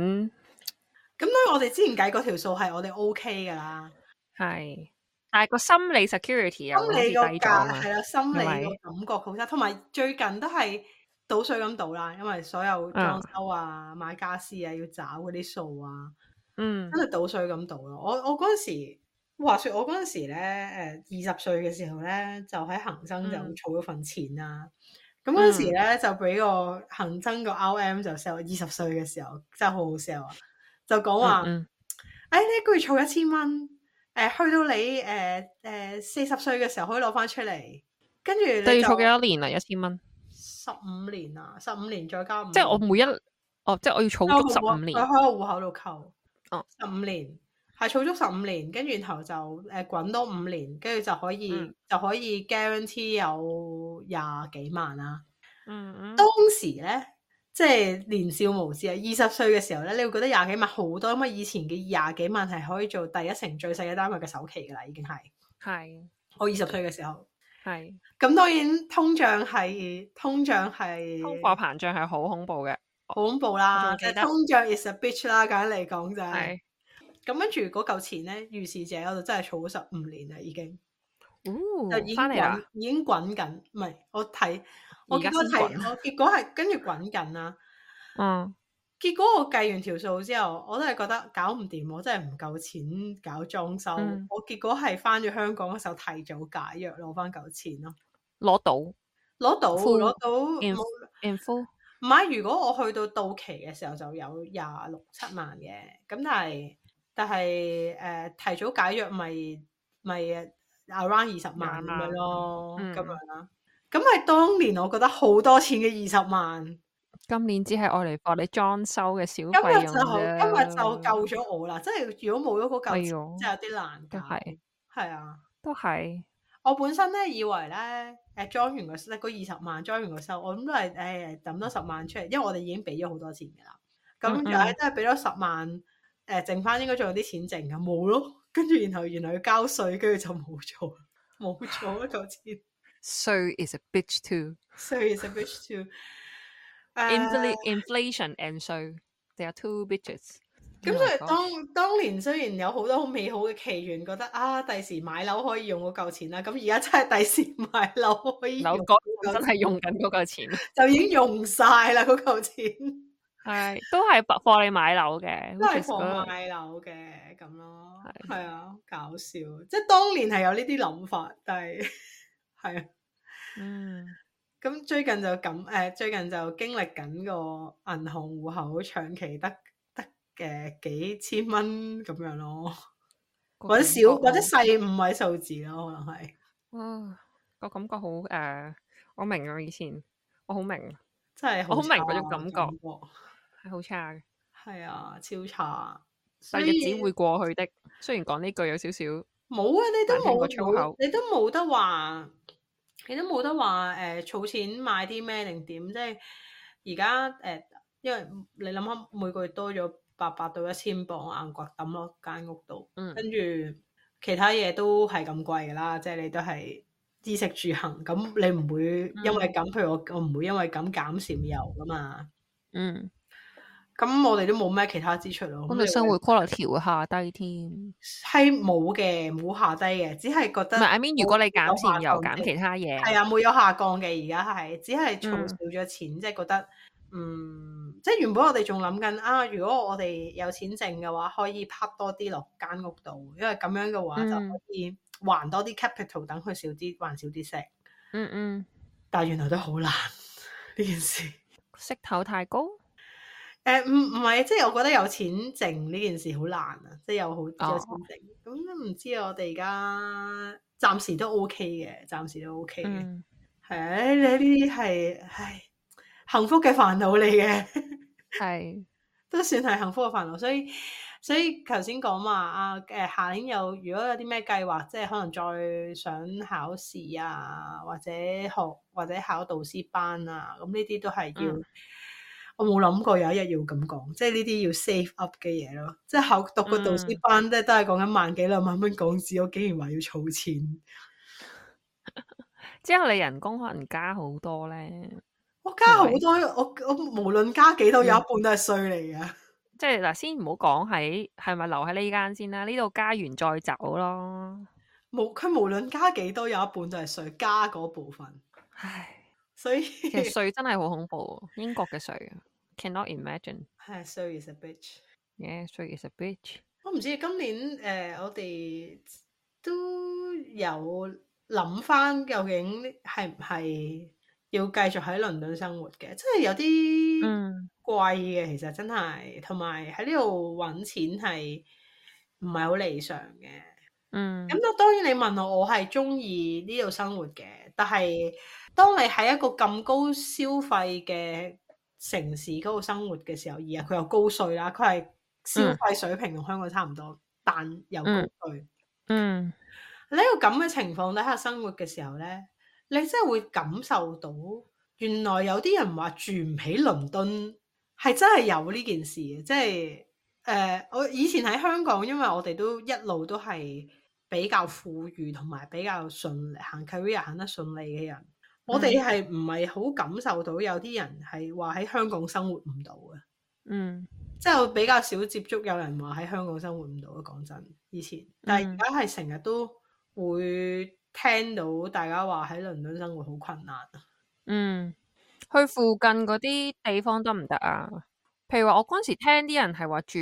咁因為我哋之前計嗰條數係我哋 O K 噶啦，係，但係個心理 security 啊，心理個價係啦，心理個感覺好差，同埋的最近都係倒水咁倒啦，因為所有裝修啊、嗯、買家私啊要找嗰啲數啊，嗯，真係倒水咁倒咯。我我嗰時話說我嗰時咧，誒二十歲嘅時候咧，就喺恒生就儲咗份錢啊。嗯咁嗰、嗯、時咧就俾個恒生個 RM 就 sell 二十歲嘅時候真係好好 sell 啊！就講話，誒、嗯嗯欸，你一個月儲一千蚊，誒、呃，去到你誒誒四十歲嘅時候可以攞翻出嚟，跟住你要儲幾多年啊？一千蚊，十五年啊！十五年再加五，即係我每一，嗯、哦，即係我要儲足十五年，我喺個戶口度扣，哦，十五年。係儲足十五年，跟住然後就誒滾多五年，跟住就可以、嗯、就可以 guarantee 有廿幾萬啦。嗯嗯、當時咧即係年少無知啊，二十歲嘅時候咧，你會覺得廿幾萬好多，因為以前嘅廿幾萬係可以做第一成最細嘅單位嘅首期噶啦，已經係係我二十歲嘅時候係。咁是當然通脹係通脹係通貨膨脹係好恐怖嘅，好恐怖啦。即係通脹 is a bitch 啦，簡單嚟講就係。咁跟住嗰嚿錢咧，預示者我就真係儲咗十五年啦，已經，就已經滾，哦、已經滾緊。唔係，我睇我結果，我結果係跟住滾緊啦。嗯，結果我計完條數之後，我都係覺得搞唔掂，我真係唔夠錢搞裝修。嗯、我結果係翻咗香港嗰時候提早解約，攞翻嚿錢咯。攞到，攞到，攞 F 到。唔係 F F F，如果我去到到，到期嘅時候就有廿六七萬嘅，咁但係。但係誒、呃、提早解約咪咪 around 二十萬咁樣咯，咁樣啦。咁係當年我覺得好多錢嘅二十萬，今年只係愛嚟幫你裝修嘅小費用啫。今日就夠咗我啦，即係如果冇咗嗰嚿，哎、呦即係有啲難解。都係是，係啊，都係是。我本身咧以為咧，誒裝完個收嗰二十萬，裝完個收，我諗都係誒抌多十萬出嚟，因為我哋已經俾咗好多錢噶啦。咁又係真係俾咗十萬。嗯嗯誒、呃、剩返應該仲有啲錢剩嘅，冇咯。跟住然後原來要交稅，跟住就冇咗，冇咗嗰嚿錢。稅 is a bitch too. 稅、so、is a bitch too.、Uh, Inflation and 稅，there are two bitches. 咁所以當、oh、gosh. 當年雖然有好多好美好嘅期願，覺得啊第時買樓可以用嗰嚿錢啦。咁而家真係第時買樓可以樓真係用緊嗰嚿錢，錢 [laughs] 就已經用晒啦嗰嚿錢。係，都係放你買樓嘅，都係放買樓嘅咁咯。係啊的，搞笑，即係當年係有呢啲諗法，但係係啊，嗯，咁最近就咁，誒、呃，最近就經歷緊個銀行戶口長期得得嘅幾千蚊咁樣咯，或者少或者細五位數字咯，可能係，嗯、哦，個感覺好誒、呃，我明啊，以前我好明，真係好明嗰種感覺。好差嘅，係啊，超差。但日子會過去的，雖然講呢句有少少冇啊，你都冇，你都冇得話，你都冇得話誒，儲錢買啲咩定點？即係而家誒，因為你諗下每個月多咗八百到一千磅硬掘抌落間屋度，跟住、嗯、其他嘢都係咁貴噶啦，即係你都係衣食住行，咁你唔會因為咁，嗯、譬如我我唔會因為咁減燃油噶嘛，嗯。咁我哋都冇咩其他支出咯，咁你生活 quality 調下低添，係冇嘅冇下低嘅，只係覺得。唔係，I mean，如果你減錢又減其他嘢，係啊、嗯，冇有下降嘅，而家係只係儲少咗錢，即係覺得，嗯，即係原本我哋仲諗緊啊，如果我哋有錢剩嘅話，可以拍多啲落間屋度，因為咁樣嘅話就可以還多啲 capital，等佢少啲還少啲息。嗯嗯，但係原來都好難呢 [laughs] 件事，息頭太高。誒，唔唔係，即係我覺得有錢剩呢件事好難啊，即係有好有錢剩，咁都唔、oh. 嗯嗯、知啊，我哋而家暫時都 OK 嘅，暫時都 OK 嘅，係、哎、你呢啲係，唉，幸福嘅煩惱嚟嘅，係 [laughs] 是都算係幸福嘅煩惱。所以所以頭先講嘛，啊，誒，下年有如果有啲咩計劃，即係可能再想考試啊，或者學或者考導師班啊，咁呢啲都係要。嗯我冇諗過有一日要咁講，即係呢啲要 save up 嘅嘢咯。即係考讀個導師班，嗯、都都係講緊萬幾兩萬蚊港紙，我竟然話要儲錢、嗯。之後你人工可能加好多咧、就是，我加好多，我我無論加幾多，有一半都係稅嚟嘅。即係嗱，先唔好講喺係咪留喺呢間先啦，呢度加完再走咯。無佢無論加幾多，有一半都係稅，加嗰部分。唉。所以 [laughs] 其實稅真係好恐怖、哦，英國嘅稅，cannot imagine。係、uh, so is a bitch, yeah, so.Yes，稅係個 bitch。我唔知今年誒，uh, 我哋都有諗翻究竟係唔係要繼續喺倫敦生活嘅？真係有啲貴嘅，嗯、其實真係，同埋喺呢度揾錢係唔係好理想嘅？嗯。咁，當然你問我，我係中意呢度生活嘅，但係。當你喺一個咁高消費嘅城市嗰度生活嘅時候，而佢又高稅啦，佢係消費水平同香港差唔多，mm. 但又高稅。嗯，喺個咁嘅情況底下生活嘅時候呢，你真係會感受到原來有啲人話住唔起倫敦，係真係有呢件事嘅。即係誒，我以前喺香港，因為我哋都一路都係比較富裕同埋比較順利行 career 行得順利嘅人。我哋係唔係好感受到有啲人係話喺香港生活唔到嘅？嗯，即係我比較少接觸有人話喺香港生活唔到啊。講真，以前，但係而家係成日都會聽到大家話喺倫敦生活好困難啊。嗯，去附近嗰啲地方得唔得啊？譬如話，我嗰陣時聽啲人係話住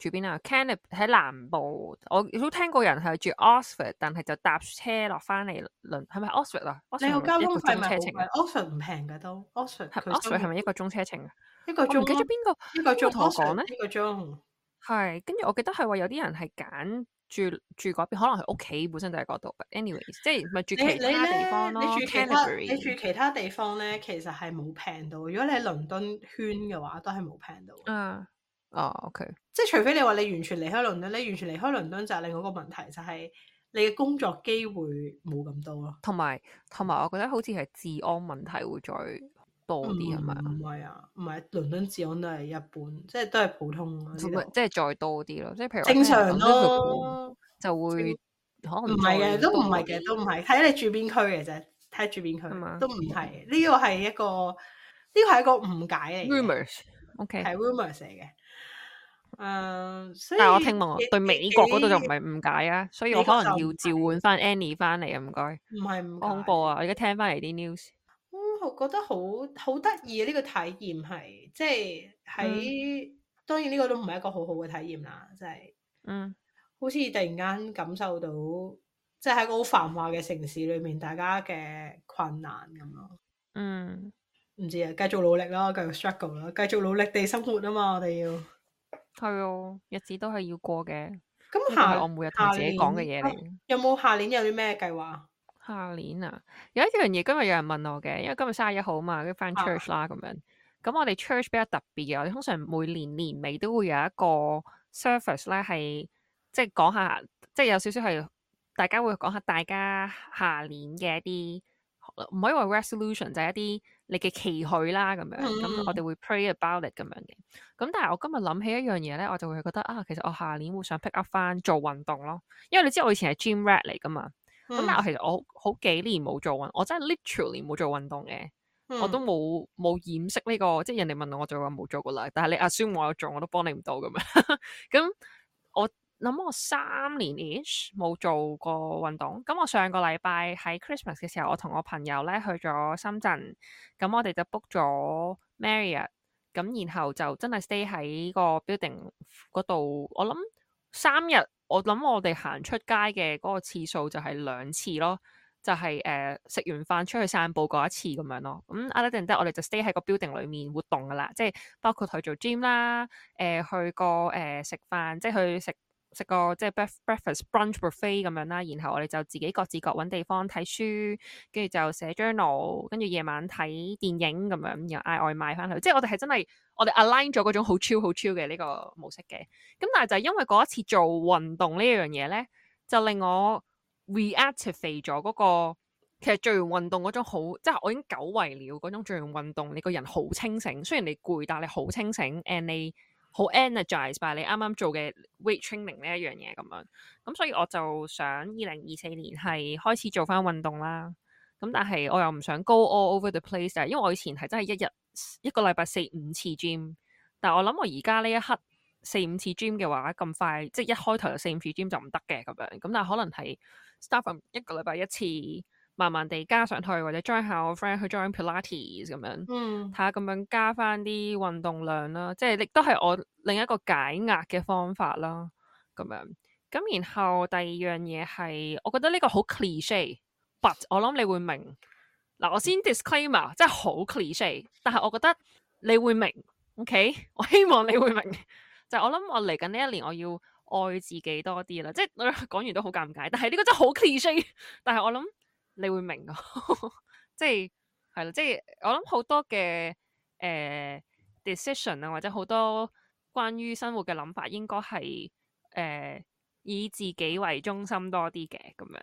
住邊啊 Canary 喺南部，我都聽過人係住 Oxford 但係就搭車落翻嚟倫係咪 Oxford 啊？你個交通費咪 Oxford 唔平嘅都 Oxford 係咪一個鐘車程？啊？Ford, 是是一個鐘，跟住邊個一個鐘同我講咧？一個鐘，係跟住我,我記得係話有啲人係揀。住住嗰邊，可能佢屋企本身 anyway, 就喺嗰度。anyways，即係唔係住其他地方咯。你，你，你住其他你住其他地方咧，其實係冇平到。如果你喺倫敦圈嘅話，都係冇平到。嗯，哦，OK。即係除非你話你完全離開倫敦，你完全離開倫敦就係另一個問題，就係、是、你嘅工作機會冇咁多咯。同埋同埋，我覺得好似係治安問題會再。多啲、嗯、啊？唔係啊，唔係。倫敦治安都係一般，即係都係普通即。即係再多啲咯，即係譬如正常咯，就會可能唔係嘅，都唔係嘅，都唔係。睇你住邊區嘅啫，睇住邊區啊嘛，嗎都唔係。呢個係一個呢個係一個誤解嚟嘅 rumors，OK，係 rumors 嚟嘅。誒 ours ,、okay.，uh, 但係我聽聞對美國嗰度就唔係誤解啊，所以我可能要召喚翻 Annie 翻嚟啊，唔該。唔係恐怖啊！我而家聽翻嚟啲 news。我覺得好好得意呢個體驗係，即係喺、嗯、當然呢個都唔係一個好好嘅體驗啦，即係，嗯，好似突然間感受到，即係喺個好繁華嘅城市裏面，大家嘅困難咁咯，嗯，唔知啊，繼續努力啦，繼續 struggle 啦，繼續努力地生活啊嘛，我哋要，係啊，日子都係要過嘅。咁樣，我每日同自己講嘅嘢有冇下年有啲咩計劃？下年啊，有一樣嘢今日有人問我嘅，因為今日卅一號嘛，跟翻 church 啦咁、啊、樣。咁我哋 church 比較特別嘅，我哋通常每年年尾都會有一個 service 咧，係即係講下，即係有少少係大家會講下大家下年嘅一啲唔可以話 resolution，就係一啲你嘅期許啦咁樣。咁、嗯、我哋會 pray about it 咁樣嘅。咁但係我今日諗起一樣嘢咧，我就會覺得啊，其實我下年會想 pick up 翻做運動咯，因為你知我以前係 gym rat 嚟噶嘛。咁但係其實我好幾年冇做運，我真係 literally 冇做運動嘅， [noise] 我都冇冇掩飾呢個，即係人哋問我我就話冇做過啦。但係你 assume 我有做，我都幫你唔到咁樣。咁 [laughs] 我諗我三年 ish 冇做過運動。咁我上個禮拜喺 Christmas 嘅時候，我同我朋友咧去咗深圳。咁我哋就 book 咗 Marriott，咁然後就真係 stay 喺個 building 嗰度，我諗。三日我諗我哋行出街嘅嗰個次數就係兩次咯，就係誒食完飯出去散步嗰一次咁樣咯。咁啊得定得我哋就 stay 喺個 building 裏面活動噶啦，即係包括去做 gym 啦，誒、呃、去個誒食飯，即係去食。食個即係 breakfast brunch buffet 咁樣啦，然後我哋就自己各自各搵地方睇書，跟住就寫 journal，跟住夜晚睇電影咁樣，又嗌外賣翻去。即係我哋係真係我哋 align 咗嗰種好 chill 好 chill 嘅呢個模式嘅。咁、嗯、但係就係因為嗰一次做運動呢樣嘢咧，就令我 reactivate 咗嗰個其實做完運動嗰種好，即係我已經久違了嗰種做完運動你個人好清醒，雖然你攰，但係你好清醒，and you, 好 energize by 你啱啱做嘅 weight training 呢一樣嘢咁樣，咁所以我就想二零二四年係開始做翻運動啦。咁但係我又唔想 go all over the place 啊，因為我以前係真係一日一個禮拜四五次 gym，但係我諗我而家呢一刻四五次 gym 嘅話咁快，即係一開頭就四五次 gym 就唔得嘅咁樣。咁但係可能係 start from 一個禮拜一次。慢慢地加上去，或者 join 下我 friend 去 join Pilates 咁樣，嗯、睇下咁樣加翻啲運動量啦，即係亦都係我另一個解壓嘅方法啦。咁樣，咁然後第二樣嘢係，我覺得呢個好 cliche，but 我諗你會明。嗱，我先 disclaimer，即係好 cliche，但係我覺得你會明，OK？我希望你會明， [laughs] [laughs] 就係我諗我嚟緊呢一年我要愛自己多啲啦。即係講完都好尷尬，但係呢個真係好 cliche，但係我諗。你會明嘅， [laughs] 即係係咯，即係我諗好多嘅誒、呃、decision 啊，或者好多關於生活嘅諗法，應該係誒、呃、以自己為中心多啲嘅咁樣。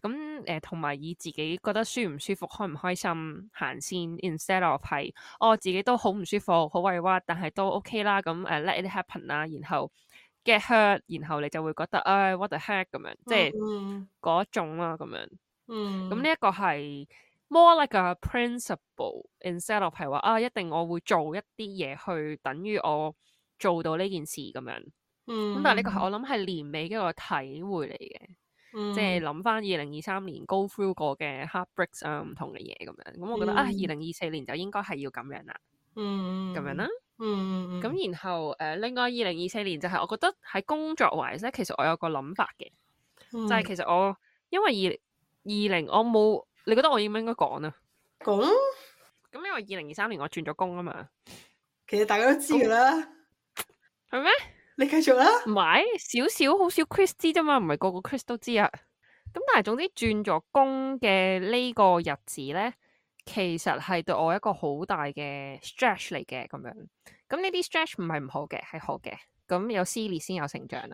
咁誒同埋以自己覺得舒唔舒服、開唔開心行先，instead of 係哦自己都好唔舒服、好委屈，但係都 OK 啦。咁誒、uh, let it happen 啦，然後 get hurt，然後你就會覺得唉、哎、what the heck 咁樣，嗯、即係嗰種啦、啊、咁樣。嗯，咁呢一個係 more like a principle，instead of 係話啊，一定我會做一啲嘢去等於我做到呢件事咁樣。嗯，咁但係呢個係我諗係年尾嘅一個體會嚟嘅。即係諗翻二零二三年 go through 過嘅 heartbreaks 啊，唔同嘅嘢咁樣。咁我覺得啊，二零二四年就應該係要咁樣啦。嗯，咁樣啦。嗯，咁然後誒，另外二零二四年就係我覺得喺工作位咧，其實我有個諗法嘅，嗯、就係其實我因為二。二零我冇，你覺得我應唔應該講啊？講講，咁因為二零二三年我轉咗工啊嘛。其實大家都知㗎啦，係咩工？嗎你繼續啦。唔係，少少好少 Chris 知啫嘛，唔係個個 Chris 都知啊。咁但係總之轉咗工嘅呢個日子咧，其實係對我一個好大嘅 stretch 嚟嘅咁樣。咁呢啲 stretch 唔係唔好嘅，係好嘅。咁有撕裂先有成長啊。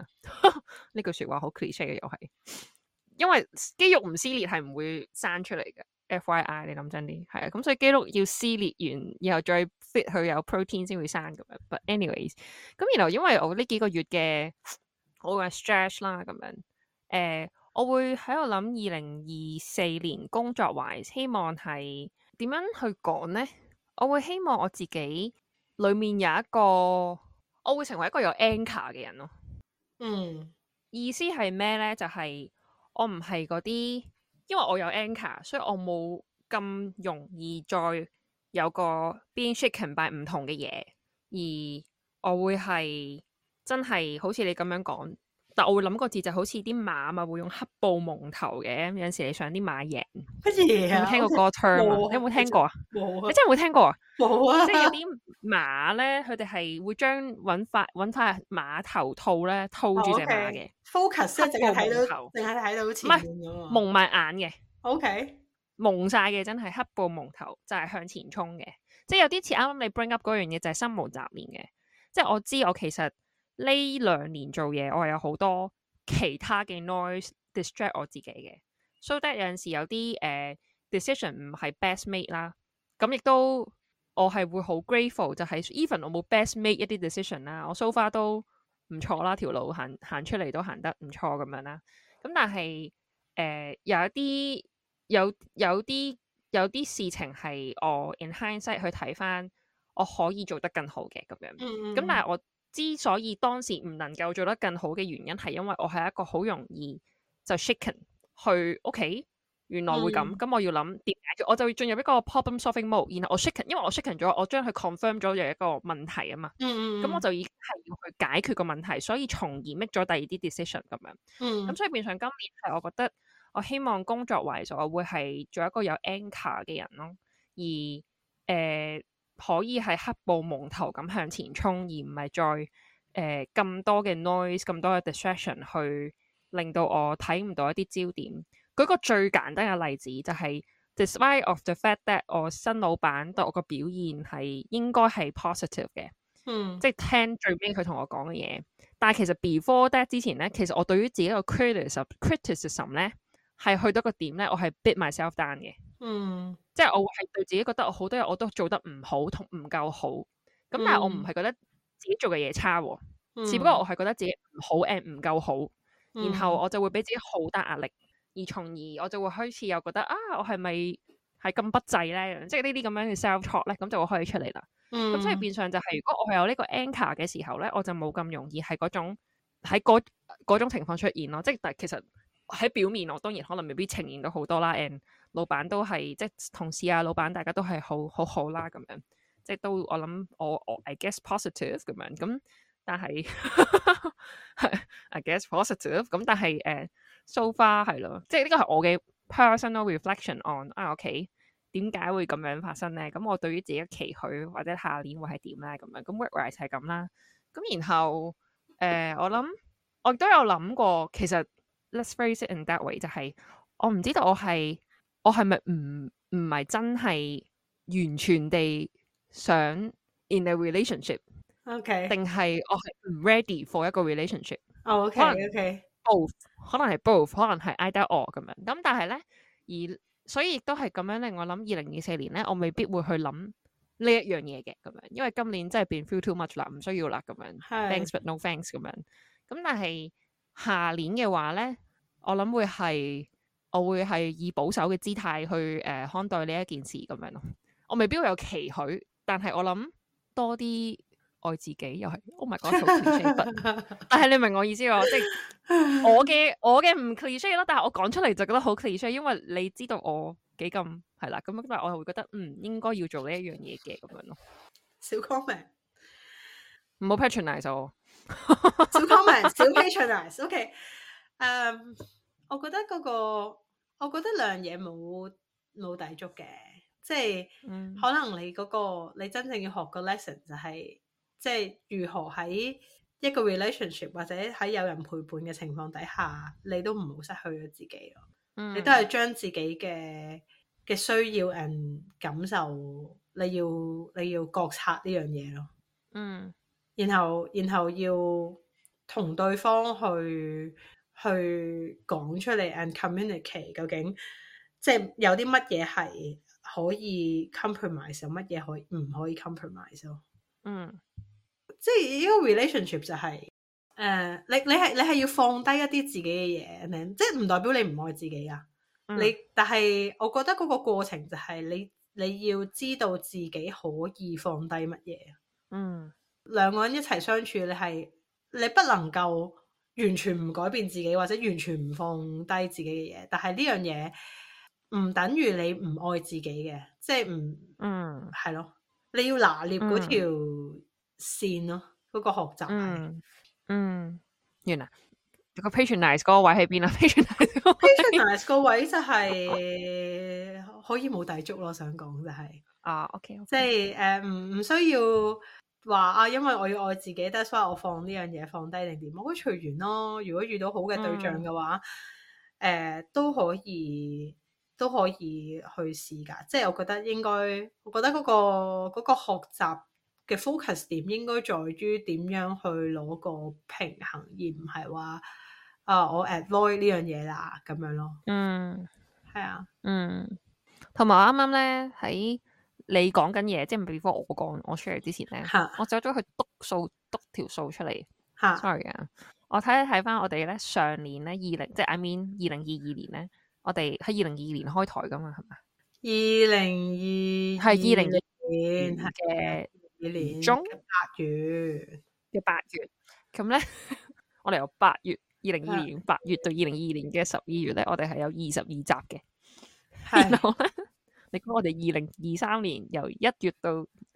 呢 [laughs] 句說話好 cliche 嘅又係。因為肌肉唔撕裂係唔會生出嚟嘅。FYI，你諗真啲係啊，咁、嗯、所以肌肉要撕裂完，然後再 fit 佢有 protein 先會生咁樣。But anyways，咁然後因為我呢幾個月嘅我嘅 stretch 啦，咁樣誒、呃，我會喺度諗二零二四年工作，懷希望係點樣去講咧？我會希望我自己裏面有一個，我會成為一個有 anchor 嘅人咯、哦。嗯，意思係咩咧？就係、是。我唔係嗰啲，因為我有 anchor，所以我冇咁容易再有個 being shaken by 唔同嘅嘢，而我會係真係好似你咁樣講。但我會諗個字就好似啲馬嘛，會用黑布蒙頭嘅。有時你上啲馬贏乜嘢 Yeah, 啊？聽個歌 turn 有冇聽過啊？哇你真係冇聽過啊？冇哇即係有啲馬咧，佢哋係會將揾翻揾翻馬頭套咧，套住、哦 okay. 隻馬嘅 focus，淨係睇到，定係睇到好似唔係蒙埋眼嘅。O Okay . K，蒙晒嘅真係黑布蒙頭，就係、是、向前衝嘅。即係有啲似啱啱你 bring up 嗰樣嘢，就係心無雜念嘅。即係我知，我其實。呢兩年做嘢，我係有好多其他嘅 noise distract 我自己嘅，So that 有陣時有啲誒、uh, decision 唔係 best made 啦。咁亦都我係會好 grateful，就係 even 我冇 best made 一啲 decision 啦，我 so far 都唔錯啦，條路行行出嚟都行得唔錯咁樣啦。咁但係誒、uh, 有一啲有有啲有啲事情係我 in hindsight 去睇翻，我可以做得更好嘅咁樣。咁、嗯嗯、但係我。之所以當時唔能夠做得更好嘅原因，係因為我係一個好容易就 shaken 去屋 k、OK, 原來會咁，咁、嗯、我要諗點解決，我就進入一個 problem solving mode，然後我 shaken，因為我 shaken 咗，我將佢 confirm 咗就一個問題啊嘛，咁、嗯、我就已經係要去解決個問題，所以從而 make 咗第二啲 decision 咁樣，咁、嗯、所以變成今年係我覺得我希望工作為咗我會係做一個有 anchor 嘅人咯，而誒。呃可以係黑布蒙頭咁向前衝，而唔係再誒咁、呃、多嘅 noise、咁多嘅 distraction 去令到我睇唔到一啲焦點。舉個最簡單嘅例子、就是，就係 despite of the fact that 我新老闆對我個表現係應該係 positive 嘅，嗯，即係聽最尾佢同我講嘅嘢。但係其實 before that 之前咧，其實我對於自己個 criticism, criticism、criticism 咧，係去到個點咧，我係 bit myself down 嘅。嗯，即係我會係對自己覺得我好多嘢我都做得唔好同唔夠好，咁、嗯、但係我唔係覺得自己做嘅嘢差、啊，嗯、只不過我係覺得自己唔好 and 唔夠好，嗯，然後我就會俾自己好大壓力，而從而我就會開始又覺得啊，我係咪係咁不濟咧？即係呢啲咁樣嘅 self talk 咧，咁就會可以出嚟啦。咁、嗯、所以變相就係、是、如果我有呢個 anchor 嘅時候咧，我就冇咁容易係嗰種喺嗰嗰種情況出現咯。即係但係其實喺表面，我當然可能未必呈現到好多啦，and 老闆都係即係同事啊，老闆大家都係好，好好好啦咁樣，即係都我諗我我 I guess positive 咁樣咁，但係 [laughs] I guess positive 咁但係誒、uh，so far 係咯，即係呢個係我嘅 personal reflection on 啊，OK，點解會咁樣發生咧？咁我對於自己嘅期許或者下年會係點咧咁樣？咁 work wise 係咁啦，咁然後誒、呃，我諗我都有諗過，其實 let's face it in that way 就係、是、我唔知道我係。我係咪唔唔係真係完全地想 in a relationship？OK，定係我係唔 ready for 一個 relationship？哦，OK，OK，both 可能係 both，可能係 either or 咁樣。咁但係咧，而所以亦都係咁樣咧。我諗二零二四年咧，我未必會去諗呢一樣嘢嘅咁樣，因為今年真係變 feel too much 啦，唔需要啦咁樣。Thanks but no thanks 咁樣。咁但係下年嘅話咧，我諗會係。我會係以保守嘅姿態去誒、呃、看待呢一件事咁樣咯。我未必會有期許，但係我諗多啲愛自己又係。我唔係講錯，但係你明我意思咯，即係我嘅我嘅唔 clear 咯。但係我講出嚟就覺得好 clear，因為你知道我幾咁係啦。咁但係我係會覺得，嗯，應該要做呢一樣嘢嘅咁樣咯。小 comment，唔好 patronize 哦。小 comment，小 patronize，OK，誒。我覺得嗰、那個，我覺得兩樣嘢冇冇抵觸嘅，即係、嗯、可能你嗰、那個你真正要學嘅 lesson 就係、是，即、就、係、是，如何喺一個 relationship 或者喺有人陪伴嘅情況底下，你都唔好失去咗自己咯。嗯、你都係將自己嘅嘅需要 and 感受，你要你要覺察呢樣嘢咯。嗯、然，然後然後要同對方去。去講出嚟 and communicate，究竟即係有啲乜嘢係可以 compromise，有乜嘢可以唔可以 compromise 咯？嗯，即係呢個 relationship 就係、是、誒、呃，你你係你係要放低一啲自己嘅嘢，即係唔代表你唔愛自己啊。嗯、你但係我覺得嗰個過程就係你你要知道自己可以放低乜嘢。嗯，兩個人一齊相處，你係你不能夠。完全唔改變自己或者完全唔放低自己嘅嘢，但係呢樣嘢唔等於你唔愛自己嘅，即係唔嗯，係咯，你要拿捏嗰條線咯，嗰、嗯、個學習嗯、嗯，原來個 patronize 嗰個位喺邊啊？patronize 個位就係可以冇抵觸咯，想講就係、是就是、啊，OK，, okay. 即係誒，唔、uh, 唔需要。話啊，因為我要愛自己，得，所 [noise] 以我放呢樣嘢放低定點，我覺得隨緣咯。如果遇到好嘅對象嘅話，誒、嗯呃、都可以都可以去試噶。即係我覺得應該，我覺得嗰個嗰個學習嘅 focus 點應該在於點樣去攞個平衡，而唔係話啊我 avoid 呢樣嘢啦咁樣咯。嗯，係啊，嗯，同埋我啱啱咧喺。你講緊嘢，即係譬如講我講，我出嚟之前咧，我走咗去督數篤條數出嚟。嚇，sorry 啊，我睇一睇翻我哋咧上年咧二零，即係 I mean 二零二二年咧，我哋喺二零二二年開台噶嘛，係咪二零二係二零二年嘅二年，年中八月嘅八月，咁咧麼 [laughs] 我哋由八月二零二二年八月到二零二二年嘅十二月咧，我哋係有二十二集嘅，然後的 [laughs] [noise] 你估我哋二零二三年由一月到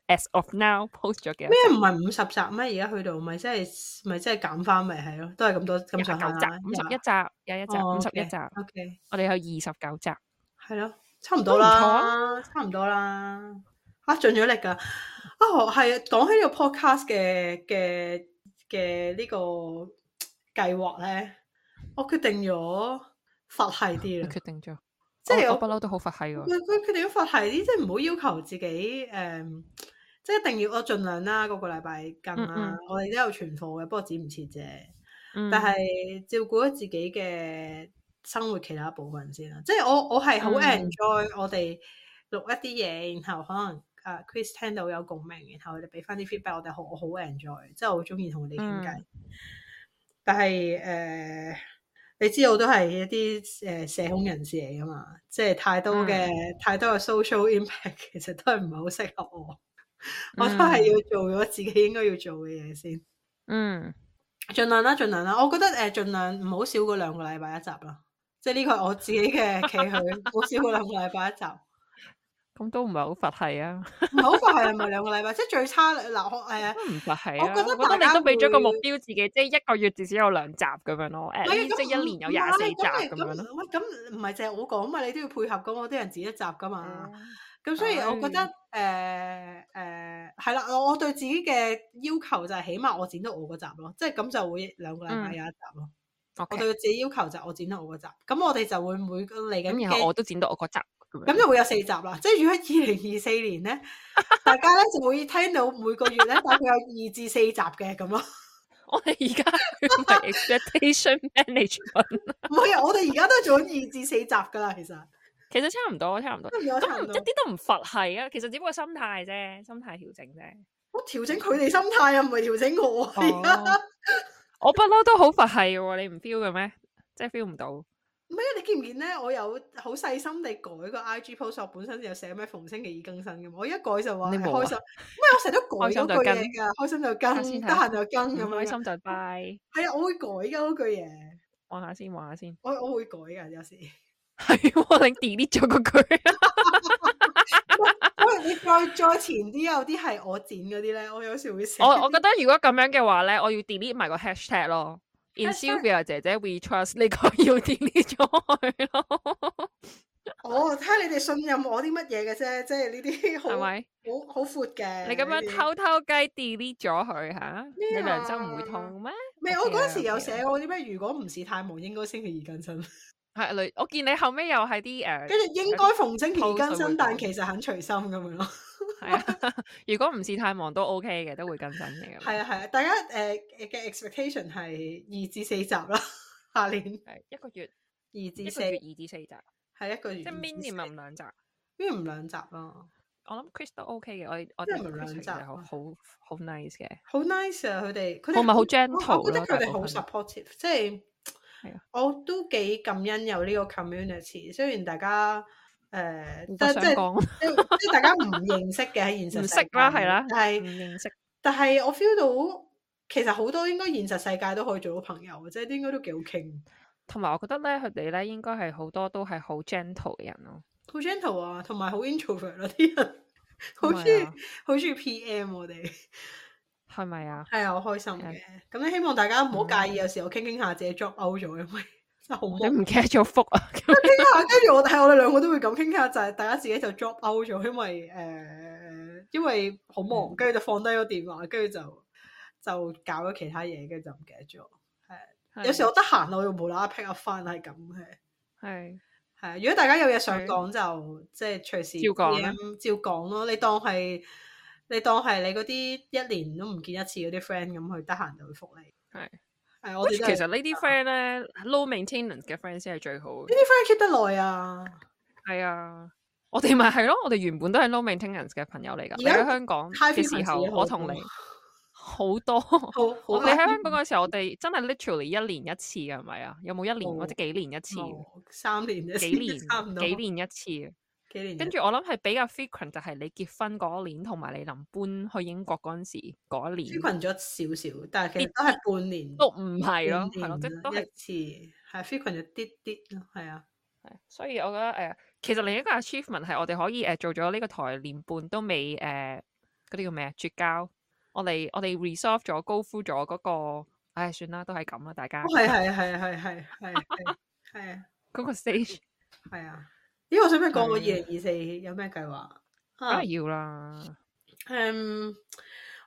as of now post 咗嘅咩，唔係五十集咩？而家去到咪即係咪即係減翻咪係咯？都係咁多咁上下，五十一集，集就是就是、有一集，五十一集。OK，我哋有二十九集，係咯，差唔多啦，錯差唔多啦。啊，盡咗力噶。啊，係講起呢個 podcast 嘅嘅嘅呢、這個計劃咧，我決定咗佛係啲啦，決定咗。即係我不嬲都好佛系嘅，佢哋點佛係啲，即係唔好要求自己，誒、嗯，即、就、係、是、一定要我盡量啦、啊，個個禮拜更啦，嗯嗯、我哋都有存貨嘅，不過剪唔切啫。嗯、但係照顧咗自己嘅生活其他部分先啦、啊。即係我我係好 enjoy 我哋錄一啲嘢，嗯、然後可能啊 Chris 聽到有共鳴，然後 back, 我哋俾翻啲 feedback，我哋好我好 enjoy，即係我好中意同佢哋傾偈。嗯、但係誒。呃你知道我都係一啲誒、呃、社恐人士嚟噶嘛？即係太多嘅、mm. 太多嘅 social impact 其實都係唔係好適合我， [laughs] 我都係要做咗自己應該要做嘅嘢先。嗯、mm.，儘量啦，儘量啦。我覺得誒，儘量唔好少過兩個禮拜一集啦。即係呢個係我自己嘅期許，唔好 [laughs] 少過兩個禮拜一集。咁都唔係好佛系啊，唔係好佛系啊，唔係兩個禮拜，即係最差嗱，誒，唔佛系啊。我覺得你都俾咗個目標自己，即係一個月至少有兩集咁樣咯。誒，即係一年有廿四集咁樣咯。喂，咁唔係淨係我講嘛，你都要配合咁，我啲人剪一集噶嘛。咁所以我覺得，誒誒，係啦，我對自己嘅要求就係起碼我剪到我嗰集咯，即係咁就會兩個禮拜有一集咯。我對自己要求就我剪到我嗰集，咁我哋就會每個嚟緊，然後我都剪到我嗰集。咁就會有四集啦，即係如果二零二四年咧， [laughs] 大家咧就會聽到每個月咧大概有二至四集嘅咁咯。 [laughs] 我哋而家係 expectation management，唔係啊！我哋而家都做咗二至四集噶啦，其實其實差唔多，差唔多，嗯、差唔多，一啲都唔佛係啊！其實只不過心態啫，心態調整啫。我調整佢哋心態啊，唔係調整我、 [laughs] oh. [laughs] 我不嬲都好佛係噶，你唔 feel 嘅咩？即係 feel 唔到。咩啊？你見唔見咧？我有好細心地改個 IG post，我本身有寫咩逢星期二更新噶嘛？我一改就話你唔開心。唔係我成日都改咗句嘢噶，開心就更，得閒就更，咁開心就 bye。係啊、哎，我會改噶嗰句嘢。望下先，望下先。我我會改噶，有時係你 delete 咗嗰句。可能你再再前啲有啲係我剪嗰啲咧，我有時會寫我我覺得如果咁樣嘅話咧，我要 delete 埋個 hashtag 咯。In Sylvia、欸、姐姐、欸、，we trust、嗯、你講要 delete 咗佢咯。哦，睇下你哋信任我啲乜嘢嘅啫，即係呢啲好，係咪好好闊嘅？闊你咁樣偷偷雞 delete 咗佢吓，啊啊、你良心唔會痛咩？唔係，okay, 我嗰時有寫過啲咩？嗯、如果唔是太忙，應該星期二更新。係、啊，我見你後尾又係啲誒，跟住應該逢星期二更新，但其實很隨心咁樣咯。係啊，如果唔係太忙都 OK 嘅，都會更新嘅。係啊係啊，大家誒嘅 expectation 係二至四集咯，下年係一個月二至四，二至四集係一個月，即係 minimum 咪唔兩集，minimum 唔兩集咯。我諗 Chris 都 OK 嘅，我我哋唔兩集，好好 nice 嘅，好 nice 啊！佢哋我咪好 gentle，我覺得佢哋好 supportive，即係我都幾感恩有呢個 community。雖然大家。誒，但即係即係大家唔認識嘅喺現實，唔識啦，係啦，但係唔認識，但係我 feel 到其實好多應該現實世界都可以做到朋友嘅，即係啲應該都幾好傾。同埋我覺得咧，佢哋咧應該係好多都係好 gentle 嘅人咯，好 gentle 啊，同埋好 introvert 嗰啲人，好中意好中意 PM 我哋係咪啊？係啊，我開心嘅。咁希望大家唔好介意，有時我傾傾下自己 drop out 咗，因為。你唔記得咗覆啊？傾 [laughs] 下，跟住我，但係我哋兩個都會咁傾下，就係、是、大家自己就 drop out 咗，因為誒、呃，因為好忙，跟住、嗯、就放低咗電話，跟住就就搞咗其他嘢，跟住就唔記得咗。係，是有時我得閒我又無啦啦 pick up 翻，係咁嘅。係係是，如果大家有嘢想講，是就即係隨時照講照講咯。你當係你當係你嗰啲一年都唔見一次嗰啲 friend 咁，佢得閒就會覆你。係是。其實呢啲 friend 咧，low maintenance 嘅 friend 先係最好。呢啲 friend keep 得耐啊，係啊，我哋咪係咯，我哋原本都係 low maintenance 嘅朋友嚟噶。Yeah? 你喺香港嘅時候，我同你好多。你喺香港嗰時候，我哋真係 literally 一年一次嘅，係咪啊？有冇一年、哦、或者幾年一次？哦、三年、幾年、幾年一次。跟住我諗係比較 frequent 就係你結婚嗰一年，同埋你臨搬去英國嗰陣時嗰一年。frequent 咗少少，但係其實都係半年，都唔係咯，係咯，即係都係一次，係 frequent 咗啲啲咯，係啊。所以我覺得誒，其實另一個 achievement 係我哋可以誒做咗呢個台年半都未誒，嗰啲叫咩啊？絕交，我哋我哋 resolve 咗，高呼咗嗰個，唉，算啦，都係咁啦，大家。係係係係係係係啊，嗰個 stage 係啊。咦，我想唔想講我二零二四有咩計劃？梗係要啦。誒，uh,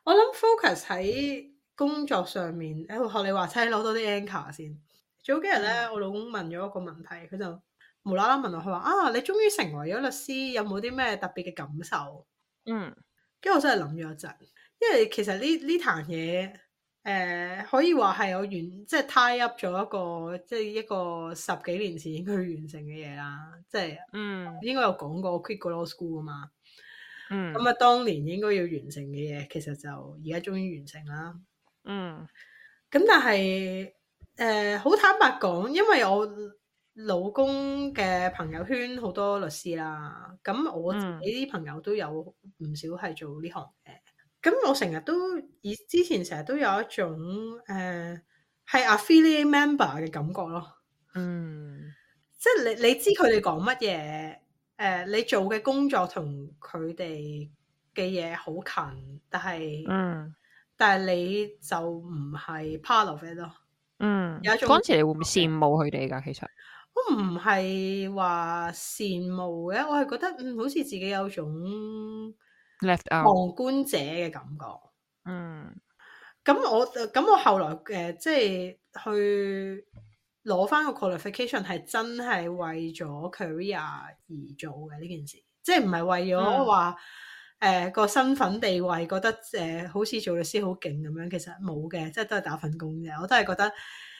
我諗 focus 喺工作上面。誒的，學你話齋攞多啲 anchor 先。早幾日咧，嗯。我老公問咗一個問題，佢就無啦啦問我，佢話：啊，你終於成為咗律師，有冇啲咩特別嘅感受？嗯。跟住我真係諗咗一陣，因為其實呢呢壇嘢。誒、uh, 可以話係我完，即係 tie up 咗一個，即係一個十幾年前應該完成嘅嘢啦，即係，嗯，mm. 應該有講過 quit law school 啊嘛，mm. 嗯，咁啊，當年應該要完成嘅嘢，其實就而家終於完成啦，嗯、mm.，咁但係，誒，好坦白講，因為我老公嘅朋友圈好多律師啦，咁我自己啲朋友都有唔少係做呢行嘅。Mm. 咁我成日都以之前成日都有一種誒係、呃、affiliate member 嘅感覺咯，嗯，即係你你知佢哋講乜嘢，誒、呃、你做嘅工作同佢哋嘅嘢好近，但係，嗯，但係你就唔係 part of it 咯，嗯，有嗰陣時你會唔會羨慕佢哋㗎？其實我唔係話羨慕嘅，我係覺得嗯，好似自己有種。旁觀者嘅感覺，嗯，咁我咁我後來誒、呃，即係去攞翻個 qualification 係真係為咗 career 而做嘅呢件事，即係唔係為咗話誒個身份地位覺得誒、呃、好似做律師好勁咁樣，其實冇嘅，即係都係打份工嘅，我都係覺得，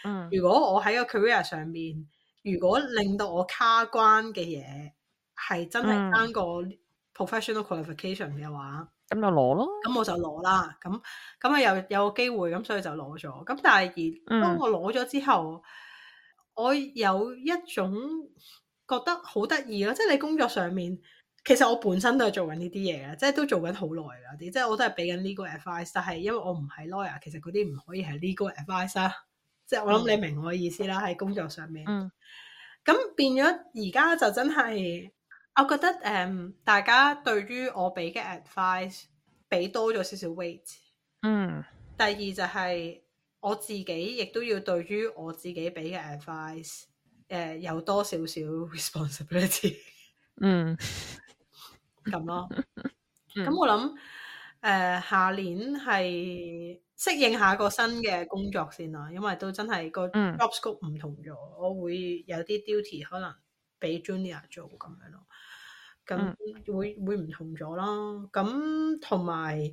嗯，如果我喺個 career 上面，如果令到我卡關嘅嘢係真係單個。嗯 Professional qualification 嘅話，咁就攞咯。咁我就攞啦。咁咁啊，有有個機會，咁所以就攞咗。咁但係而當我攞咗之後，嗯、我有一種覺得好得意咯。即係你工作上面，其實我本身都係做緊呢啲嘢嘅，即係都做緊好耐嘅啲。即係我都係俾緊 legal advice，但係因為我唔係 lawyer，其實嗰啲唔可以係 legal advice 啦。即係我諗你明我意思啦。喺、嗯、工作上面，咁、嗯、變咗而家就真係。我覺得誒、嗯，大家對於我俾嘅 advice 俾多咗少少 weight。嗯。第二就係、是、我自己亦都要對於我自己俾嘅 advice，誒、呃，有多少少 responsibility。 [laughs] 嗯。咁咯。咁、嗯、我諗，誒、呃，下年係適應下個新嘅工作先啦，因為都真係個 job scope 唔同咗，嗯、我會有啲 duty 可能俾 junior 做咁樣咯。咁、嗯、會會唔同咗啦。咁同埋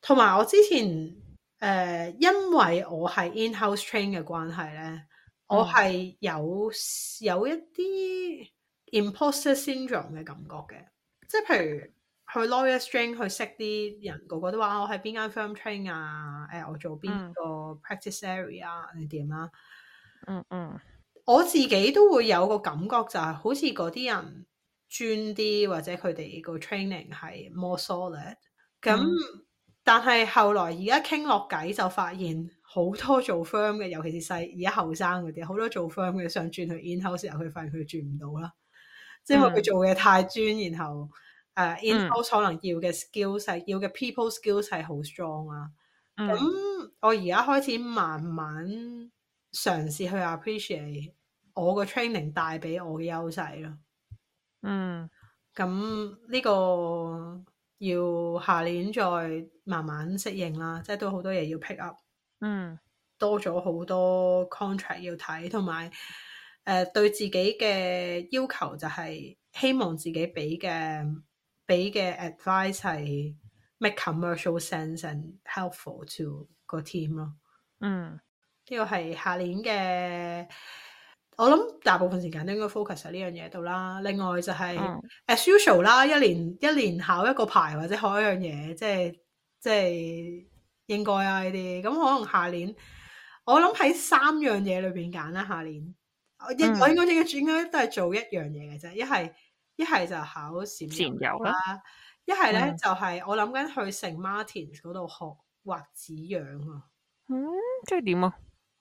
同埋，我之前誒、呃，因為我係 in-house train 嘅關係咧，嗯、我係有有一啲 imposter syndrome 嘅感覺嘅。即係譬如去 lawyer string 去識啲人，個個都話我喺邊間 firm train 啊，誒、哎，我做邊個 practice area 定點啦。嗯嗯，我自己都會有個感覺、就係，就係好似嗰啲人，專啲或者佢哋個 training 係 more solid，咁、嗯、但係後來而家傾落偈，就發現好多做 firm 嘅，尤其是細而家後生嗰啲，好多做 firm 嘅想轉去 in house 嘅時候，佢發現佢轉唔到啦，即係因為佢做嘅太專，嗯、然後誒、uh, in house 可能要嘅 skills 係要嘅 people skills 係好 strong 啊。咁、嗯、我而家開始慢慢嘗試去 appreciate 我個 training 帶俾我嘅優勢咯。嗯，咁呢個要下年再慢慢適應啦，即係都好多嘢要 pick up。嗯，多咗好多 contract 要睇，同埋誒對自己嘅要求就係希望自己俾嘅俾嘅 advice 係 make commercial sense and helpful to 個 team 咯。嗯，呢個係下年嘅。我諗大部分時間都應該 focus 喺呢樣嘢度啦。另外就係 as usual 啦，嗯、一年一年考一個牌或者考一樣嘢，即係即係應該啊呢啲。咁可能下年我諗喺三樣嘢裏邊揀啦。下年、嗯、我應我應該應該都係做一樣嘢嘅啫。一係一係就考閃游啦，一係咧就係我諗緊去 m a 聖馬丁嗰度學畫紙、啊嗯、樣啊。嗯，即係點啊？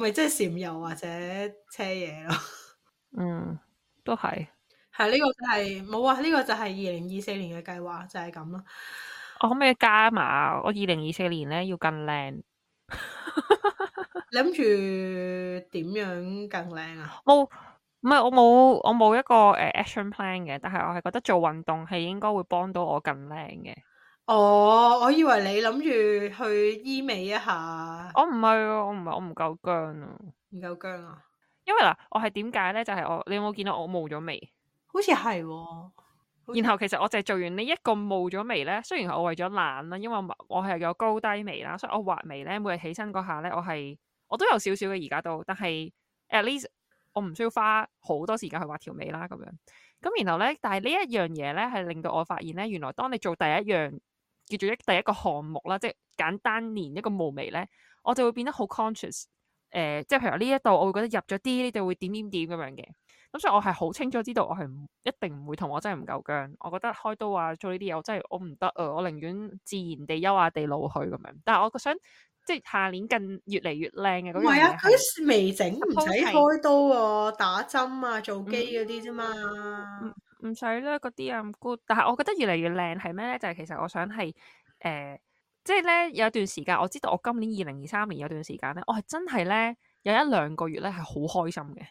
咪即係禪遊或者車嘢咯， [laughs] 嗯，都係，係呢個係冇啊，呢、這個就係二零二四年嘅計劃就係咁咯。我可唔可以加碼我二零二四年咧要更靚？諗住點樣更靚啊？冇，唔係我冇我冇一個誒、uh, action plan 嘅，但係我係覺得做運動係應該會幫到我更靚嘅。哦，oh, 我以為你諗住去醫美一下？我唔係喎，我唔係，我唔夠薑啊，唔夠薑啊。因為嗱，我係點解咧？就係、是、我，你有冇見到我冇咗眉？好似係喎。然後其實我淨係做完呢一個冇咗眉咧。雖然我為咗懶啦，因為我我係有高低眉啦，所以我畫眉咧，每日起身嗰下咧，我係我都有少少嘅而家都。但係，At least 我唔需要花好多時間去畫條眉啦。咁樣咁，然後咧，但係呢一樣嘢咧，係令到我發現咧，原來當你做第一樣。叫做一第一個項目啦，即係簡單連一個霧眉咧，我就會變得好 conscious、呃。誒，即係譬如呢一度，我會覺得入咗啲，就會點點點咁樣嘅。咁所以，我係好清楚知道我，我係唔一定唔會同我真係唔夠薑。我覺得開刀啊，做呢啲嘢，我真係我唔得啊！我寧願自然地優雅地老去咁樣。但係我想，即係下年更越嚟越靚嘅。唔係啊，佢未整，唔使開刀啊，打針啊，做機嗰啲啫嘛。嗯嗯。唔使啦，嗰啲咁 good，但係我覺得越嚟越靚，係咩咧？就係、是、其實我想係誒，即係咧有一段時間我知道我今年二零二三年有段時間咧，我係真係咧有一兩個月咧係好開心嘅，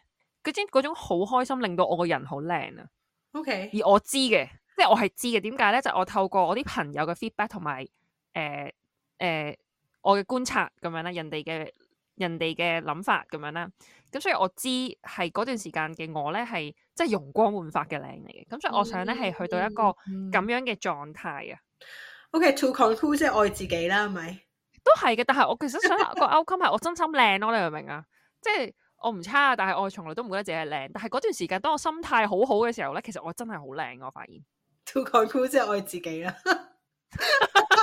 佢、就是、種嗰種好開心令到我個人好靚啊。OK，而我知嘅，即係我係知嘅，點解咧？就係、是我、就是、我透過我啲朋友嘅 feedback 同埋誒、呃、誒、呃、我嘅觀察咁樣咧，人哋嘅。人哋嘅諗法咁樣啦，咁所以我知係嗰段時間嘅我咧係即係容光煥發嘅靚嚟嘅，咁所以我想咧係、嗯、去到一個咁樣嘅狀態啊。OK，to、okay, conclude 即係愛自己啦，係咪？都係嘅，但係我其實想 [laughs] 個 outcome 係我真心靚咯，啊，你明唔明啊？即、就、係、是、我唔差，但係我從來都唔覺得自己係靚。但係嗰段時間，當我心態好好嘅時候咧，其實我真係好靚。我發現，to conclude 即係愛自己啦。 [laughs] [laughs]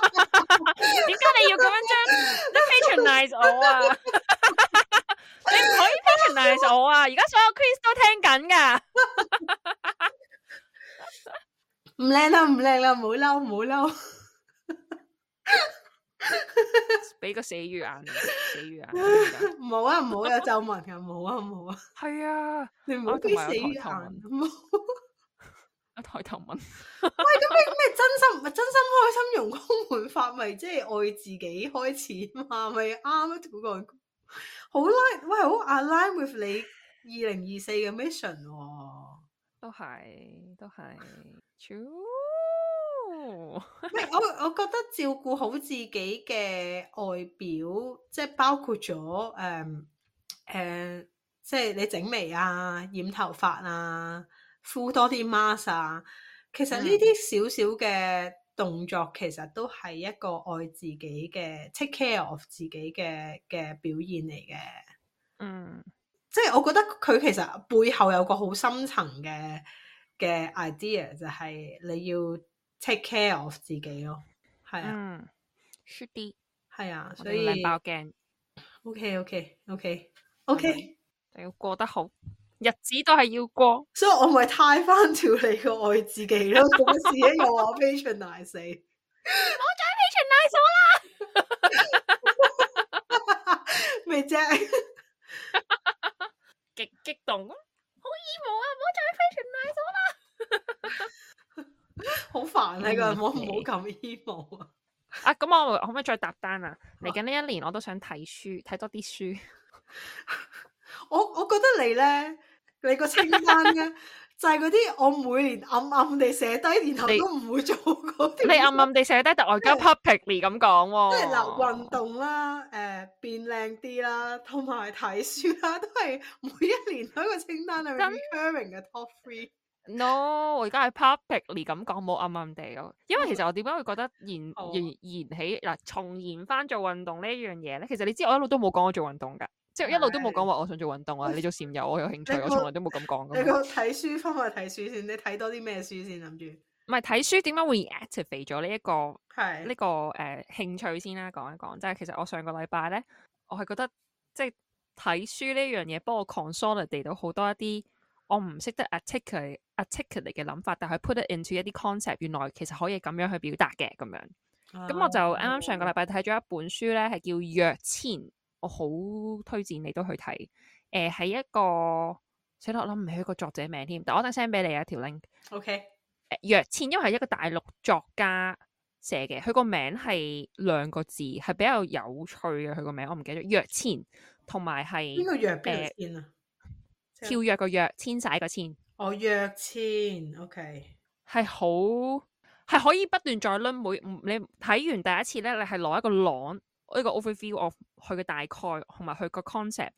點解你要咁樣將 patronize 我啊？你唔可以 patronize 我啊！而家所有 Chris 都聽緊噶，唔靚啦，唔靚啦，唔好啦，唔好啦，俾個死魚眼，死魚眼，唔好啊，唔好有皺紋噶，唔好啊，唔好啊，係啊，你唔好俾死魚眼，唔好。一抬頭紋， [laughs] 喂，咁你咩真心？真心開心容光煥發，咪即係愛自己開始嘛？咪啱啊！好個，好 line，喂，好 align with 你二零二四嘅 mission、哦、都係都係 true。 [laughs] 我我覺得照顧好自己嘅外表，即係包括咗誒誒，即係你整眉啊、染頭髮啊。敷多啲 mask 啊，其實呢啲少少嘅動作，其實都係一個愛自己嘅、嗯、take care of 自己嘅嘅表現嚟嘅。嗯，即係我覺得佢其實背後有個好深層嘅嘅 idea，就係你要 take care of 自己咯。係啊，啊嗯，should be，係啊，所以，OK，OK，OK，OK，、okay, okay, okay, okay. 嗯、要過得好。日子都係要過，所以、so, 我咪太 i e 翻條你個愛自己咯， [laughs] 我自己又話非常 nice，唔好再非常 nice 咗啦，咪啫， [laughs] [laughs] 極 [laughs] 激動，好 evil 啊，唔好再非常 nice 咗啦，好煩呢個，唔好唔好咁 evil 啊，啊咁我可唔可以再搭單啊？嚟緊呢一年我都想睇書，睇多啲書， [laughs] 我我覺得你咧。 [laughs] 你個清單嘅，就係嗰啲我每年暗暗地寫低，然後都唔會做嗰啲。你暗暗地寫低，但係我而家 publicly 咁講喎。即係嗱，運動啦，誒、呃，變靚啲啦，同埋睇書啦，都係每一年喺個清單裏面 r 嘅、嗯、top three。No，我而家係 publicly 咁講，冇暗暗地咯。因為其實我點解會覺得燃燃燃起嗱重燃翻做運動呢一樣嘢咧？其實你知我一路都冇講我做運動㗎。即係一路都冇講話我想做運動啊， [laughs] 你做禪游我有興趣，個我從來都冇咁講過。你個睇書方法睇書先，你睇多啲咩書先諗住？唔係睇書點解會 activate 咗呢一個？係呢是、這個誒、呃、興趣先啦，講一講。即係其實我上個禮拜咧，我係覺得即係睇書呢樣嘢，幫我 consolidate 到好多一啲我唔識得 articulate articulate 嘅 art 諗法，但係 put it into 一啲 concept，原來其實可以咁樣去表達嘅咁樣。咁、oh, 我就啱啱上個禮拜睇咗一本書咧，係、oh. 叫前《躍遷》。我好推薦你都去睇，誒、呃、係一個，寫落諗唔起一個作者名添，但我等 send 俾你一條 link。O K，誒躍千，因為係一個大陸作家寫嘅，佢個名係兩個字，係比較有趣嘅。佢個名我唔記得咗，躍千同埋係邊個約邊個千啊？跳躍個躍，千曬個千。哦，躍千，O K，係好，係、okay. 可以不斷再拎每，你睇完第一次咧，你係攞一個囊。呢個 overview of 佢嘅大概同埋佢個 concept，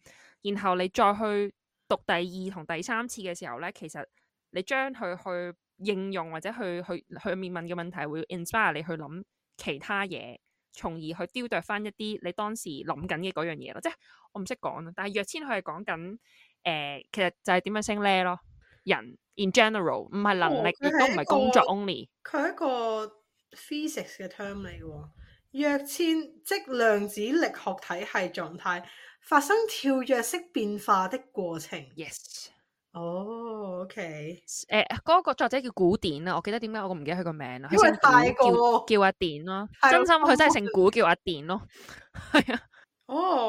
然後你再去讀第二同第三次嘅時候咧，其實你將佢去應用或者去去去面問嘅問題，會 inspire 你去諗其他嘢，從而去雕琢翻一啲你當時諗緊嘅嗰樣嘢咯。即係我唔識講啦，但係若千佢係講緊誒，其實就係點樣先咧咯。人 in general 唔係能力，亦都唔係工作 only。佢係一個 physics 嘅 term 嚟喎。躍遷即量子力學體系狀態發生跳躍式變化的過程。Yes，哦、oh,，OK，誒，嗰個作者叫古典啊，我記得點解我唔記得佢個名啊，佢姓典叫阿典咯，真心佢、啊、真係姓古叫阿典咯，係、 [laughs] 哦、啊，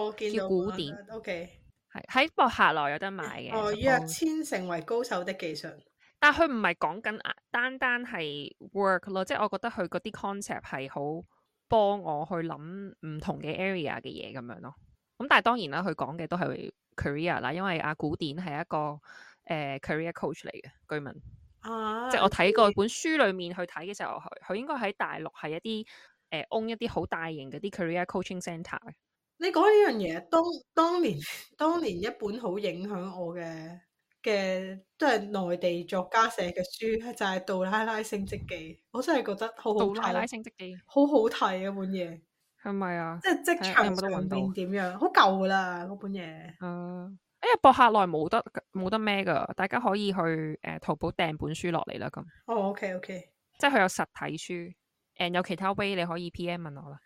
哦、okay.，見到古典，OK，係喺博客來有得買嘅。哦，躍遷成為高手的技術， [laughs] 但係佢唔係講緊啊，單單係 work 咯，即係我覺得佢嗰啲 concept 係好。幫我去諗唔同嘅 area 嘅嘢咁樣咯，咁、嗯、但係當然啦，佢講嘅都係 career 啦，因為阿古典係一個誒、呃、career coach 嚟嘅，據聞，啊、即係我睇過本書裡面去睇嘅時候，佢佢應該喺大陸係一啲誒、呃、own 一啲好大型嗰啲 career coaching centre 嘅。你講呢樣嘢，當當年當年一本好影響我嘅嘅都係內地作家寫嘅書，就係、是《杜拉拉升職記》，我真係覺得好好睇《杜拉拉升職記》，好好睇啊本嘢，係咪啊？是是啊即係職場層面點樣？好舊噶啦，嗰本嘢。啊！Uh, 哎呀，博客來冇得冇得咩噶，大家可以去誒、呃、淘寶訂本書落嚟啦咁。哦、oh,，OK，OK，okay ,、okay. 即係佢有實體書，誒有其他 way 你可以 PM 問我啦。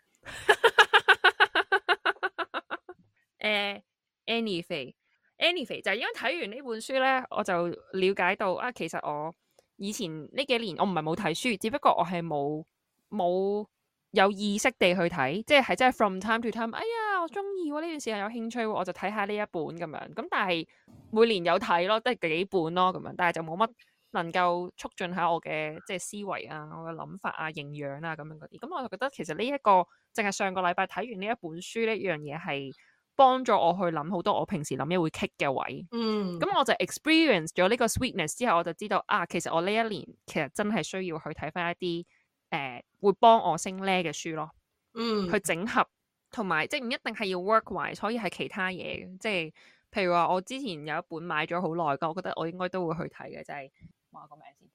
誒，Anyway。Anyway 就係因為睇完呢本書咧，我就了解到啊，其實我以前呢幾年我唔係冇睇書，只不過我係冇冇有意識地去睇，即係係真係 from time to time。哎呀，我中意喎，呢段時間有興趣、啊，我就睇下呢一本咁樣。咁、嗯、但係每年有睇咯，都係幾本咯咁樣。但係就冇乜能夠促進下我嘅即係思維啊，我嘅諗法啊，營養啊咁樣嗰啲。咁、嗯、我就覺得其實呢、這、一個，淨係上個禮拜睇完呢一本書呢樣嘢係。幫咗我去諗好多我平時諗嘢會 kick 嘅位，咁、嗯、我就 experience 咗呢個 sweetness 之後，我就知道啊，其實我呢一年其實真係需要去睇翻一啲誒、呃、會幫我升 level 嘅書咯，嗯、去整合同埋即係唔一定係要 work wise，所以係其他嘢，即係譬如話我之前有一本買咗好耐噶，我覺得我應該都會去睇嘅，就係話個名先，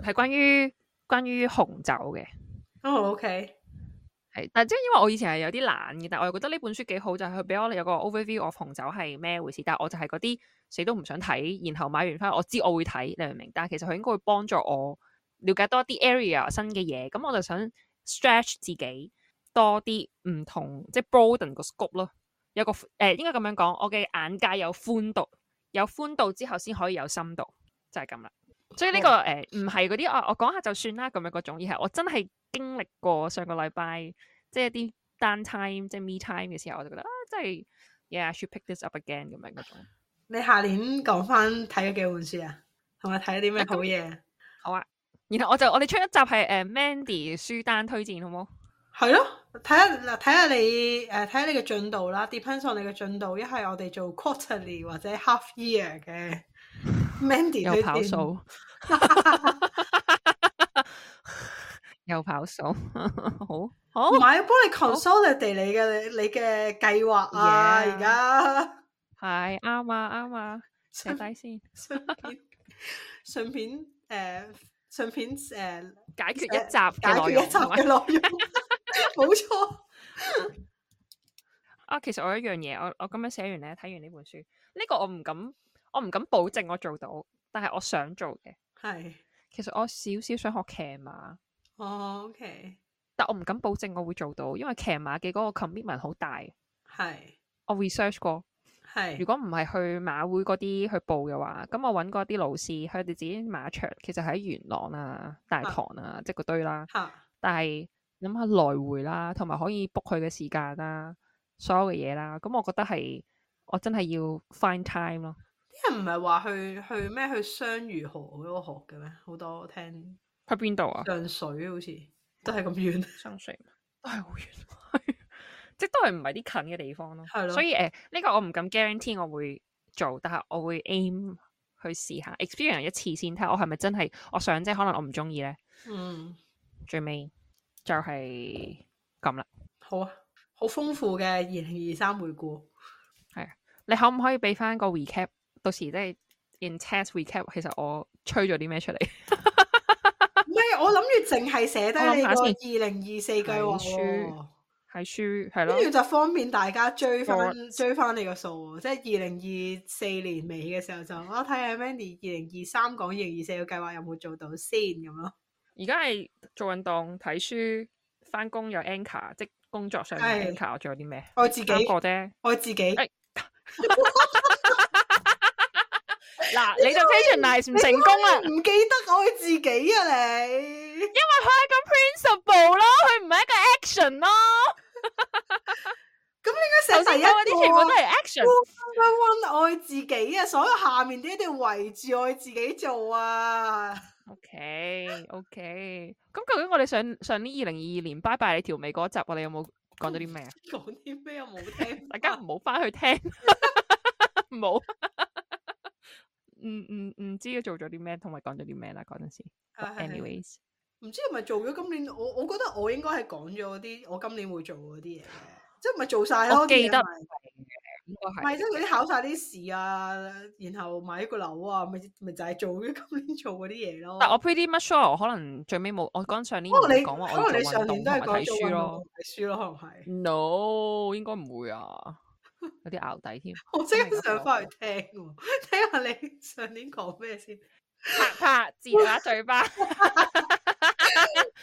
誒係、呃、關於關於紅酒嘅。哦、oh, OK。係，但即係因為我以前係有啲懶嘅，但係我又覺得呢本書幾好，就係佢俾我有個 overview of 紅酒係咩回事。但係我就係嗰啲死都唔想睇，然後買完翻我知我會睇，你明唔明？但係其實佢應該會幫助我了解多啲 area 新嘅嘢，咁我就想 stretch 自己多啲唔同，即係 broaden 個 scope 咯。有個誒、呃，應該咁樣講，我嘅眼界有寬度，有寬度之後先可以有深度，就係咁啦。所以呢、這個誒唔係嗰啲我我講下就算啦咁樣嗰種，而係我真係。經歷過上個禮拜即係一啲 down time 即係 me time 嘅時候，我就覺得啊，真係，yeah，I should pick this up again 咁樣嗰種。你下年講翻睇咗幾本書啊？同埋睇咗啲咩好嘢、嗯？好啊，然後我就我哋出一集係誒、uh, Mandy 書單推薦好唔好？係咯，睇下嗱，睇下你誒，睇下你嘅進度啦。depends on 你嘅進度，一係我哋做 quarterly 或者 half year 嘅 Mandy。又跑數。又跑數，好，好，唔係，我幫你 consolidate 你嘅你嘅計劃啊，而家係啱啊，啱啊，寫低先，順便順便誒，順便誒，解決一集解決一集嘅內容，冇錯。啊，其實我有一樣嘢，我我咁樣寫完咧，睇完呢本書，呢個我唔敢，我唔敢保證我做到，但係我想做嘅，係，其實我少少想學騎馬。哦、oh，OK，但我唔敢保證我會做到，因為騎馬嘅嗰個 commitment 好大。係是，我 research 過，係是。如果唔係去馬會嗰啲去報嘅話，咁我揾過啲老師，佢哋自己馬場其實喺元朗啊、大棠啊，啊即係嗰堆啦。嚇、啊！但係諗下來回啦，同埋可以 book 佢嘅時間啦，所有嘅嘢啦，咁我覺得係我真係要 find time 咯。啲人唔係話去去咩去雙魚河嗰度學嘅咩？好多聽。去邊度啊？上水好似都係咁遠，上水，遠上水、哎、遠 [laughs] 都係好遠，即係都係唔係啲近嘅地方咯。係咯的，所以誒，呢、呃這個我唔敢 guarantee 我會做，但係我會 aim 去試下 [laughs] experience 一次先，睇下我係咪真係我想，即係可能我唔中意咧。嗯，最尾就係咁啦。好啊，好豐富嘅二零二三回顧。係啊， [laughs] 你可唔可以俾翻個 recap？到時即係 intense recap，其實我吹咗啲咩出嚟？ [laughs] 跟住淨係寫低你二零二四計劃咯，係書係咯，跟住就方便大家追翻我追翻你個數，即係二零二四年尾嘅時候就，我睇下 Mandy 二零二三講二零二四個計劃有冇做到先咁咯。而家係做運動、睇書、翻工有 anchor 即工作上面 anchor，仲有啲咩的？愛自己個啫，愛自己。嗱，你就。唔成功啊？唔 [laughs] 記得愛自己啊，你？因為佢係咁 principle 咯，佢唔係一個 action 咯。咁點解成第一個啊？全部 [laughs] 都係 action。One 愛自己啊！所有下面啲一定要圍住愛自己做啊。OK OK，咁究竟我哋上上年二零二二年拜拜你條尾嗰集，我哋有冇講咗啲咩啊？講啲咩我冇聽，大家唔好翻去聽。冇 [laughs] [laughs] 沒有。唔唔唔知佢做咗啲咩，同埋講咗啲咩啦？嗰、那、陣、個、時 [laughs] But，anyways。 [laughs] 唔知係咪做咗今年？我我覺得我應該係講咗啲我今年會做嗰啲嘢，即係唔係做曬咯？記得應該係即係嗰啲考晒啲試啊，然後買個樓啊，咪咪就係做咗今年做嗰啲嘢咯。但我 pretty much sure 可能最尾冇我講上年講話，你上年都係講啲運動、睇書咯，睇書咯，可能係 no 應該唔會啊，有啲淆底添。我即刻想翻去聽，聽下你上年講咩先？拍拍自打嘴巴。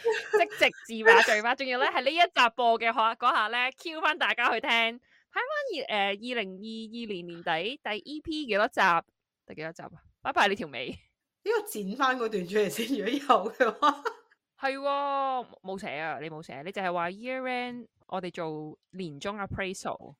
即 [laughs] 直字畫最化，仲要咧係呢一集播嘅話，嗰下咧 q a 翻大家去聽，睇翻二誒二零二二年年底第 E P 幾多集？第幾多集啊？拜拜你條尾，呢個剪翻嗰段出嚟先，如果有嘅話係冇寫啊，你冇寫，你就係話 year end 我哋做年終 appraisal，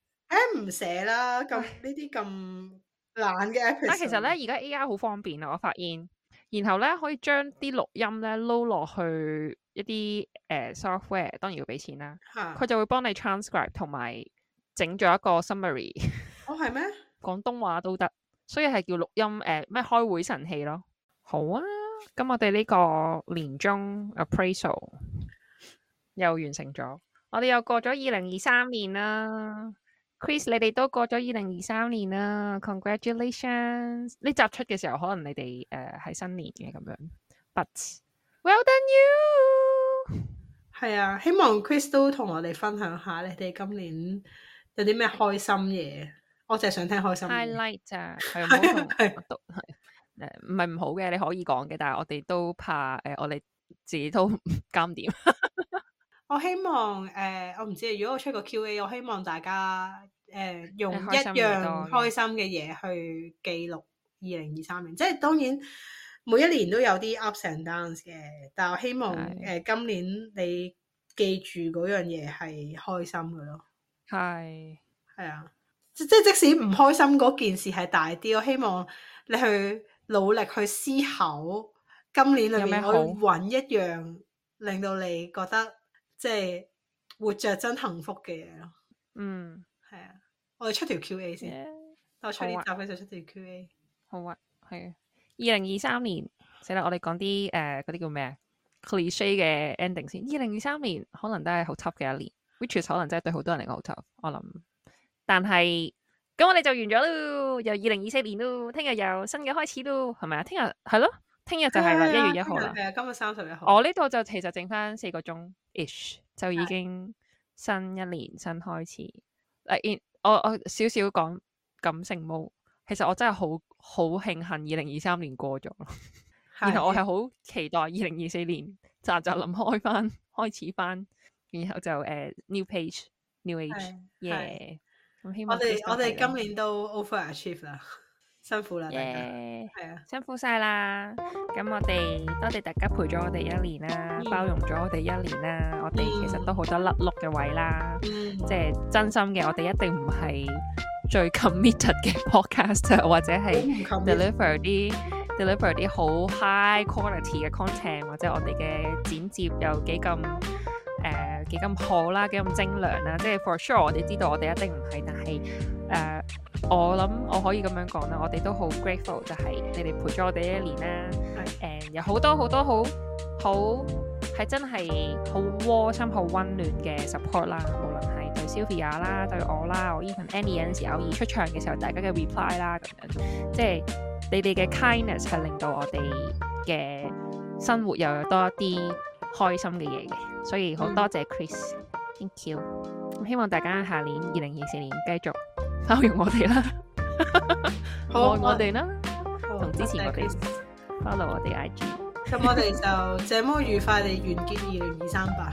誒唔寫啦，咁呢啲咁懶嘅，但其實咧而家 A I 好方便啊，我發現，然後咧可以將啲錄音咧撈落去。一啲誒、呃、software 當然要俾錢啦，佢 Huh. 就會幫你 transcribe 同埋整咗一個 summary，oh。我係咩？廣東話都得，所以係叫錄音誒咩、呃、開會神器咯。好啊，咁我哋呢個年終 appraisal 又完成咗。我哋又過咗二零二三年啦，Chris，你哋都過咗二零二三年啦，congratulations！呢集出嘅時候可能你哋誒喺新年嘅咁樣，but well done you！係啊，希望 Chris 同我哋分享下你哋今年有啲咩開心嘢，我淨係想聽開心。I like 就係唔好同讀，誒唔係唔好嘅，你可以講嘅，但係我哋都怕誒，uh, 我哋自己都唔監點。 [laughs] 我希望誒、呃，我唔知如果我出個 Q&A，我希望大家誒、呃、用一樣開心嘅嘢去記錄二零二三年，即係 [laughs] 當然。每一年都有啲 ups and downs 嘅，但係我希望誒的、呃、今年你記住嗰樣嘢係開心嘅咯，係係啊，即係即使唔開心嗰件事係大啲，我希望你去努力去思考，今年裏面可以搵一樣令到你覺得即係活着真幸福嘅嘢咯。嗯，係啊，我哋出條 Q&A 先，Yeah. 我出啲答佢就出條 Q&A，好啊，係。啊。二零二三年，死啦！我哋講啲誒嗰啲叫咩啊？cliche 嘅 ending 先。二零二三年可能都係好 t 嘅一年，which is 可能真係對好多人嚟講好 t o u 我諗，但係咁我哋就完咗咯，由二零二四年咯，聽日又新嘅開始咯，係咪啊？聽日係咯，聽 Yeah, 日就係一月一號啦。係啊、yeah,，今日三十一號。我呢度就其實剩翻四個鐘 ish，就已經新一年新開始。誒 Yeah.、uh,，我我少少講感性冇，其實我真係好。好慶幸二零二三年過咗，然後我係好期待二零二四年就就諗開翻開始翻，然後就誒、uh, new page new age，耶！ [music] yeah、咁希望我哋我哋今年都 over achieve 啦，辛苦啦，yeah, 家辛苦晒啦，咁 [music] 我哋多謝大家陪咗我哋一年啦， [music] 包容咗我哋一年啦，我哋其實都好多甩碌嘅位啦，即係 [music] [music] 真心嘅，我哋一定唔係。最 committed 嘅 podcast 或者係 deliver 啲 'm deliver 啲好 high quality 嘅 content，或者我哋嘅剪接又幾咁誒幾咁好啦，幾咁精良啦，即係 for sure 我哋知道我哋一定唔係，但係誒、呃、我諗我可以咁樣講啦，我哋都好 grateful 就係你哋陪咗我哋一年啦，係誒 Yeah. 有好多好多好好係真係好 warm 心、好溫暖嘅 support 啦，無論係，對 Sylvia 啦，對我啦，我 even，anyons，有時偶爾出場嘅時候，大家嘅 reply 啦，咁樣，即係你哋嘅 kindness 係令到我哋嘅生活又有多一啲開心嘅嘢嘅，所以好多謝 Chris，thank you，咁希望大家下年二零二四年繼續包容我哋啦，好愛我哋啦，同支持我哋，follow 我哋 IG，咁我哋就這麼愉快地完結二零二三吧。